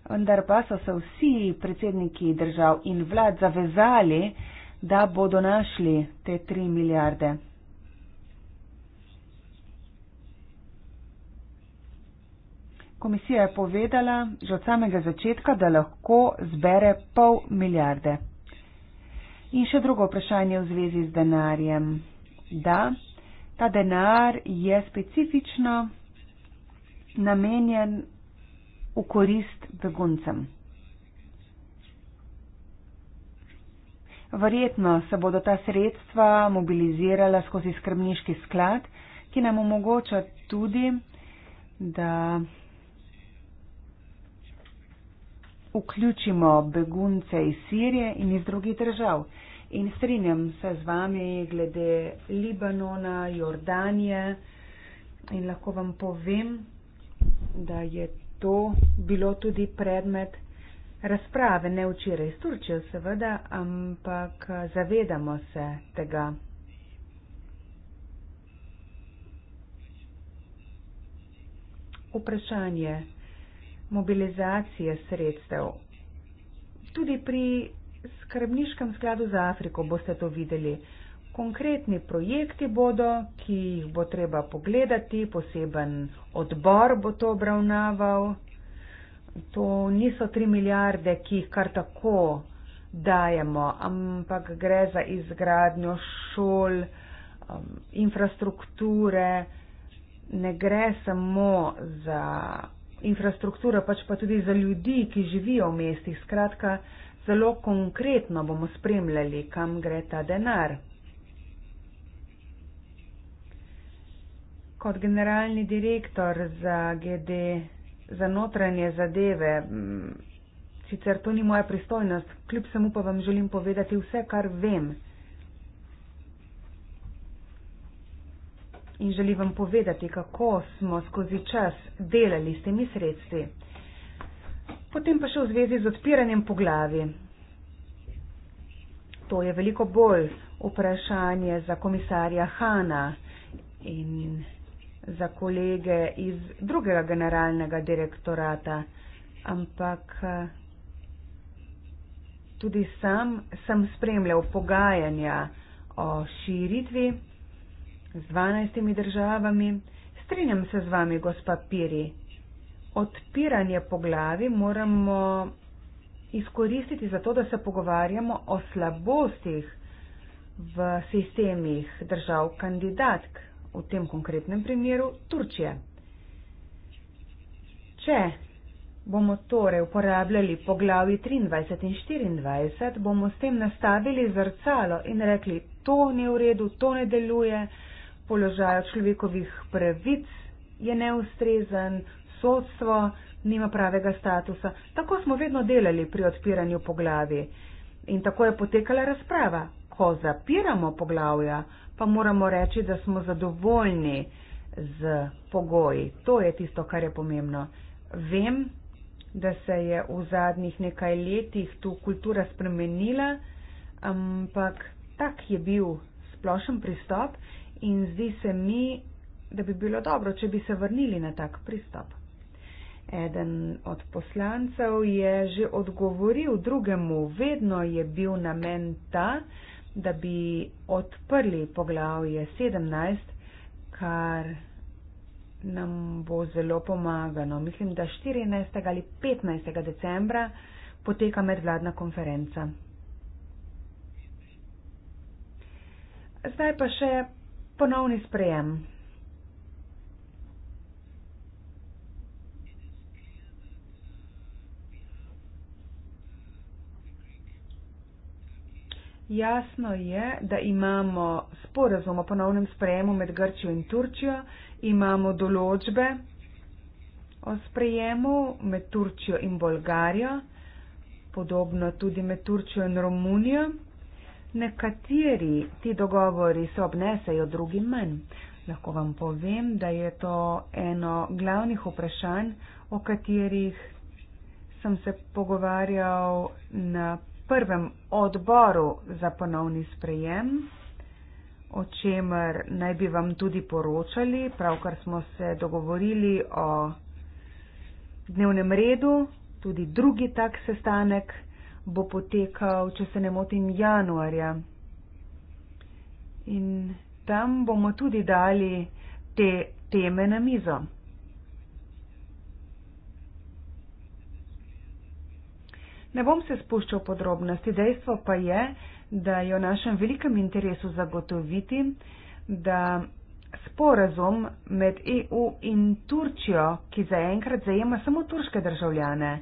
Vendar pa so se vsi predsedniki držav in vlad zavezali, da bodo našli te tri milijarde. Komisija je povedala že od samega začetka, da lahko zbere pol milijarde. In še drugo vprašanje v zvezi z denarjem. Da, ta denar je specifično namenjen v korist beguncem. Verjetno se bodo ta sredstva mobilizirala skozi skrbniški sklad, ki nam omogoča tudi, da vključimo begunce iz Sirije in iz drugih držav. In strinjam se z vami glede Libanona, Jordanije in lahko vam povem, da je to bilo tudi predmet razprave, ne včeraj iz Turčije seveda, ampak zavedamo se tega. Vprašanje mobilizacije sredstev. Tudi pri Skrbniškem skladu za Afriko boste to videli. Konkretni projekti bodo, ki jih bo treba pogledati, poseben odbor bo to obravnaval. To niso tri milijarde, ki jih kar tako dajemo, ampak gre za izgradnjo šol, um, infrastrukture. Ne gre samo za infrastruktura, pač pa tudi za ljudi, ki živijo v mestih. Skratka, zelo konkretno bomo spremljali, kam gre ta denar. Kot generalni direktor za GD za notranje zadeve, mm, sicer to ni moja pristojnost, kljub samo pa vam želim povedati vse, kar vem. in želim vam povedati, kako smo skozi čas delali s temi sredstvi. Potem pa še v zvezi z odpiranjem poglavi. To je veliko bolj vprašanje za komisarja Hana in za kolege iz drugega generalnega direktorata, ampak eh, tudi sam sem spremljal pogajanja o širitvi z dvanajstimi državami. Strinjam se z vami, gospa Piri. Odpiranje po glavi moramo izkoristiti zato, da se pogovarjamo o slabostih v sistemih držav kandidatk, v tem konkretnem primeru Turčije. Če bomo torej uporabljali poglavi 23 in 24, bomo s tem nastavili zrcalo in rekli, to ni v redu, to ne deluje, položaja človekovih pravic je neustrezen, sodstvo nima pravega statusa. Tako smo vedno delali pri odpiranju poglavi in tako je potekala razprava. Ko zapiramo poglavja, pa moramo reči, da smo zadovoljni z pogoji. To je tisto, kar je pomembno. Vem, da se je v zadnjih nekaj letih tu kultura spremenila, ampak tak je bil splošen pristop in zdi se mi, da bi bilo dobro, če bi se vrnili na tak pristop. Eden od poslancev je že odgovoril drugemu, vedno je bil namen ta, da bi odprli poglavje 17, kar nam bo zelo pomagano. Mislim, da 14. ali 15. decembra poteka medvladna konferenca. Zdaj pa še ponovni sprejem. Jasno je, da imamo sporazum o ponovnem sprejemu med Grčijo in Turčijo, imamo določbe o sprejemu med Turčijo in Bolgarijo, podobno tudi med Turčijo in Romunijo. Nekateri ti dogovori se obnesejo, drugi manj. Lahko vam povem, da je to eno glavnih vprašanj, o katerih sem se pogovarjal na prvem odboru za ponovni sprejem, o čemer naj bi vam tudi poročali, pravkar smo se dogovorili o dnevnem redu, tudi drugi tak sestanek bo potekal, če se ne motim, januarja. In tam bomo tudi dali te teme na mizo. Ne bom se spuščal podrobnosti, dejstvo pa je, da je v našem velikem interesu zagotoviti, da sporazum med EU in Turčijo, ki zaenkrat zajema samo turške državljane,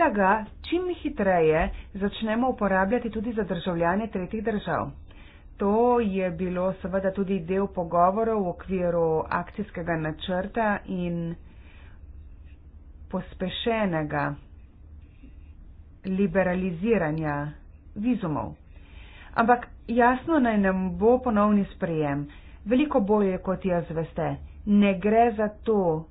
da ga čim hitreje začnemo uporabljati tudi za državljane tretjih držav. To je bilo seveda tudi del pogovorov v okviru akcijskega načrta in pospešenega liberaliziranja vizumov. Ampak jasno naj nam bo ponovni sprejem. Veliko boje, kot jaz veste, ne gre za to,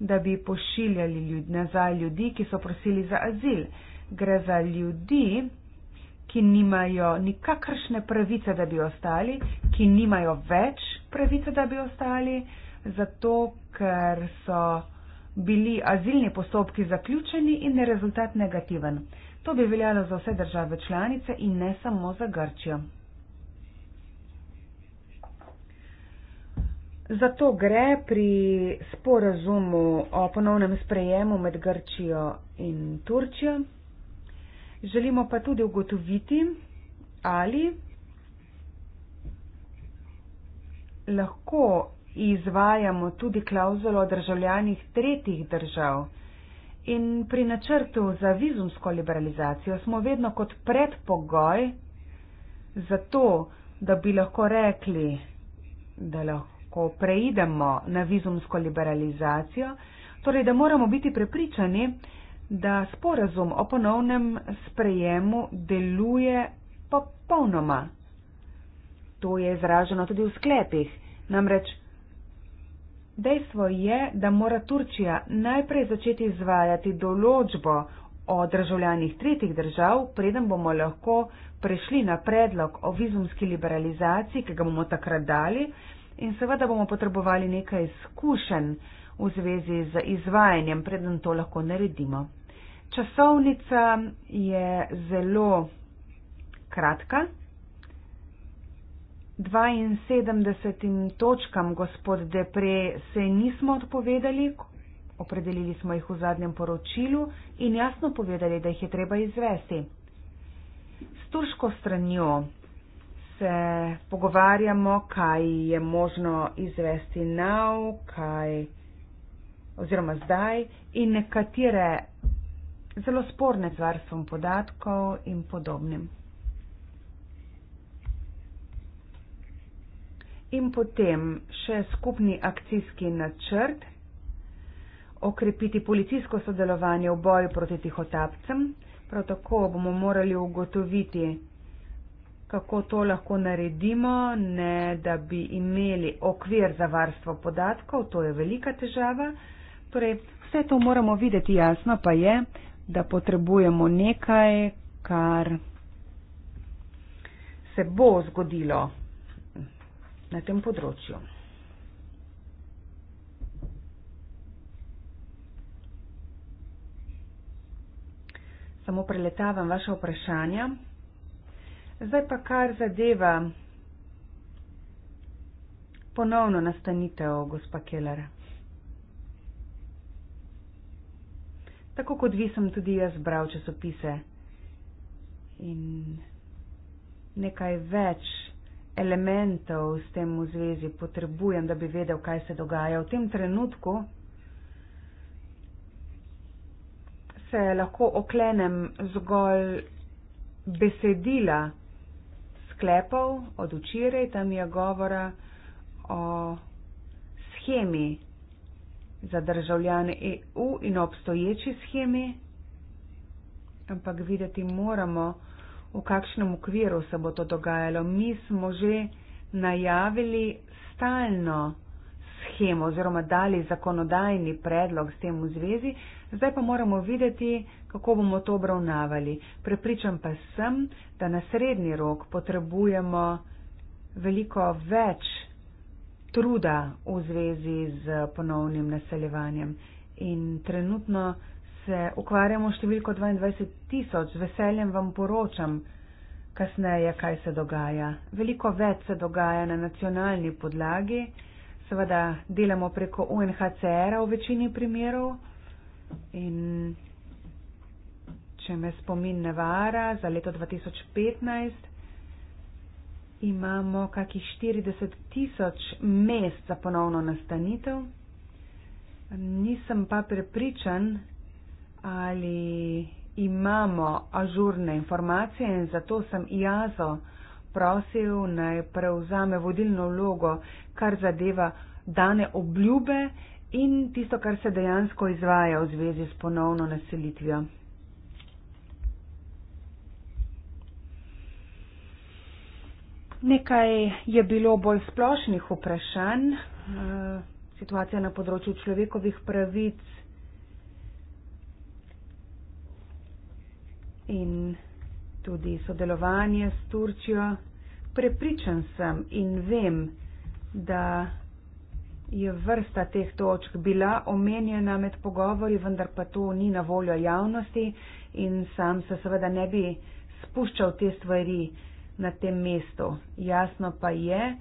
da bi pošiljali ljud, nazaj ljudi, ki so prosili za azil. Gre za ljudi, ki nimajo nikakršne pravice, da bi ostali, ki nimajo več pravice, da bi ostali, zato ker so bili azilni postopki zaključeni in je rezultat negativen. To bi veljalo za vse države članice in ne samo za Grčijo. Zato gre pri sporazumu o ponovnem sprejemu med Grčijo in Turčijo. Želimo pa tudi ugotoviti, ali lahko izvajamo tudi klauzulo o državljanih tretjih držav. In pri načrtu za vizumsko liberalizacijo smo vedno kot predpogoj za to, da bi lahko rekli, da lahko ko preidemo na vizumsko liberalizacijo, torej da moramo biti prepričani, da sporazum o ponovnem sprejemu deluje popolnoma. To je izraženo tudi v sklepih. Namreč dejstvo je, da mora Turčija najprej začeti izvajati določbo o državljanih tretjih držav, preden bomo lahko prešli na predlog o vizumski liberalizaciji, ki ga bomo takrat dali, in seveda bomo potrebovali nekaj izkušenj v zvezi z izvajanjem, preden to lahko naredimo. Časovnica je zelo kratka. 72 točkam gospod Depre se nismo odpovedali, opredelili smo jih v zadnjem poročilu in jasno povedali, da jih je treba izvesti. S turško stranjo se pogovarjamo, kaj je možno izvesti nav, kaj oziroma zdaj in nekatere zelo sporne z varstvom podatkov in podobnim. In potem še skupni akcijski načrt, okrepiti policijsko sodelovanje v boju proti tihotapcem. Prav tako bomo morali ugotoviti, kako to lahko naredimo, ne da bi imeli okvir za varstvo podatkov, to je velika težava. Torej, vse to moramo videti jasno, pa je, da potrebujemo nekaj, kar se bo zgodilo na tem področju. Samo preletavam vaše vprašanje. Zdaj pa kar zadeva ponovno nastanitev, gospa Keller. Tako kot vi sem tudi jaz bral časopise in nekaj več elementov s tem v zvezi potrebujem, da bi vedel, kaj se dogaja. V tem trenutku se lahko oklenem zgolj besedila, sklepov, od včeraj tam je govora o schemi za državljane EU in obstoječi schemi, ampak videti moramo, v kakšnem okviru se bo to dogajalo. Mi smo že najavili stalno schemo oziroma dali zakonodajni predlog s tem v zvezi, zdaj pa moramo videti, kako bomo to obravnavali. Prepričan pa sem, da na srednji rok potrebujemo veliko več truda v zvezi z ponovnim naseljevanjem. In trenutno se ukvarjamo številko 22 tisoč, z veseljem vam poročam kasneje, kaj se dogaja. Veliko več se dogaja na nacionalni podlagi seveda delamo preko UNHCR-a v večini primerov in če me spomin ne vara, za leto 2015 imamo kakih 40 tisoč mest za ponovno nastanitev. Nisem pa prepričan, ali imamo ažurne informacije in zato sem jazo, prosil, naj prevzame vodilno vlogo, kar zadeva dane obljube in tisto, kar se dejansko izvaja v zvezi s ponovno naselitvijo. Nekaj je bilo bolj splošnih vprašanj. Eh, situacija na področju človekovih pravic in tudi sodelovanje s Turčijo. Prepričan sem in vem, da je vrsta teh točk bila omenjena med pogovori, vendar pa to ni na voljo javnosti in sam se seveda ne bi spuščal te stvari na tem mestu. Jasno pa je,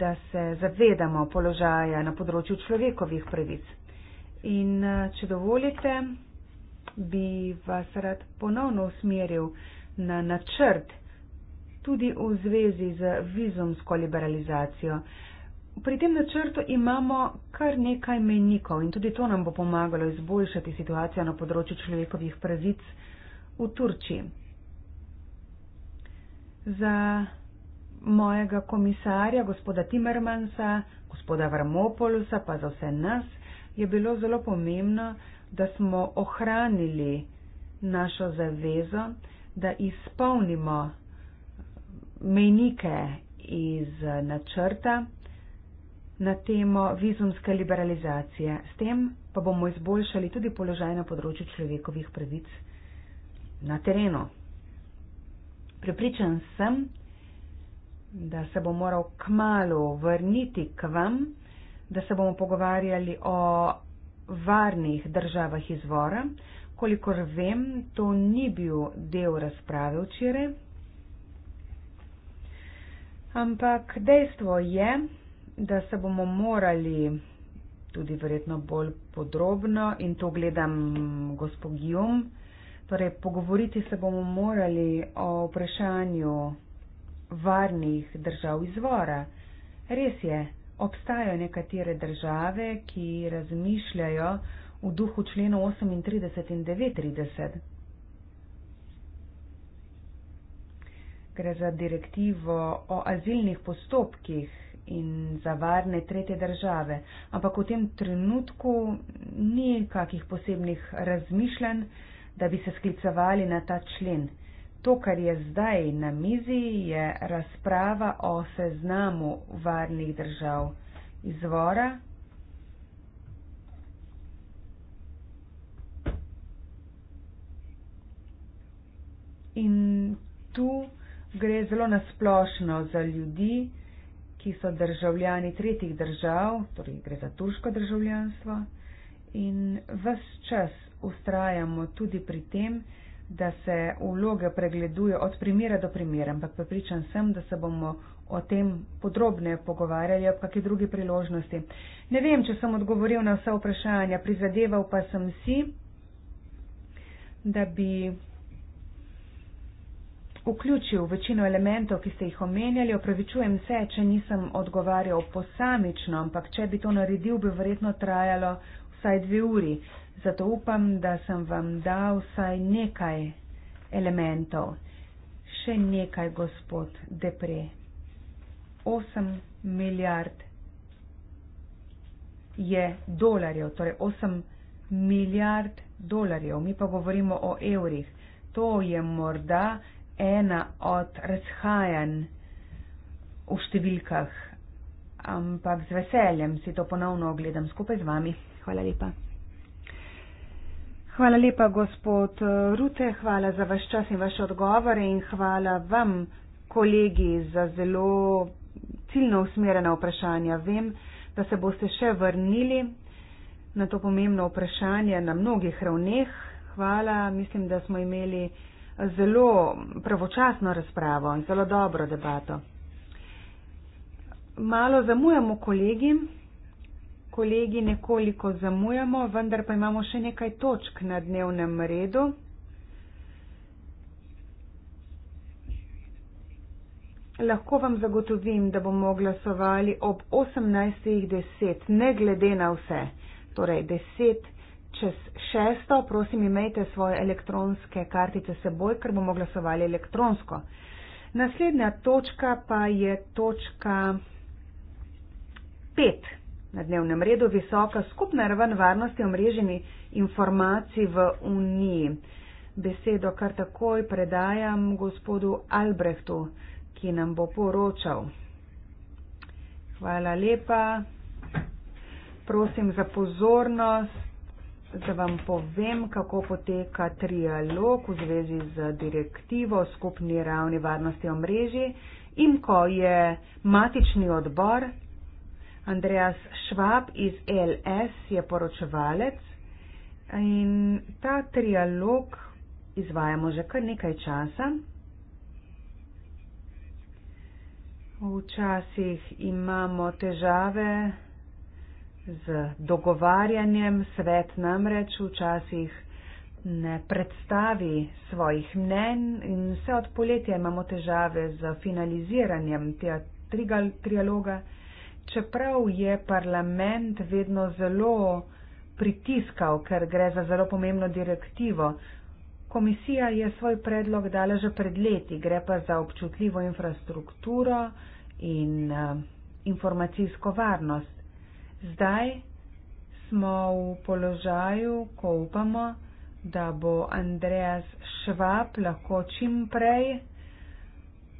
da se zavedamo položaja na področju človekovih pravic. In eh, če dovolite, bi vas rad ponovno usmeril na načrt, tudi v zvezi z vizumsko liberalizacijo. Pri tem načrtu imamo kar nekaj menikov in tudi to nam bo pomagalo izboljšati situacijo na področju človekovih pravic v Turčiji. Za mojega komisarja, gospoda Timmermansa, gospoda Varmopolusa, pa za vse nas, je bilo zelo pomembno, da smo ohranili našo zavezo, da izpolnimo mejnike iz načrta na temo vizumske liberalizacije. S tem pa bomo izboljšali tudi položaj na področju človekovih pravic na terenu. Pripričan sem, da se bo moral k malu vrniti k vam, da se bomo pogovarjali o varnih državah izvora, Kolikor vem, to ni bil del razprave včeraj. Ampak dejstvo je, da se bomo morali tudi verjetno bolj podrobno in to gledam gospodjum, torej pogovoriti se bomo morali o vprašanju varnih držav izvora. Res je, obstajajo nekatere države, ki razmišljajo, v duhu členov 38 in 39. Gre za direktivo o azilnih postopkih in za varne tretje države, ampak v tem trenutku ni kakih posebnih razmišljanj, da bi se sklicovali na ta člen. To, kar je zdaj na mizi, je razprava o seznamu varnih držav izvora in tu gre zelo nasplošno za ljudi, ki so državljani tretjih držav, torej gre za turško državljanstvo in vse čas ustrajamo tudi pri tem, da se vloge pregleduje od primera do primera, ampak pripričan sem, da se bomo o tem podrobne pogovarjali ob kakšni drugi priložnosti. Ne vem, če sem odgovoril na vse vprašanja, prizadeval pa sem si, da bi vključil večino elementov, ki ste jih omenjali, opravičujem se, če nisem odgovarjal posamično, ampak če bi to naredil, bi verjetno trajalo vsaj dve uri. Zato upam, da sem vam dal vsaj nekaj elementov. Še nekaj, gospod Depre. 8 milijard je dolarjev, torej 8 milijard dolarjev. Mi pa govorimo o evrih. To je morda ena od razhajanj v številkah, ampak z veseljem si to ponovno ogledam skupaj z vami. Hvala lepa. Hvala lepa, gospod eh, Rute, hvala za vaš čas in vaše odgovore in hvala vam, kolegi, za zelo ciljno usmerjena vprašanja. Vem, da se boste še vrnili na to pomembno vprašanje na mnogih ravneh. Hvala, mislim, da smo imeli zelo pravočasno razpravo in zelo dobro debato. Malo zamujamo kolegi, kolegi nekoliko zamujamo, vendar pa imamo še nekaj točk na dnevnem redu. Lahko vam zagotovim, da bomo glasovali ob 18.10, ne glede na vse. Torej 10 čez šesto, prosim, imejte svoje elektronske kartice seboj, ker bomo glasovali elektronsko. Naslednja točka pa je točka 5 na dnevnem redu, visoka skupna raven varnosti omreženi informacij v Uniji. Besedo kar takoj predajam gospodu Albrehtu, ki nam bo poročal. Hvala lepa. Prosim za pozornost da vam povem, kako poteka trialog v zvezi z direktivo o skupni ravni varnosti omrežji in ko je matični odbor Andreas Švab iz LS je poročevalec in ta trialog izvajamo že kar nekaj časa. Včasih imamo težave z dogovarjanjem. Svet namreč včasih ne predstavi svojih mnen in vse od poletja imamo težave z finaliziranjem tega trialoga, čeprav je parlament vedno zelo pritiskal, ker gre za zelo pomembno direktivo. Komisija je svoj predlog dala že pred leti, gre pa za občutljivo infrastrukturo in uh, informacijsko varnost. Zdaj smo v položaju, ko upamo, da bo Andreas Švab lahko čim prej,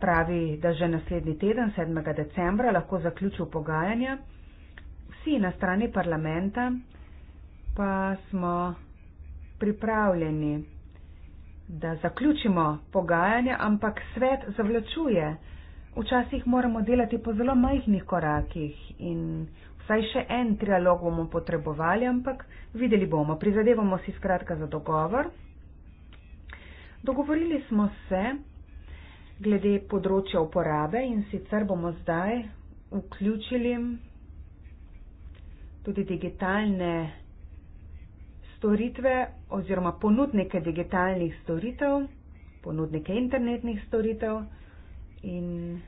pravi, da že naslednji teden, 7. decembra, lahko zaključil pogajanja. Vsi na strani parlamenta pa smo pripravljeni, da zaključimo pogajanja, ampak svet zavlačuje. Včasih moramo delati po zelo majhnih korakih in Saj še en trialog bomo potrebovali, ampak videli bomo. Prizadevamo si skratka za dogovor. Dogovorili smo se glede področja uporabe in sicer bomo zdaj vključili tudi digitalne storitve oziroma ponudnike digitalnih storitev, ponudnike internetnih storitev in.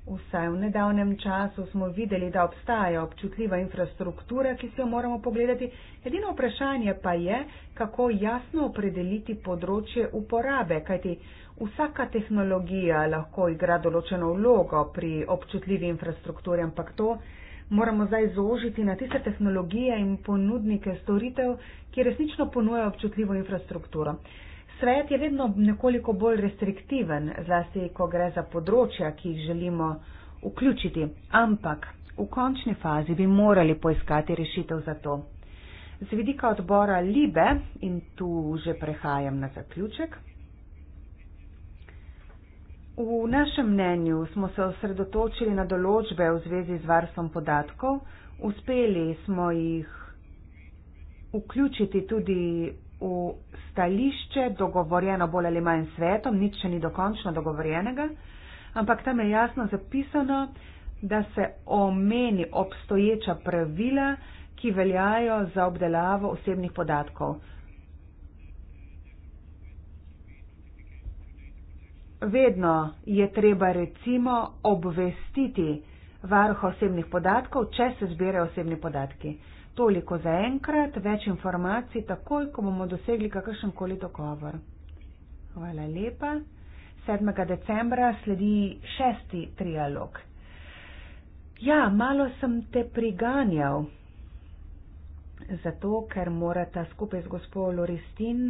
Vsaj v nedavnem času smo videli, da obstaja občutljiva infrastruktura, ki se jo moramo pogledati. Edino vprašanje pa je, kako jasno opredeliti področje uporabe, kajti vsaka tehnologija lahko igra določeno vlogo pri občutljivi infrastrukturi, ampak to moramo zdaj zožiti na tiste tehnologije in ponudnike storitev, ki resnično ponujajo občutljivo infrastrukturo svet je vedno nekoliko bolj restriktiven, zlasti ko gre za področja, ki jih želimo vključiti, ampak v končni fazi bi morali poiskati rešitev za to. Z vidika odbora Libe in tu že prehajam na zaključek. V našem mnenju smo se osredotočili na določbe v zvezi z varstvom podatkov, uspeli smo jih vključiti tudi v stališče, dogovorjeno bolj ali manj svetom, nič še ni dokončno dogovorjenega, ampak tam je jasno zapisano, da se omeni obstoječa pravila, ki veljajo za obdelavo osebnih podatkov. Vedno je treba recimo obvestiti varuha osebnih podatkov, če se zbirajo osebni podatki. Toliko za enkrat, več informacij takoj, ko bomo dosegli kakršen koli dogovor. Hvala lepa. 7. decembra sledi šesti trialog. Ja, malo sem te priganjal, zato ker morata skupaj z gospod Loristin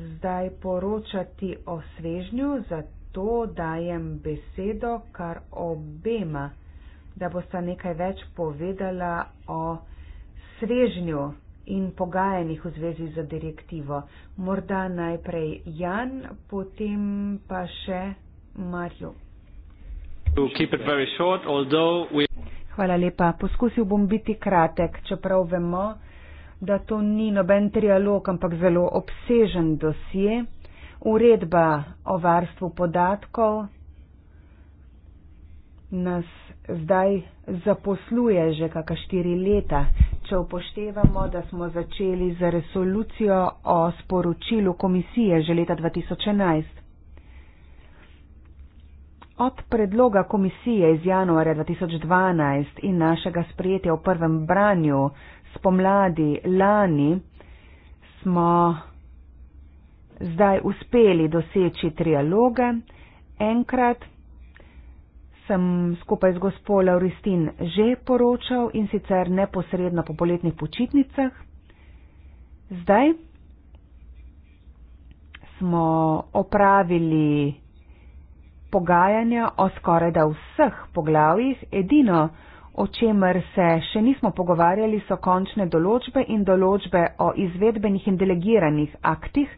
zdaj poročati o svežnju, zato dajem besedo kar obema, da bosta nekaj več povedala o svežnju srežnju in pogajanjih v zvezi z direktivo. Morda najprej Jan, potem pa še Marjo. Short, we... Hvala lepa. Poskusil bom biti kratek, čeprav vemo, da to ni noben trialog, ampak zelo obsežen dosje. Uredba o varstvu podatkov nas zdaj zaposluje že kakšne štiri leta, če upoštevamo, da smo začeli z resolucijo o sporočilu komisije že leta 2011. Od predloga komisije iz januarja 2012 in našega sprejetja v prvem branju spomladi lani smo zdaj uspeli doseči trialoge. Enkrat sem skupaj z gospod Lauristin že poročal in sicer neposredno po poletnih počitnicah. Zdaj smo opravili pogajanja o skoraj da vseh poglavjih. Edino, o čemer se še nismo pogovarjali, so končne določbe in določbe o izvedbenih in delegiranih aktih,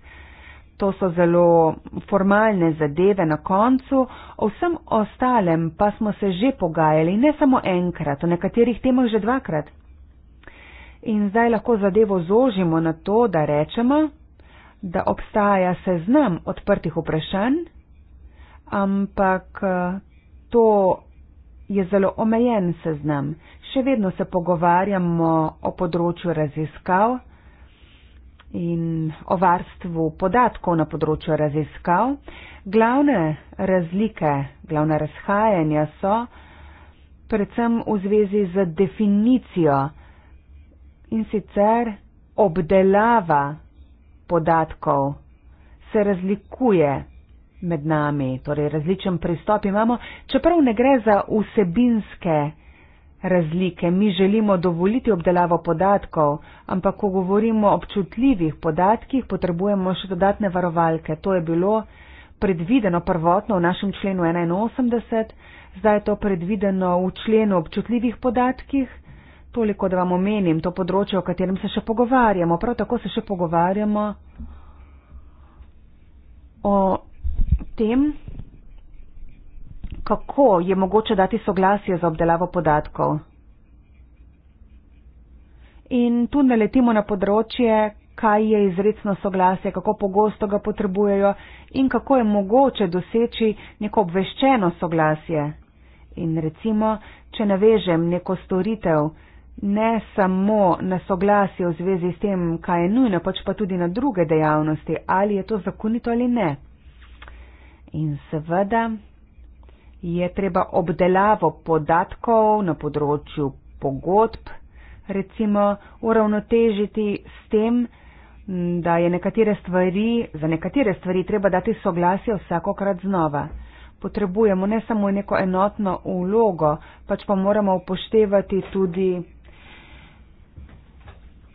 To so zelo formalne zadeve na koncu, o vsem ostalem pa smo se že pogajali, ne samo enkrat, o nekaterih temah že dvakrat. In zdaj lahko zadevo zožimo na to, da rečemo, da obstaja seznam odprtih vprašanj, ampak to je zelo omejen seznam. Še vedno se pogovarjamo o področju raziskav in o varstvu podatkov na področju raziskav. Glavne razlike, glavne razhajanja so predvsem v zvezi z definicijo in sicer obdelava podatkov se razlikuje med nami, torej različen pristop imamo, čeprav ne gre za vsebinske razlike. Mi želimo dovoliti obdelavo podatkov, ampak ko govorimo o občutljivih podatkih, potrebujemo še dodatne varovalke. To je bilo predvideno prvotno v našem členu 81, zdaj je to predvideno v členu občutljivih podatkih. Toliko, da vam omenim to področje, o katerem se še pogovarjamo. Prav tako se še pogovarjamo o tem, kako je mogoče dati soglasje za obdelavo podatkov. In tu naletimo na področje, kaj je izredno soglasje, kako pogosto ga potrebujejo in kako je mogoče doseči neko obveščeno soglasje. In recimo, če navežem neko storitev ne samo na soglasje v zvezi s tem, kaj je nujno, pač pa tudi na druge dejavnosti, ali je to zakonito ali ne. In seveda, je treba obdelavo podatkov na področju pogodb recimo uravnotežiti s tem, da je nekatere stvari, za nekatere stvari treba dati soglasje vsakokrat znova. Potrebujemo ne samo neko enotno ulogo, pač pa moramo upoštevati tudi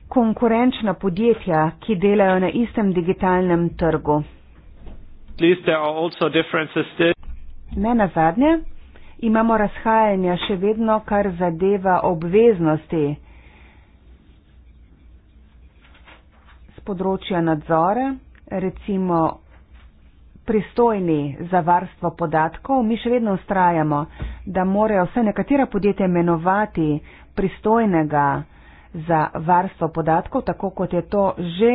konkurenčna podjetja, ki delajo na istem digitalnem trgu. Ne na zadnje, imamo razhajanja še vedno, kar zadeva obveznosti z področja nadzora, recimo pristojni za varstvo podatkov. Mi še vedno ustrajamo, da morajo vse nekatera podjetja imenovati pristojnega za varstvo podatkov, tako kot je to že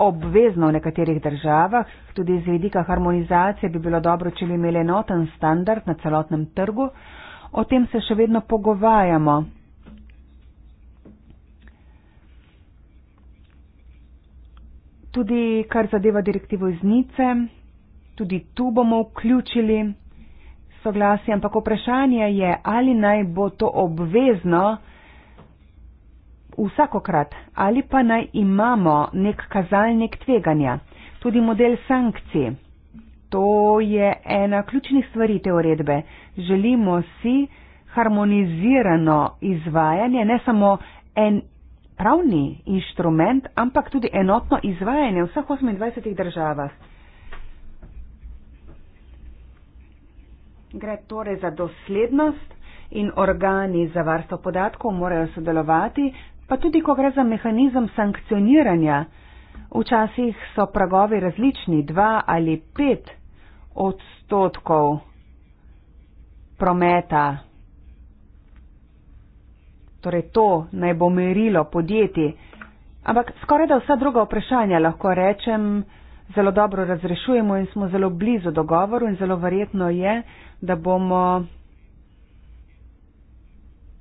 obvezno v nekaterih državah, tudi z vidika harmonizacije bi bilo dobro, če bi imeli enoten standard na celotnem trgu. O tem se še vedno pogovarjamo. Tudi kar zadeva direktivo iz Nice, tudi tu bomo vključili soglasje, ampak vprašanje je, ali naj bo to obvezno vsakokrat ali pa naj imamo nek kazalnik tveganja, tudi model sankcij. To je ena ključnih stvari te uredbe. Želimo si harmonizirano izvajanje, ne samo en pravni inštrument, ampak tudi enotno izvajanje v vseh 28 državah. Gre torej za doslednost in organi za varstvo podatkov morajo sodelovati, pa tudi, ko gre za mehanizem sankcioniranja. Včasih so pragovi različni, dva ali pet odstotkov prometa. Torej, to naj bo merilo podjetij. Ampak skoraj da vsa druga vprašanja lahko rečem, zelo dobro razrešujemo in smo zelo blizu dogovoru in zelo verjetno je, da bomo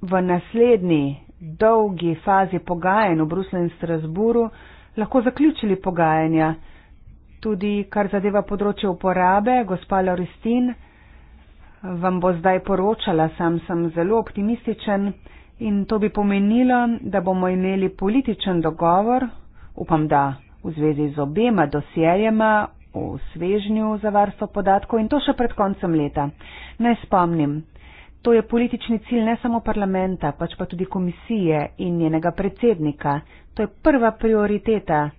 v naslednji dolgi fazi pogajanj v Bruslu in Strasburu lahko zaključili pogajanja. Tudi kar zadeva področje uporabe, gospa Loristin vam bo zdaj poročala, sam sem zelo optimističen in to bi pomenilo, da bomo imeli političen dogovor, upam da v zvezi z obema dosjejema v svežnju za varstvo podatkov in to še pred koncem leta. Naj spomnim, To je politični cilj ne samo parlamenta, pač pa tudi komisije in njenega predsednika. To je prva prioriteta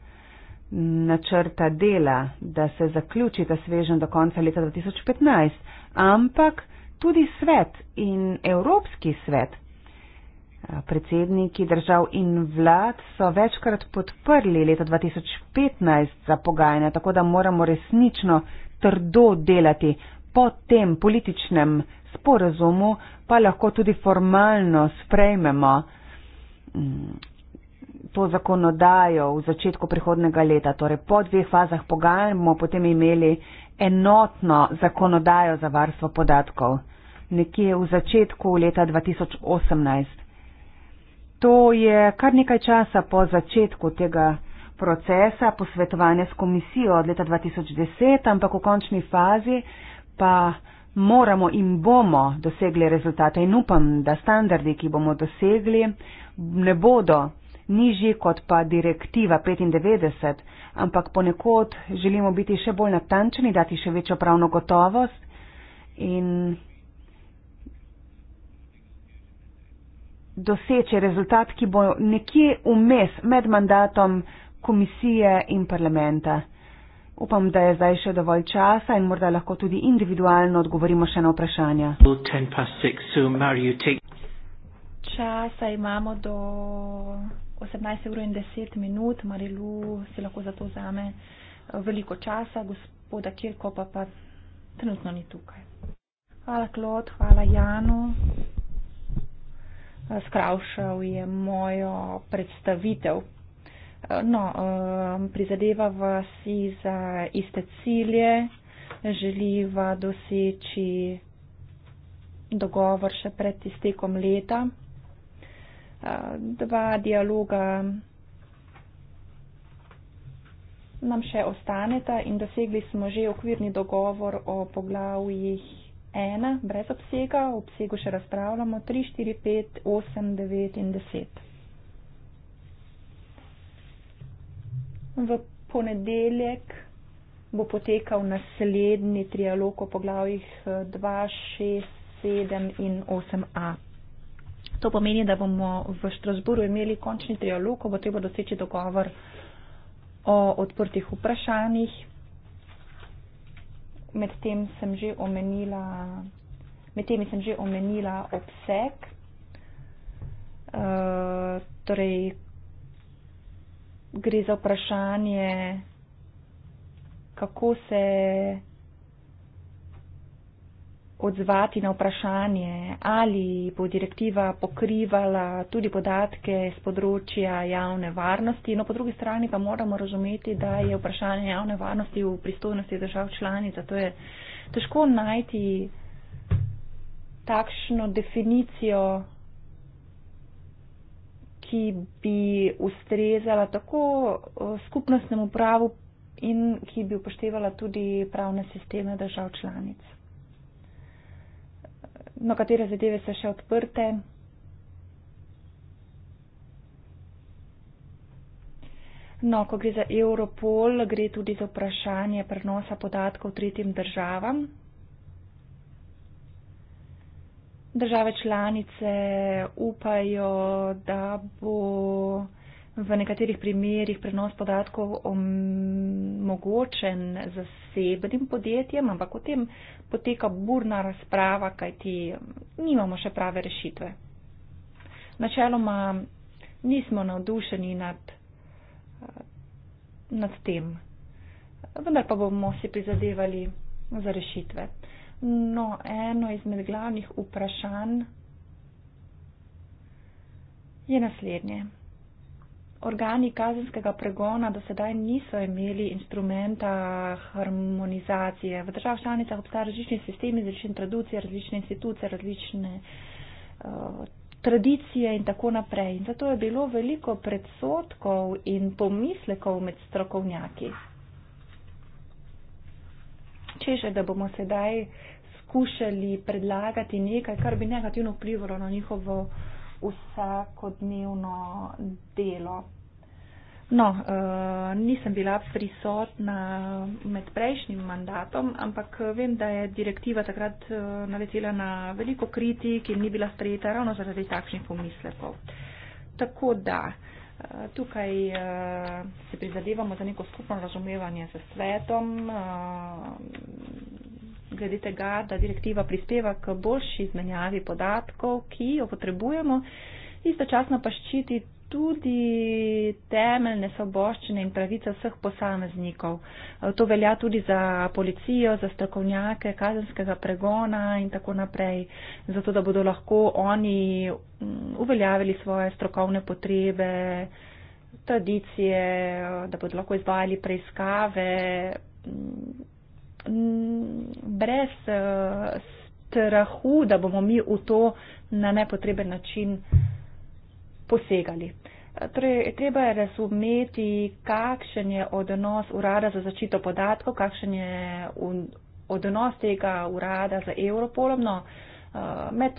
načrta dela, da se zaključi ta svežen do konca leta 2015. Ampak tudi svet in Evropski svet, predsedniki držav in vlad so večkrat podprli leta 2015 za pogajanja, tako da moramo resnično trdo delati, po tem političnem sporazumu pa lahko tudi formalno sprejmemo mm, to zakonodajo v začetku prihodnega leta. Torej po dveh fazah pogajanj bomo potem imeli enotno zakonodajo za varstvo podatkov, nekje v začetku leta 2018. To je kar nekaj časa po začetku tega procesa posvetovanja s komisijo od leta 2010, ampak v končni fazi pa moramo in bomo dosegli rezultate in upam, da standardi, ki bomo dosegli, ne bodo nižji kot pa direktiva 95, ampak ponekod želimo biti še bolj natančni, dati še večjo pravno gotovost in doseči rezultat, ki bo nekje vmes med mandatom komisije in parlamenta. Upam, da je zdaj še dovolj časa in morda lahko tudi individualno odgovorimo še na vprašanja. Časa imamo do 18 ur in 10 minut. Marilu si lahko za to zame eh, veliko časa, gospoda Kirko pa pa trenutno ni tukaj. Hvala Klod, hvala Janu. Eh, Skravšal je mojo predstavitev. No, um, prizadevava si za uh, iste cilje, želiva doseči dogovor še pred iztekom leta. Uh, dva dialoga nam še ostaneta in dosegli smo že okvirni dogovor o poglavjih 1 brez obsega, v obsegu še razpravljamo 3, 4, 5, 8, 9 in 10. V ponedeljek bo potekal naslednji trialog o poglavjih 2, 6, 7 in 8a. To pomeni, da bomo v Štrasburu imeli končni trialog, ko bo treba doseči dogovor o odprtih vprašanjih. Med, tem sem že omenila, med temi sem že omenila obseg, uh, torej gre za vprašanje, kako se odzvati na vprašanje, ali bo direktiva pokrivala tudi podatke z področja javne varnosti. No, po drugi strani pa moramo razumeti, da je vprašanje javne varnosti v pristojnosti držav članic, zato je težko najti takšno definicijo ki bi ustrezala tako skupnostnemu pravu in ki bi upoštevala tudi pravne sisteme držav članic. No, katere zadeve so še odprte? No, ko gre za Europol, gre tudi za vprašanje prenosa podatkov tretjim državam, države članice upajo, da bo v nekaterih primerjih prenos podatkov omogočen zasebnim podjetjem, ampak o tem poteka burna razprava, kajti nimamo še prave rešitve. Načeloma nismo navdušeni nad, nad tem, vendar pa bomo si prizadevali za rešitve. No, eno izmed glavnih vprašanj je naslednje. Organi kazenskega pregona do sedaj niso imeli instrumenta harmonizacije. V državah članicah obstajajo različni sistemi, različne traducije, različne institucije, različne uh, tradicije in tako naprej. In zato je bilo veliko predsotkov in pomislekov med strokovnjaki. Če že, da bomo sedaj uh, skušali predlagati nekaj, kar bi negativno vplivalo na njihovo vsakodnevno delo. No, eh, nisem bila prisotna med prejšnjim mandatom, ampak eh, vem, da je direktiva takrat eh, naletela na veliko kritik in ni bila sprejeta ravno zaradi takšnih pomislekov. Tako da tukaj se prizadevamo za neko skupno razumevanje s svetom, glede tega, da direktiva prispeva k boljši izmenjavi podatkov, ki jo potrebujemo, istočasno pa ščiti tudi temeljne soboščine in pravice vseh posameznikov. To velja tudi za policijo, za strokovnjake, kazenskega pregona in tako naprej, zato da bodo lahko oni mm, uveljavili svoje strokovne potrebe, tradicije, da bodo lahko izvajali preiskave mm, Mm, brez eh, strahu, da bomo mi v to na nepotreben način posegali. Eh, torej, treba je razumeti, kakšen je odnos urada za začito podatkov, kakšen je odnos tega urada za Europolom. No, eh, med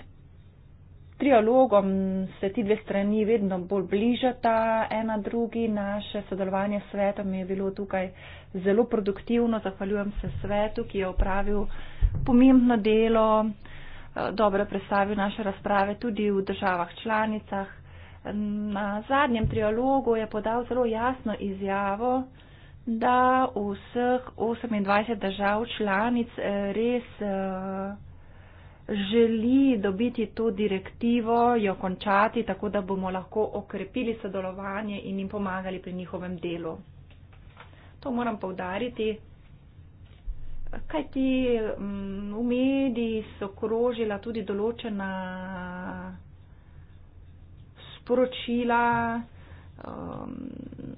trialogom se ti dve strani vedno bolj bližata ena drugi. Naše sodelovanje s svetom je bilo tukaj zelo produktivno. Zahvaljujem se svetu, ki je upravil pomembno delo, eh, dobro predstavil naše razprave tudi v državah članicah. Na zadnjem trialogu je podal zelo jasno izjavo, da vseh 28 držav članic eh, res eh, želi dobiti to direktivo, jo končati, tako da bomo lahko okrepili sodelovanje in jim pomagali pri njihovem delu. To moram povdariti, kajti mm, v mediji so krožila tudi določena sporočila, um,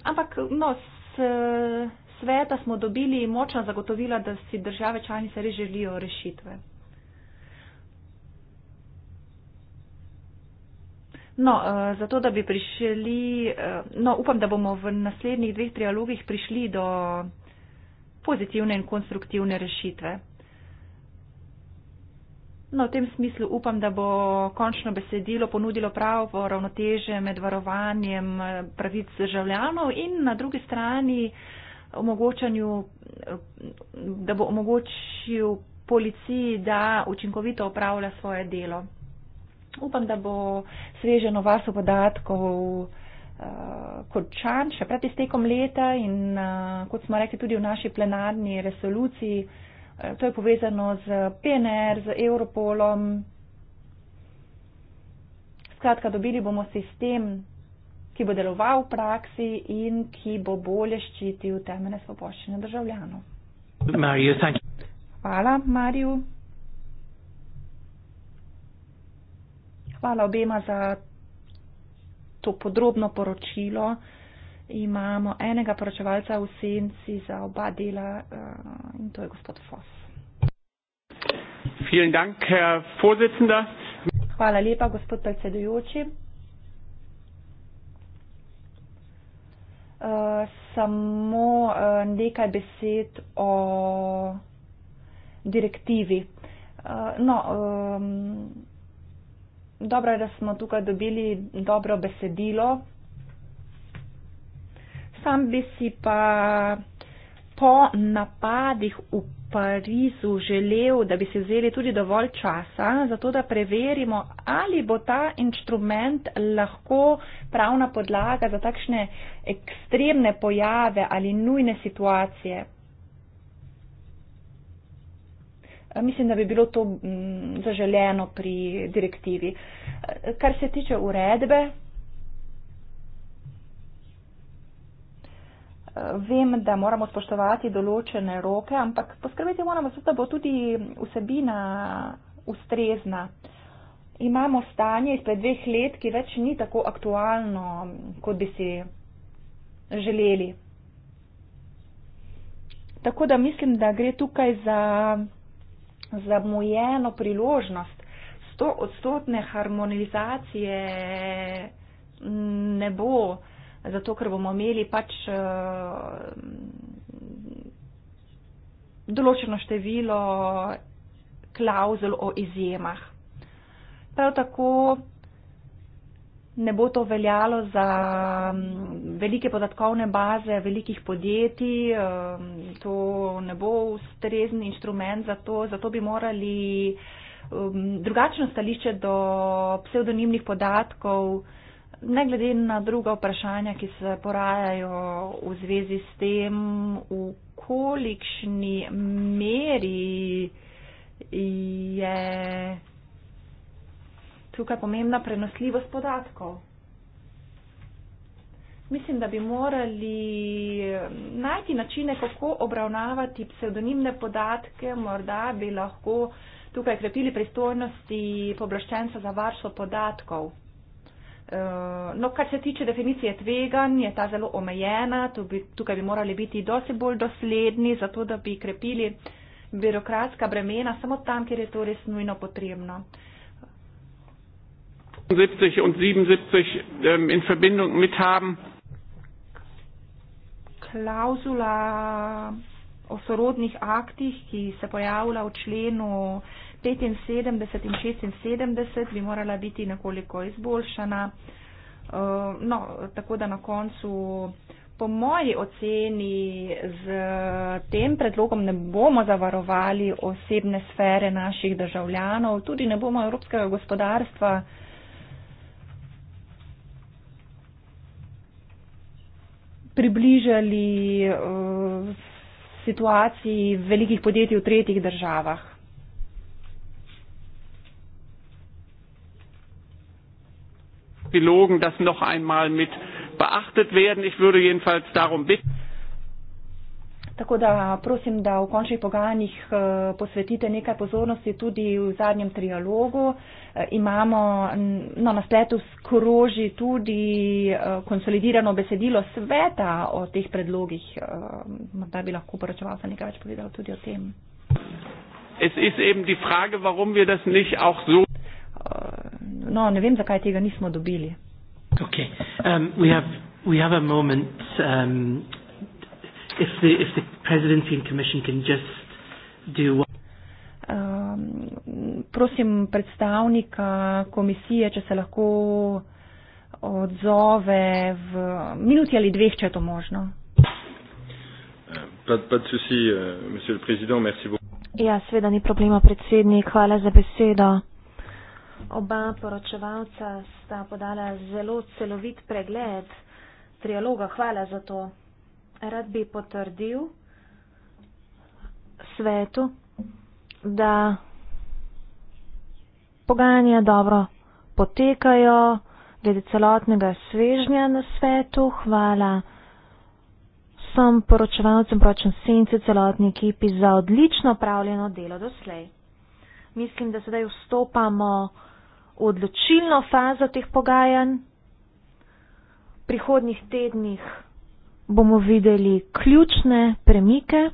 ampak no, s, sveta smo dobili močna zagotovila, da si države članice res želijo rešitve. No, eh, zato, da bi prišli, eh, no, upam, da bomo v naslednjih dveh trialogih prišli do pozitivne in konstruktivne rešitve. No, v tem smislu upam, da bo končno besedilo ponudilo pravo ravnoteže med varovanjem eh, pravic državljanov in na drugi strani omogočanju, da bo omogočil policiji, da učinkovito upravlja svoje delo upam, da bo sveženo varstvo podatkov uh, končan še pred iztekom leta in uh, kot smo rekli tudi v naši plenarni resoluciji, uh, to je povezano z PNR, z Europolom. Skratka, dobili bomo sistem, ki bo deloval v praksi in ki bo bolje ščitil temene svoboščine državljanov. Mario, Hvala, Mariju. hvala obema za to podrobno poročilo. Imamo enega poročevalca v senci za oba dela uh, in to je gospod Fos. Dank, Herr hvala lepa, gospod predsedujoči. Uh, samo uh, nekaj besed o direktivi. Uh, no, um, dobro je, da smo tukaj dobili dobro besedilo. Sam bi si pa po napadih v Parizu želel, da bi se vzeli tudi dovolj časa, zato da preverimo, ali bo ta inštrument lahko pravna podlaga za takšne ekstremne pojave ali nujne situacije. Eh, mislim, da bi bilo to mm, zaželjeno pri direktivi. Eh, kar se tiče uredbe, eh, vem, da moramo spoštovati določene roke, ampak poskrbeti moramo za to, da bo tudi vsebina ustrezna. Imamo stanje izpred dveh let, ki več ni tako aktualno, kot bi si želeli. Tako da mislim, da gre tukaj za zamujeno priložnost, sto odstotne harmonizacije ne bo, zato ker bomo imeli pač uh, določeno število klauzul o izjemah. Prav tako ne bo to veljalo za mm, velike podatkovne baze velikih podjetij, mm, to ne bo ustrezen inštrument za to, zato bi morali mm, drugačno stališče do psevdonimnih podatkov, ne glede na druga vprašanja, ki se porajajo v zvezi s tem, v kolikšni meri je tukaj pomembna prenosljivost podatkov. Mislim, da bi morali eh, najti načine, kako obravnavati pseudonimne podatke, morda bi lahko tukaj krepili pristojnosti poblaščenca za varstvo podatkov. Eh, no, kar se tiče definicije tvegan, je ta zelo omejena, tukaj bi morali biti dosti bolj dosledni, zato da bi krepili birokratska bremena samo tam, kjer je to res nujno potrebno. 76 und 77 ähm, in Verbindung mit haben. Klausula o sorodnih aktih, ki se pojavlja v členu 75 in 76, bi morala biti nekoliko izboljšana. Eh, no, tako da na koncu, po moji oceni, z tem predlogom ne bomo zavarovali osebne sfere naših državljanov, tudi ne bomo evropskega gospodarstva. približali eh, situaciji velikih podjetij v tretjih državah. Pilogen, das noch einmal mit beachtet werden. Ich würde jedenfalls darum bitten. Tako da prosim, da v končnih pogajanjih eh, posvetite nekaj pozornosti tudi v zadnjem trialogu. Eh, imamo no, na spletu skroži tudi eh, konsolidirano besedilo sveta o teh predlogih. Morda bi lahko poročeval se nekaj več povedal tudi o tem. Frage, so... No, ne vem, zakaj tega nismo dobili. Okay. Um, we have, we have if the if the presidency and commission can just do what ehm, Prosim predstavnika komisije, če se lahko odzove v minuti ali dveh, če je to možno. Eh, eh, ja, sveda ni problema, predsednik. Hvala za besedo. Oba poročevalca sta podala zelo celovit pregled trialoga. Hvala za to rad bi potrdil svetu, da pogajanja dobro potekajo, glede celotnega svežnja na svetu. Hvala vsem poročevalcem, poročen senci, celotni ekipi za odlično upravljeno delo doslej. Mislim, da sedaj vstopamo v odločilno fazo teh pogajanj. V prihodnjih tednih bomo videli ključne premike.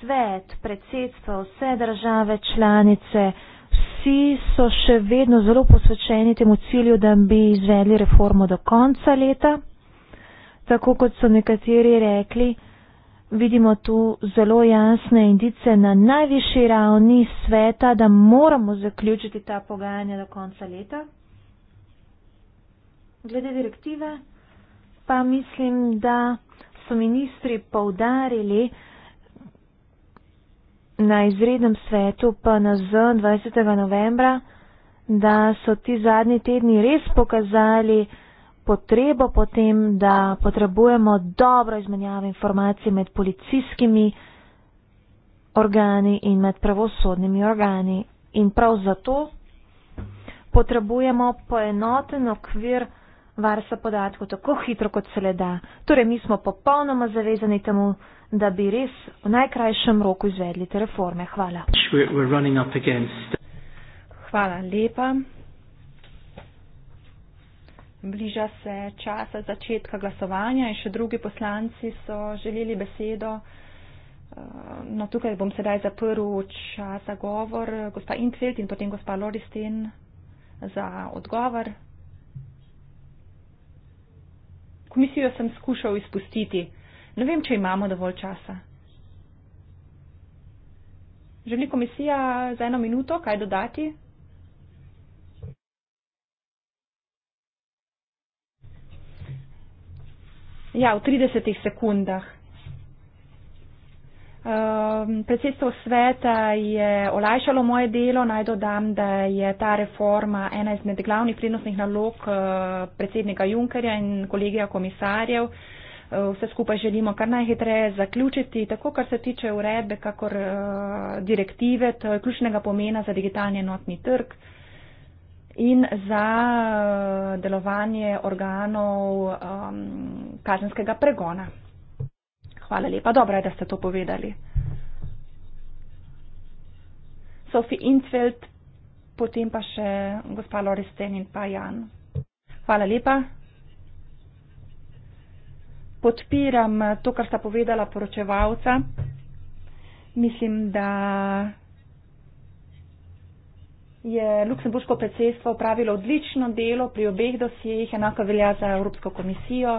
Svet, predsedstvo, vse države članice, vsi so še vedno zelo posvečeni temu cilju, da bi izvedli reformo do konca leta. Tako kot so nekateri rekli, vidimo tu zelo jasne indice na najvišji ravni sveta, da moramo zaključiti ta pogajanja do konca leta. Glede direktive pa mislim, da so ministri povdarili na izrednem svetu pa na Z 20. novembra, da so ti zadnji tedni res pokazali potrebo potem, da potrebujemo dobro izmenjavo informacij med policijskimi organi in med pravosodnimi organi. In prav zato potrebujemo poenoten okvir, varstva podatkov tako hitro, kot se le da. Torej, mi smo popolnoma zavezani temu, da bi res v najkrajšem roku izvedli te reforme. Hvala. Hvala lepa. Bliža se časa začetka glasovanja in še drugi poslanci so želeli besedo. Eh, no, tukaj bom sedaj zaprl čas za govor. Gospa Intfeld in potem gospa Loristen za odgovor. Komisijo sem skušal izpustiti. Ne vem, če imamo dovolj časa. Želi komisija za eno minuto kaj dodati? Ja, v 30 sekundah. Ehm, predsedstvo sveta je olajšalo moje delo. Naj dodam, da je ta reforma ena izmed glavnih prednostnih nalog eh, predsednika Junkerja in kolegija komisarjev. Eh, vse skupaj želimo kar najhitreje zaključiti, tako kar se tiče uredbe, kakor eh, direktive, to je ključnega pomena za digitalni enotni trg in za delovanje organov ehm, kazenskega pregona. Hvala lepa, dobro je, da ste to povedali. Sofi Intfeld, potem pa še gospa Loristen in pa Jan. Hvala lepa. Podpiram to, kar sta povedala poročevalca. Mislim, da je Luksemburško predsedstvo upravilo odlično delo pri obeh dosjejih, enako velja za Evropsko komisijo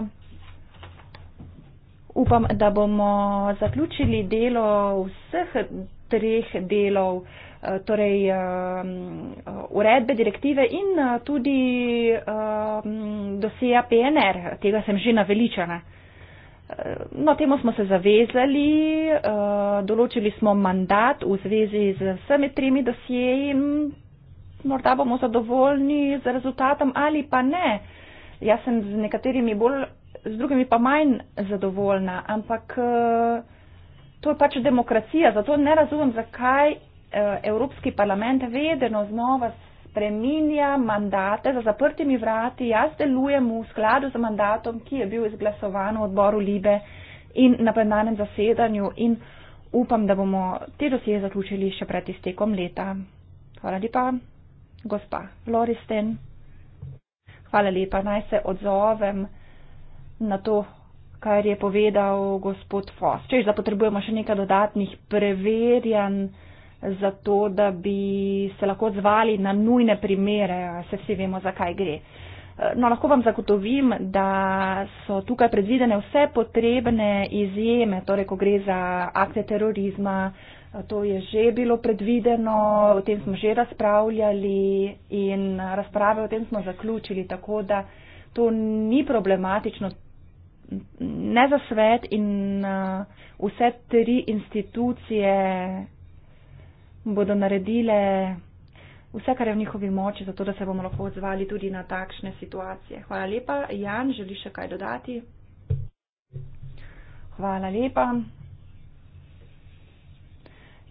upam, da bomo zaključili delo vseh treh delov, eh, torej uredbe, direktive in eh, tudi dosija PNR. Tega sem že naveličana. Eh, no, temu smo se zavezali, določili smo mandat v zvezi z vsemi tremi dosjeji. Morda bomo zadovoljni z rezultatom ali pa ne. Jaz sem z nekaterimi bolj z drugimi pa manj zadovoljna, ampak eh, to je pač demokracija, zato ne razumem, zakaj eh, Evropski parlament vedno znova spreminja mandate za zaprtimi vrati. Jaz delujem v skladu z mandatom, ki je bil izglasovan v odboru Libe in na plenarnem zasedanju in upam, da bomo te dosje zaključili še pred iztekom leta. Hvala lepa, gospa Loristen. Hvala lepa, naj se odzovem na to, kar je povedal gospod Fos. Če že zapotrebujemo še nekaj dodatnih preverjanj za to, da bi se lahko zvali na nujne primere, se vsi vemo, zakaj gre. No, lahko vam zagotovim, da so tukaj predvidene vse potrebne izjeme, torej ko gre za akte terorizma, to je že bilo predvideno, o tem smo že razpravljali in razprave o tem smo zaključili, tako da to ni problematično, ne za svet in uh, vse tri institucije bodo naredile vse, kar je v njihovi moči, zato da se bomo lahko odzvali tudi na takšne situacije. Hvala lepa. Jan, želiš še kaj dodati? Hvala lepa.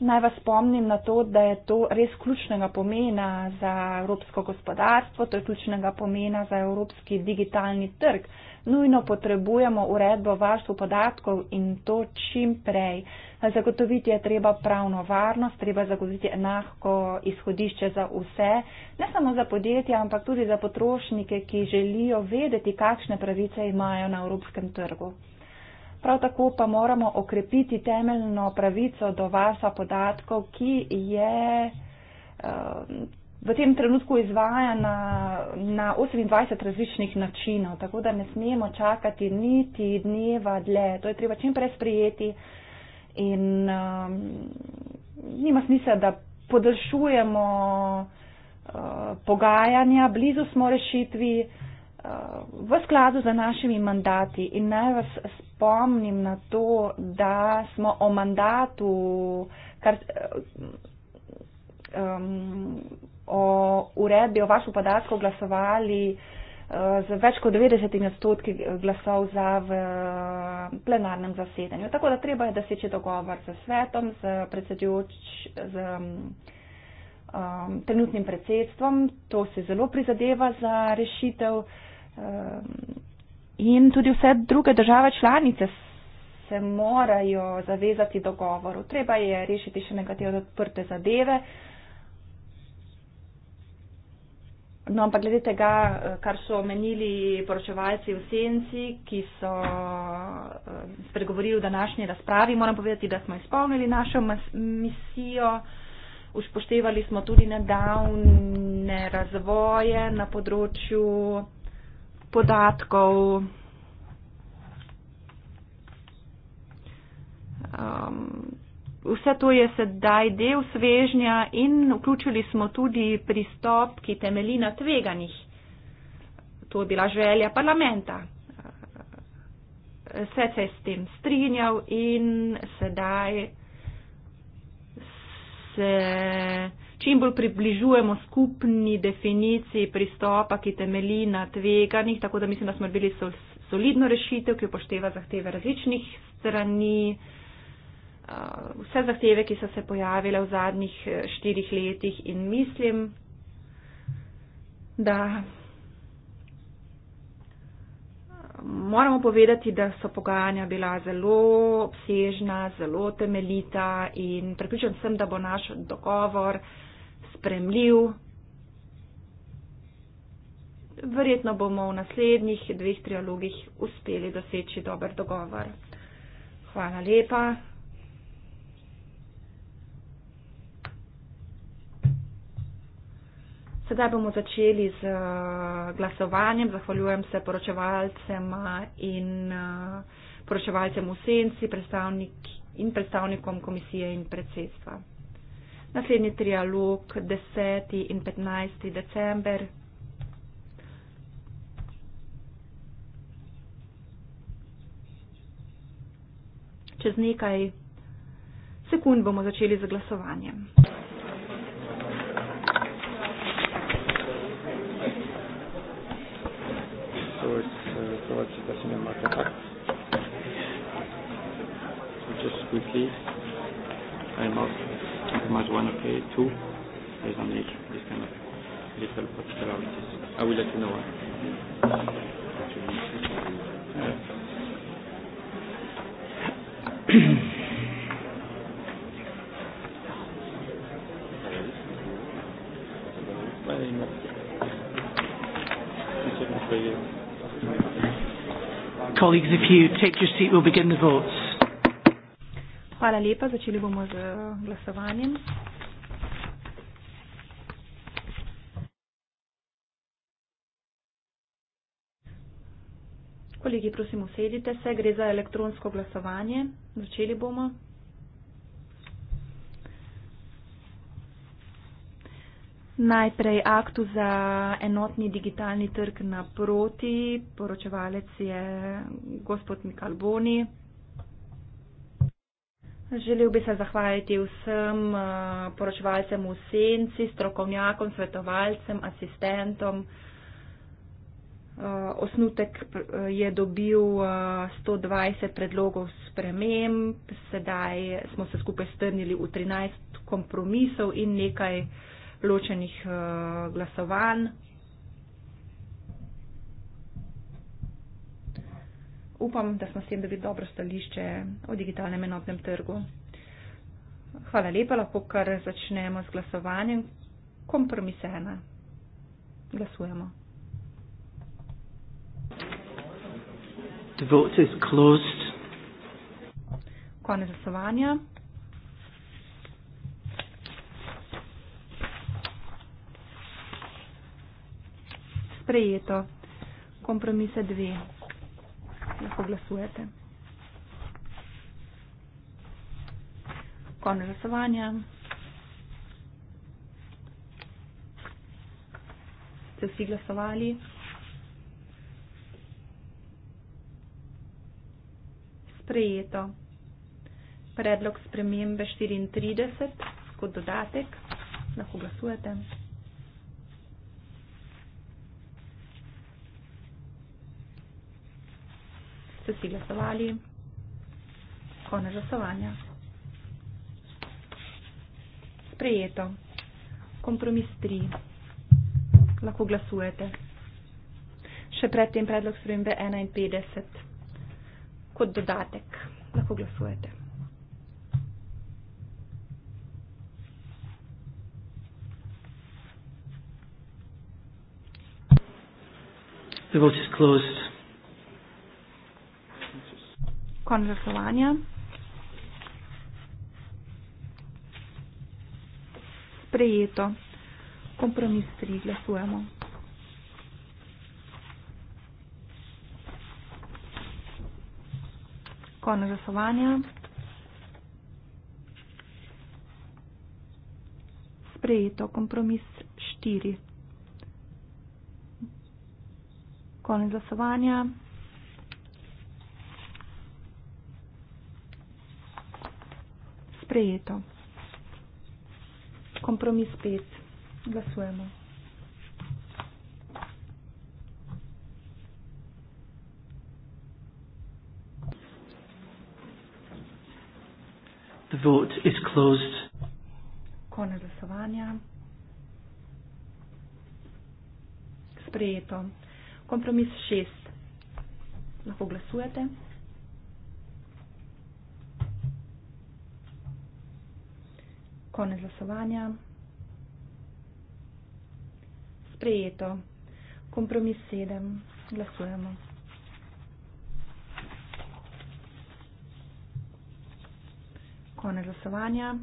Naj vas spomnim na to, da je to res ključnega pomena za evropsko gospodarstvo, to je ključnega pomena za evropski digitalni trg. Nujno potrebujemo uredbo varstvo podatkov in to čim prej. Zagotoviti je treba pravno varnost, treba zagotoviti enako izhodišče za vse, ne samo za podjetja, ampak tudi za potrošnike, ki želijo vedeti, kakšne pravice imajo na evropskem trgu. Prav tako pa moramo okrepiti temeljno pravico do varstva podatkov, ki je eh, v tem trenutku izvajana na 28 različnih načinov, tako da ne smemo čakati niti dneva dlje. To je treba čim prej sprijeti in um, nima smisla, da podaljšujemo uh, pogajanja, blizu smo rešitvi. Uh, v skladu za našimi mandati in naj vas spomnim na to, da smo o mandatu, kar, eh, um, o uredbi o vašem podatku glasovali eh, z več kot 90 odstotki glasov za v plenarnem zasedanju. Tako da treba je doseči dogovor z svetom, z predsedujoč, z um, um, trenutnim predsedstvom. To se zelo prizadeva za rešitev uh, Ehm, in tudi vse druge države članice se morajo zavezati dogovoru. Treba je rešiti še nekatere odprte zadeve. No, ampak glede tega, kar so omenili poročevalci v senci, ki so eh, spregovorili v današnji razpravi, moram povedati, da smo izpolnili našo misijo. Uspoštevali smo tudi nedavne razvoje na področju podatkov. Um, vse to je sedaj del svežnja in vključili smo tudi pristop, ki temeli na tveganjih. To je bila želja parlamenta. Vse se je s tem strinjal in sedaj se čim bolj približujemo skupni definiciji pristopa, ki temelji na tveganih, tako da mislim, da smo bili sol, solidno rešitev, ki upošteva zahteve različnih strani. Vse zahteve, ki so se pojavile v zadnjih e, štirih letih in mislim, da moramo povedati, da so pogajanja bila zelo obsežna, zelo temeljita in prepričan sem, da bo naš dogovor uh, sprejemljiv. Verjetno bomo v naslednjih dveh trialogih uspeli doseči dober dogovor. Hvala lepa. Sedaj bomo začeli z eh, glasovanjem. Zahvaljujem se poročevalcem in eh, poročevalcem v senci predstavnik in predstavnikom komisije in predsedstva naslednji trialog 10. in 15. december. Čez nekaj sekund bomo začeli z glasovanjem. So it's, uh, so it's, something might want to pay too, based on each, this kind of little particularities. I will let you know. Colleagues, if you take your seat, we'll begin the votes. Hvala lepa. Začeli bomo z eh, glasovanjem. Kolegi, prosim, usedite se. Gre za elektronsko glasovanje. Začeli bomo. Najprej aktu za enotni digitalni trg naproti. Poročevalec je gospod Mikalboni. Boni. Želel bi se zahvaliti vsem eh, poročevalcem v senci, strokovnjakom, svetovalcem, asistentom. Eh, osnutek eh, je dobil 120 predlogov sprememb, sedaj smo se skupaj strnili v 13 kompromisov in nekaj ločenih glasovanj. upam, da smo s tem dobili dobro stališče o digitalnem enotnem trgu. Hvala lepa, lahko kar začnemo z glasovanjem. Kompromisena. Glasujemo. Konec glasovanja. Sprejeto. Kompromise dve lahko glasujete. Konec glasovanja. Ste vsi glasovali? Sprejeto. Predlog spremembe 34 kot dodatek. Lahko glasujete. ste si glasovali. Konec glasovanja. Sprejeto. Kompromis 3. Lahko glasujete. Še predtem predlog spremembe 51. Kot dodatek. Lahko glasujete. The vote is closed konj žrtovanja. Sprejeto. Kompromis 3. Glasujemo. Konj žrtovanja. Sprejeto. Kompromis 4. Konec glasovanja. sprejeto. Kompromis pet. Glasujemo. The vote is closed. Konec glasovanja. Sprejeto. Kompromis šest. Lahko glasujete. Konec glasovanja. Sprejeto. Kompromis 7. Glasujemo. Konec glasovanja.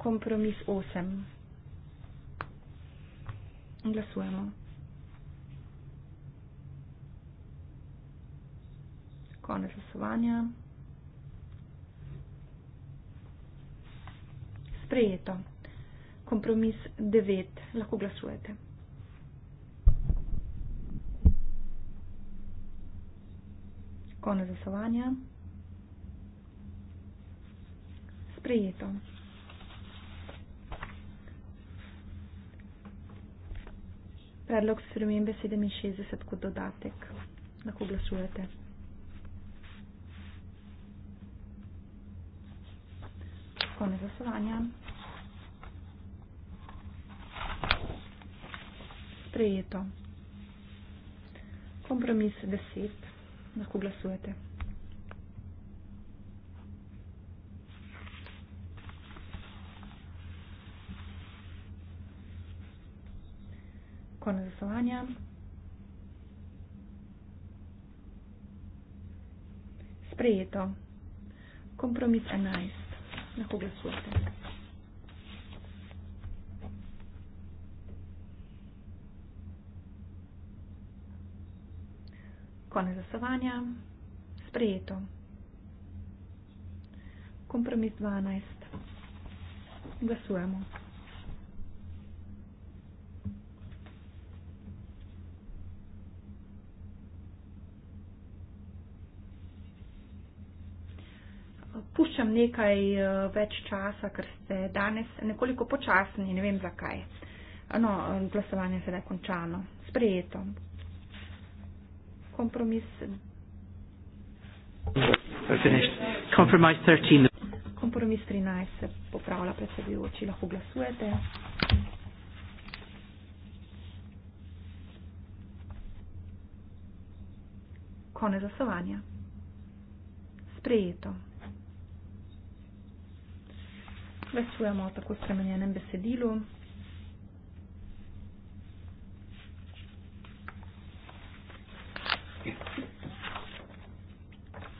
Kompromis 8. Glasujemo. Konec glasovanja. sprejeto. Kompromis 9. Lahko glasujete. Konec glasovanja. Sprejeto. Predlog spremembe 67 kot dodatek. Lahko glasujete. Konec glasovanja. sprejeto. Kompromis 10. Lahko glasujete. Konec glasovanja. Sprejeto. Kompromis 11. Lahko glasujete. Konec glasovanja. Sprejeto. Kompromis 12. Glasujemo. Puščam nekaj eh, več časa, ker ste danes nekoliko počasni, ne vem zakaj. No, glasovanje se je končalo. Sprejeto. Kompromis 13. Kompromis 13 se popravlja predsedujoči, lahko glasujete. Konec glasovanja. Sprejeto. Glasujemo o tako spremenjenem besedilu.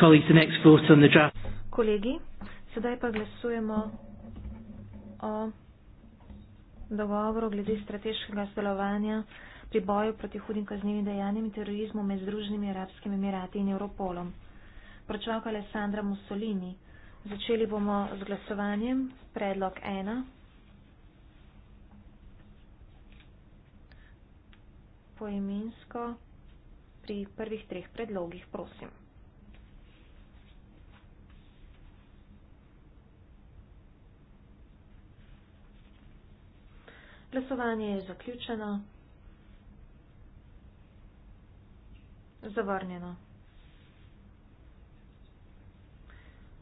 colleagues the next vote on the draft. Kolegi, sedaj pa glasujemo o dogovoru glede strateškega sodelovanja pri boju proti hudim kaznjivim dejanjem in terorizmu med Združenimi arabskimi emirati in Europolom. Pročvaka Alessandra Mussolini. Začeli bomo z glasovanjem. Predlog 1. Poiminsko pri prvih treh predlogih, prosim. Glasovanje je zaključeno. Zavrnjeno.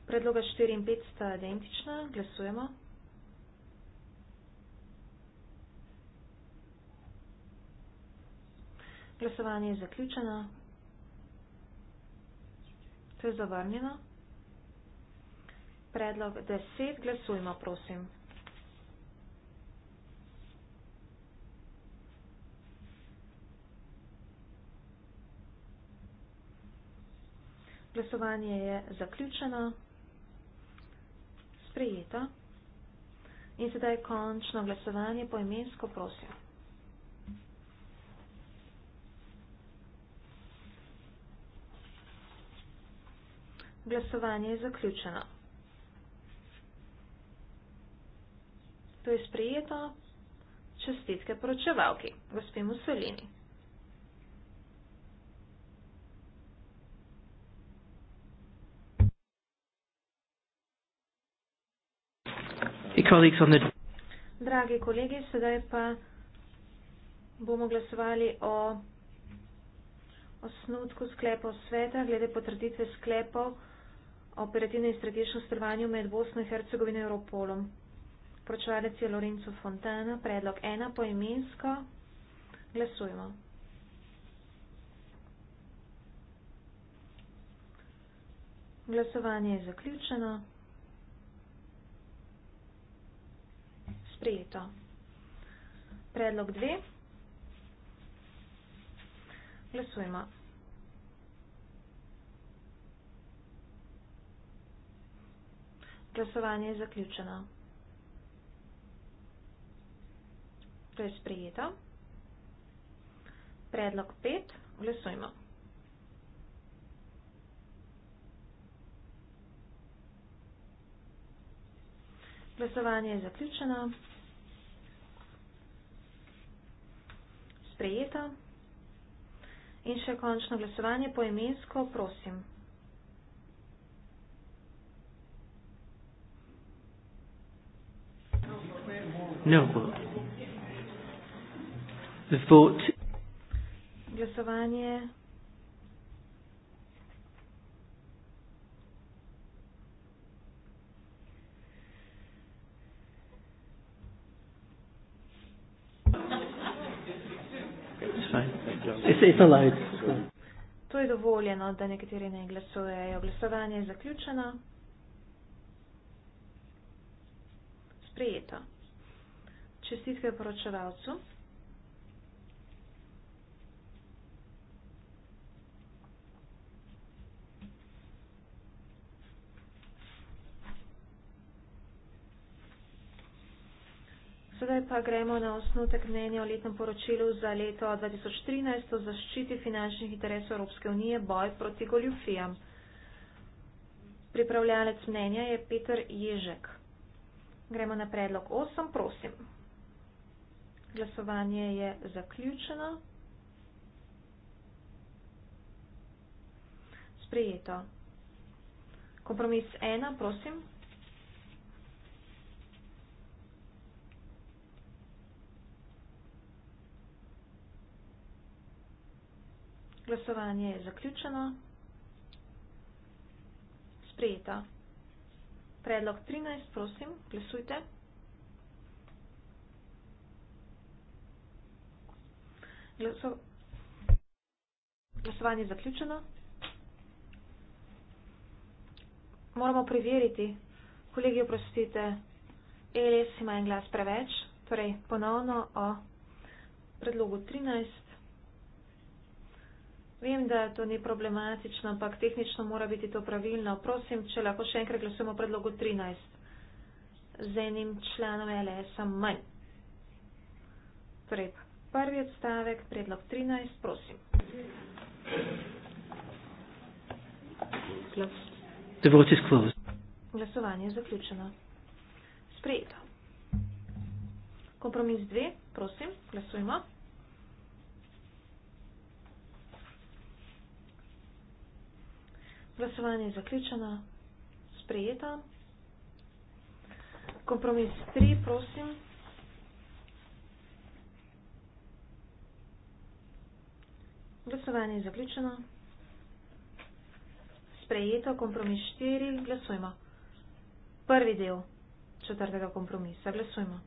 Predloga 4 in 5 sta identična. Glasujemo. Glasovanje je zaključeno. To je zavrnjeno. Predlog 10. Glasujmo, prosim. Glasovanje je zaključeno, sprejeto in sedaj je končno glasovanje po imensko prosil. Glasovanje je zaključeno. To je sprejeto. Čestitke poročevalki, gospe Mussolini. Dragi kolegi, sedaj pa bomo glasovali o osnutku sklepov sveta glede potrditve sklepov o operativnem in strateškem strvanju med Bosno in Hercegovino in Europolom. Pročevalec je Lorenzo Fontana, predlog ena poimensko. Glasujemo. Glasovanje je zaključeno. sprejeto. Predlog dve. Glasujemo. Glasovanje je zaključeno. To je sprejeto. Predlog pet. Glasujemo. Glasovanje je zaključeno. Sprejeto. In še končno glasovanje poemensko, prosim. No. The vote. Glasovanje. It's allowed. To je dovoljeno, da nekateri ne glasujejo. Glasovanje je zaključeno. Sprejeto. Čestitke poročevalcu. Sedaj pa gremo na osnutek mnenja o letnem poročilu za leto 2013 o zaščiti finančnih interesov Evropske unije boj proti goljufijam. Pripravljalec mnenja je Peter Ježek. Gremo na predlog 8, prosim. Glasovanje je zaključeno. Sprejeto. Kompromis 1, prosim. Glasovanje je zaključeno. Sprejeta. Predlog 13, prosim, glasujte. Glaso... Glasovanje je zaključeno. Moramo preveriti, kolegi, oprostite, Eles ima en glas preveč, torej ponovno o predlogu 13. Vem, da to ni problematično, ampak tehnično mora biti to pravilno. Prosim, če lahko še enkrat glasujemo o predlogu 13 z enim članom LS-a manj. Torej, prvi odstavek, predlog 13, prosim. Glas. Glasovanje je zaključeno. Sprejeto. Kompromis 2, prosim, glasujmo. Glasovanje je zaključeno. Sprejeta. Kompromis 3, prosim. Glasovanje je zaključeno. Sprejeto. Kompromis 4. Glasujmo. Prvi del četrtega kompromisa. Glasujmo.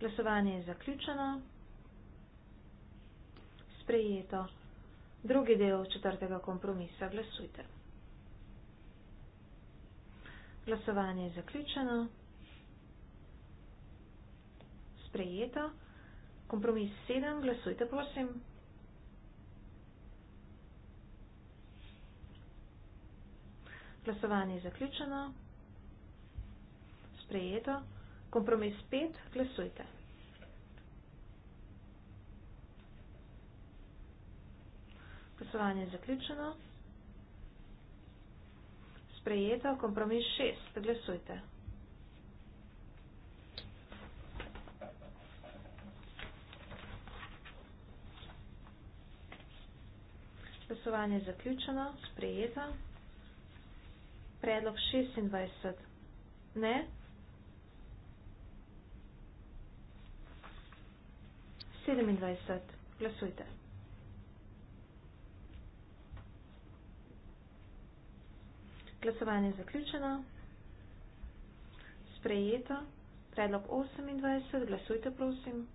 Glasovanje je zaključeno. Sprejeto. Drugi del četrtega kompromisa glasujte. Glasovanje je zaključeno. Sprejeto. Kompromis 7. Glasujte, prosim. Glasovanje je zaključeno. Sprejeto. Kompromis 5. Glasujte. Poslovanje je zaključeno. Sprejeto, kompromis 6. Glasujte. Glasovanje je zaključeno, sprejeto. Predlog 26. Ne. Sedemindvajset. Glasujte. Glasovanje je zaključeno. Sprejeto. Predlog 28. Glasujte, prosim.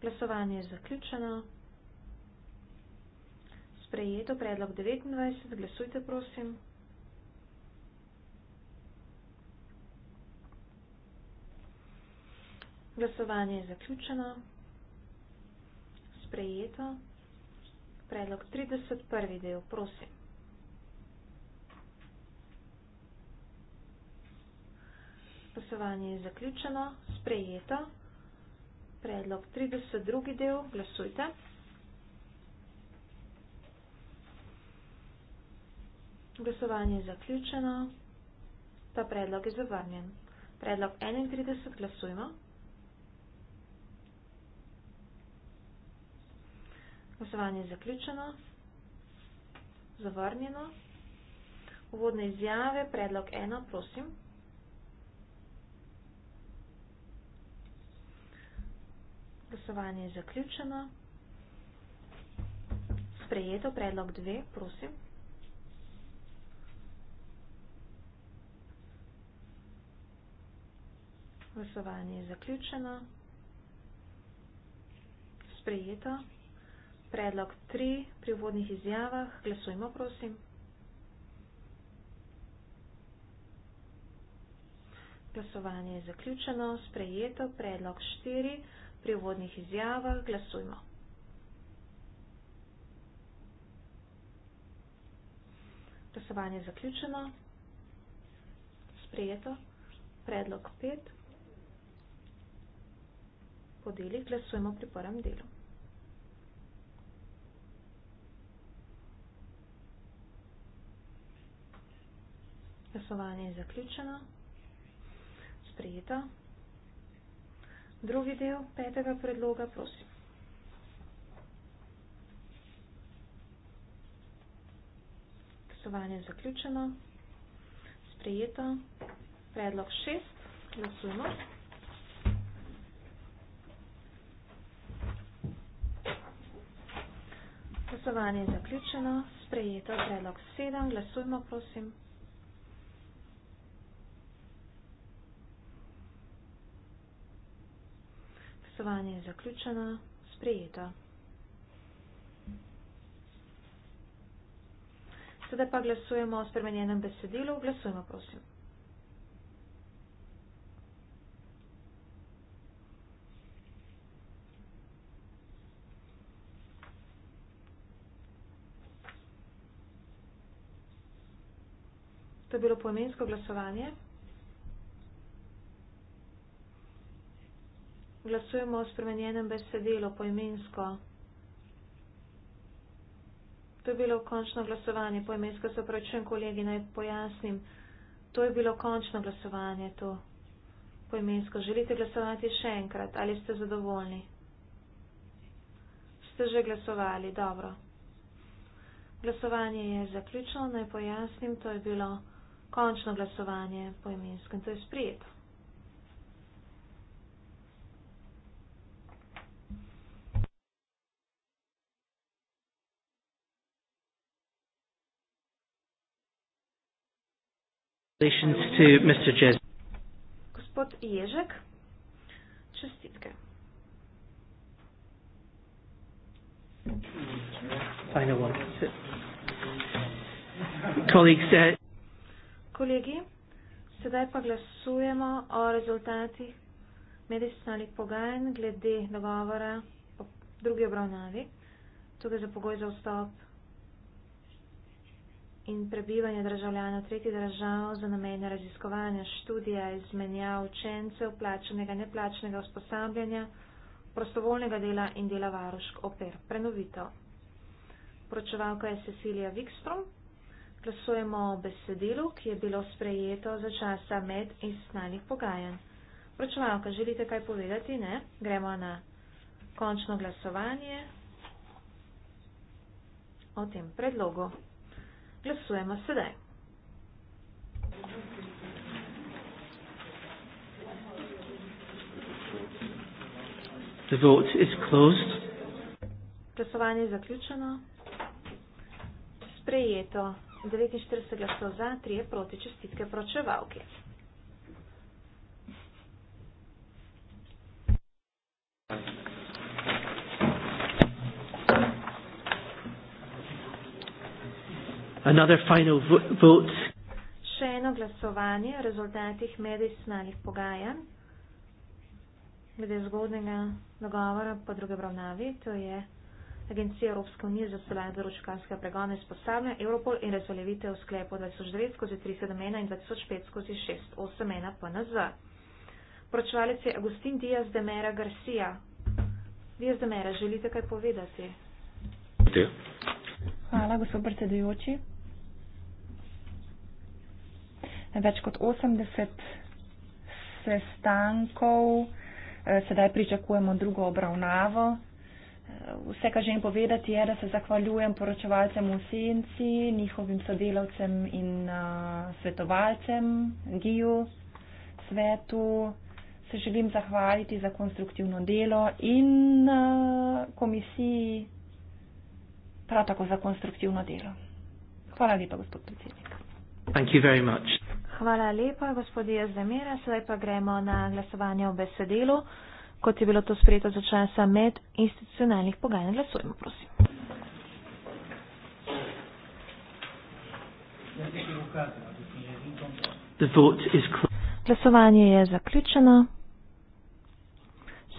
Glasovanje je zaključeno. Sprejeto. Predlog 29. Glasujte, prosim. Glasovanje je zaključeno. Sprejeto predlog 31. del, prosim. Glasovanje je zaključeno, sprejeto. Predlog 32. del, glasujte. Glasovanje je zaključeno, ta predlog je zavrnjen. Predlog 31. glasujmo. Glasovanje je zaključeno, zavrnjeno. Uvodne izjave, predlog ena, prosim. Glasovanje je zaključeno. Sprejeto, predlog dve, prosim. Glasovanje je zaključeno. Sprejeto predlog 3 pri vodnih izjavah. Glasujmo, prosim. Glasovanje je zaključeno. Sprejeto predlog 4 pri vodnih izjavah. Glasujmo. Glasovanje je zaključeno. Sprejeto predlog 5. Podeli glasujemo pri prvem delu. Glasovanje je zaključeno, sprejeto. Drugi del petega predloga, prosim. Glasovanje je zaključeno, sprejeto. Predlog šest, glasujemo. Glasovanje je zaključeno, sprejeto predlog 7, glasujmo prosim. Glasovanje je zaključeno, sprejeto. Sedaj pa glasujemo o spremenjenem besedilu. Glasujemo, prosim. To je bilo poimensko glasovanje. glasujemo o spremenjenem besedilu poimensko. To je bilo končno glasovanje poimensko, se pravičujem kolegi, naj pojasnim. To je bilo končno glasovanje, to poimensko. Želite glasovati še enkrat ali ste zadovoljni? Ste že glasovali, dobro. Glasovanje je zaključeno, naj pojasnim, to je bilo končno glasovanje poimensko in to je sprijeto. Congratulations to Mr. Jez. Gospod Ježek, čestitke. Final one. Colleagues, uh, Kolegi, sedaj pa glasujemo o rezultatih medicinalnih pogajanj glede dogovora o drugi obravnavi, tudi za pogoj za vstop in prebivanje državljanov tretjih držav za namene raziskovanja, študija, izmenjav učencev, plačanega, neplačanega usposabljanja, prostovoljnega dela in dela varušk oper. Prenovitev. Pročevalka je Cecilija Wikstrom. Glasujemo o besedilu, ki je bilo sprejeto za časa med iznanih pogajanj. Pročevalka, želite kaj povedati? Ne? Gremo na končno glasovanje o tem predlogu. Glasujemo sedaj. The vote is closed. Glasovanje je zaključeno. Sprejeto. 49 glasov za, 3 proti čestitke pročevalke. Thank you. another final vote. Še eno glasovanje o rezultatih medijsnalnih pogajanj, glede zgodnega dogovora po druge obravnavi, to je Agencija Evropske unije za sodelovanje doručkarskega pregona izpostavlja Europol in razveljavitev sklepov 2009 skozi 371 in 2005 skozi 681 PNZ. Poročevalec je Agustin Diaz de Mera Garcia. Diaz de Mera, želite kaj povedati? Hvala, gospod predsedujoči več kot 80 sestankov, eh, sedaj pričakujemo drugo obravnavo. Eh, vse, kar želim povedati, je, da se zahvaljujem poročevalcem v senci, njihovim sodelavcem in uh, svetovalcem, GIU, svetu. Se želim zahvaliti za konstruktivno delo in uh, komisiji prav tako za konstruktivno delo. Hvala lepa, gospod predsednik. Hvala lepa. Hvala lepa, gospodje Zemira. Sedaj pa gremo na glasovanje o besedelu, kot je bilo to sprejeto za časa med institucionalnih pogajanj. Glasujemo, prosim. Glasovanje je zaključeno.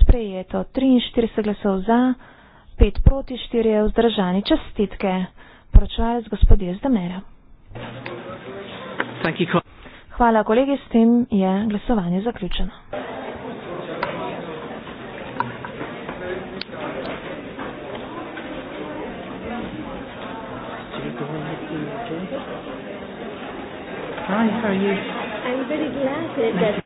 Sprejeto 43 glasov za, 5 proti, 4 je vzdržani. Čestitke. Poročevalec gospodje Zdamera. Thank you. Hvala kolegi, s tem je glasovanje zaključeno. Anybody glasses that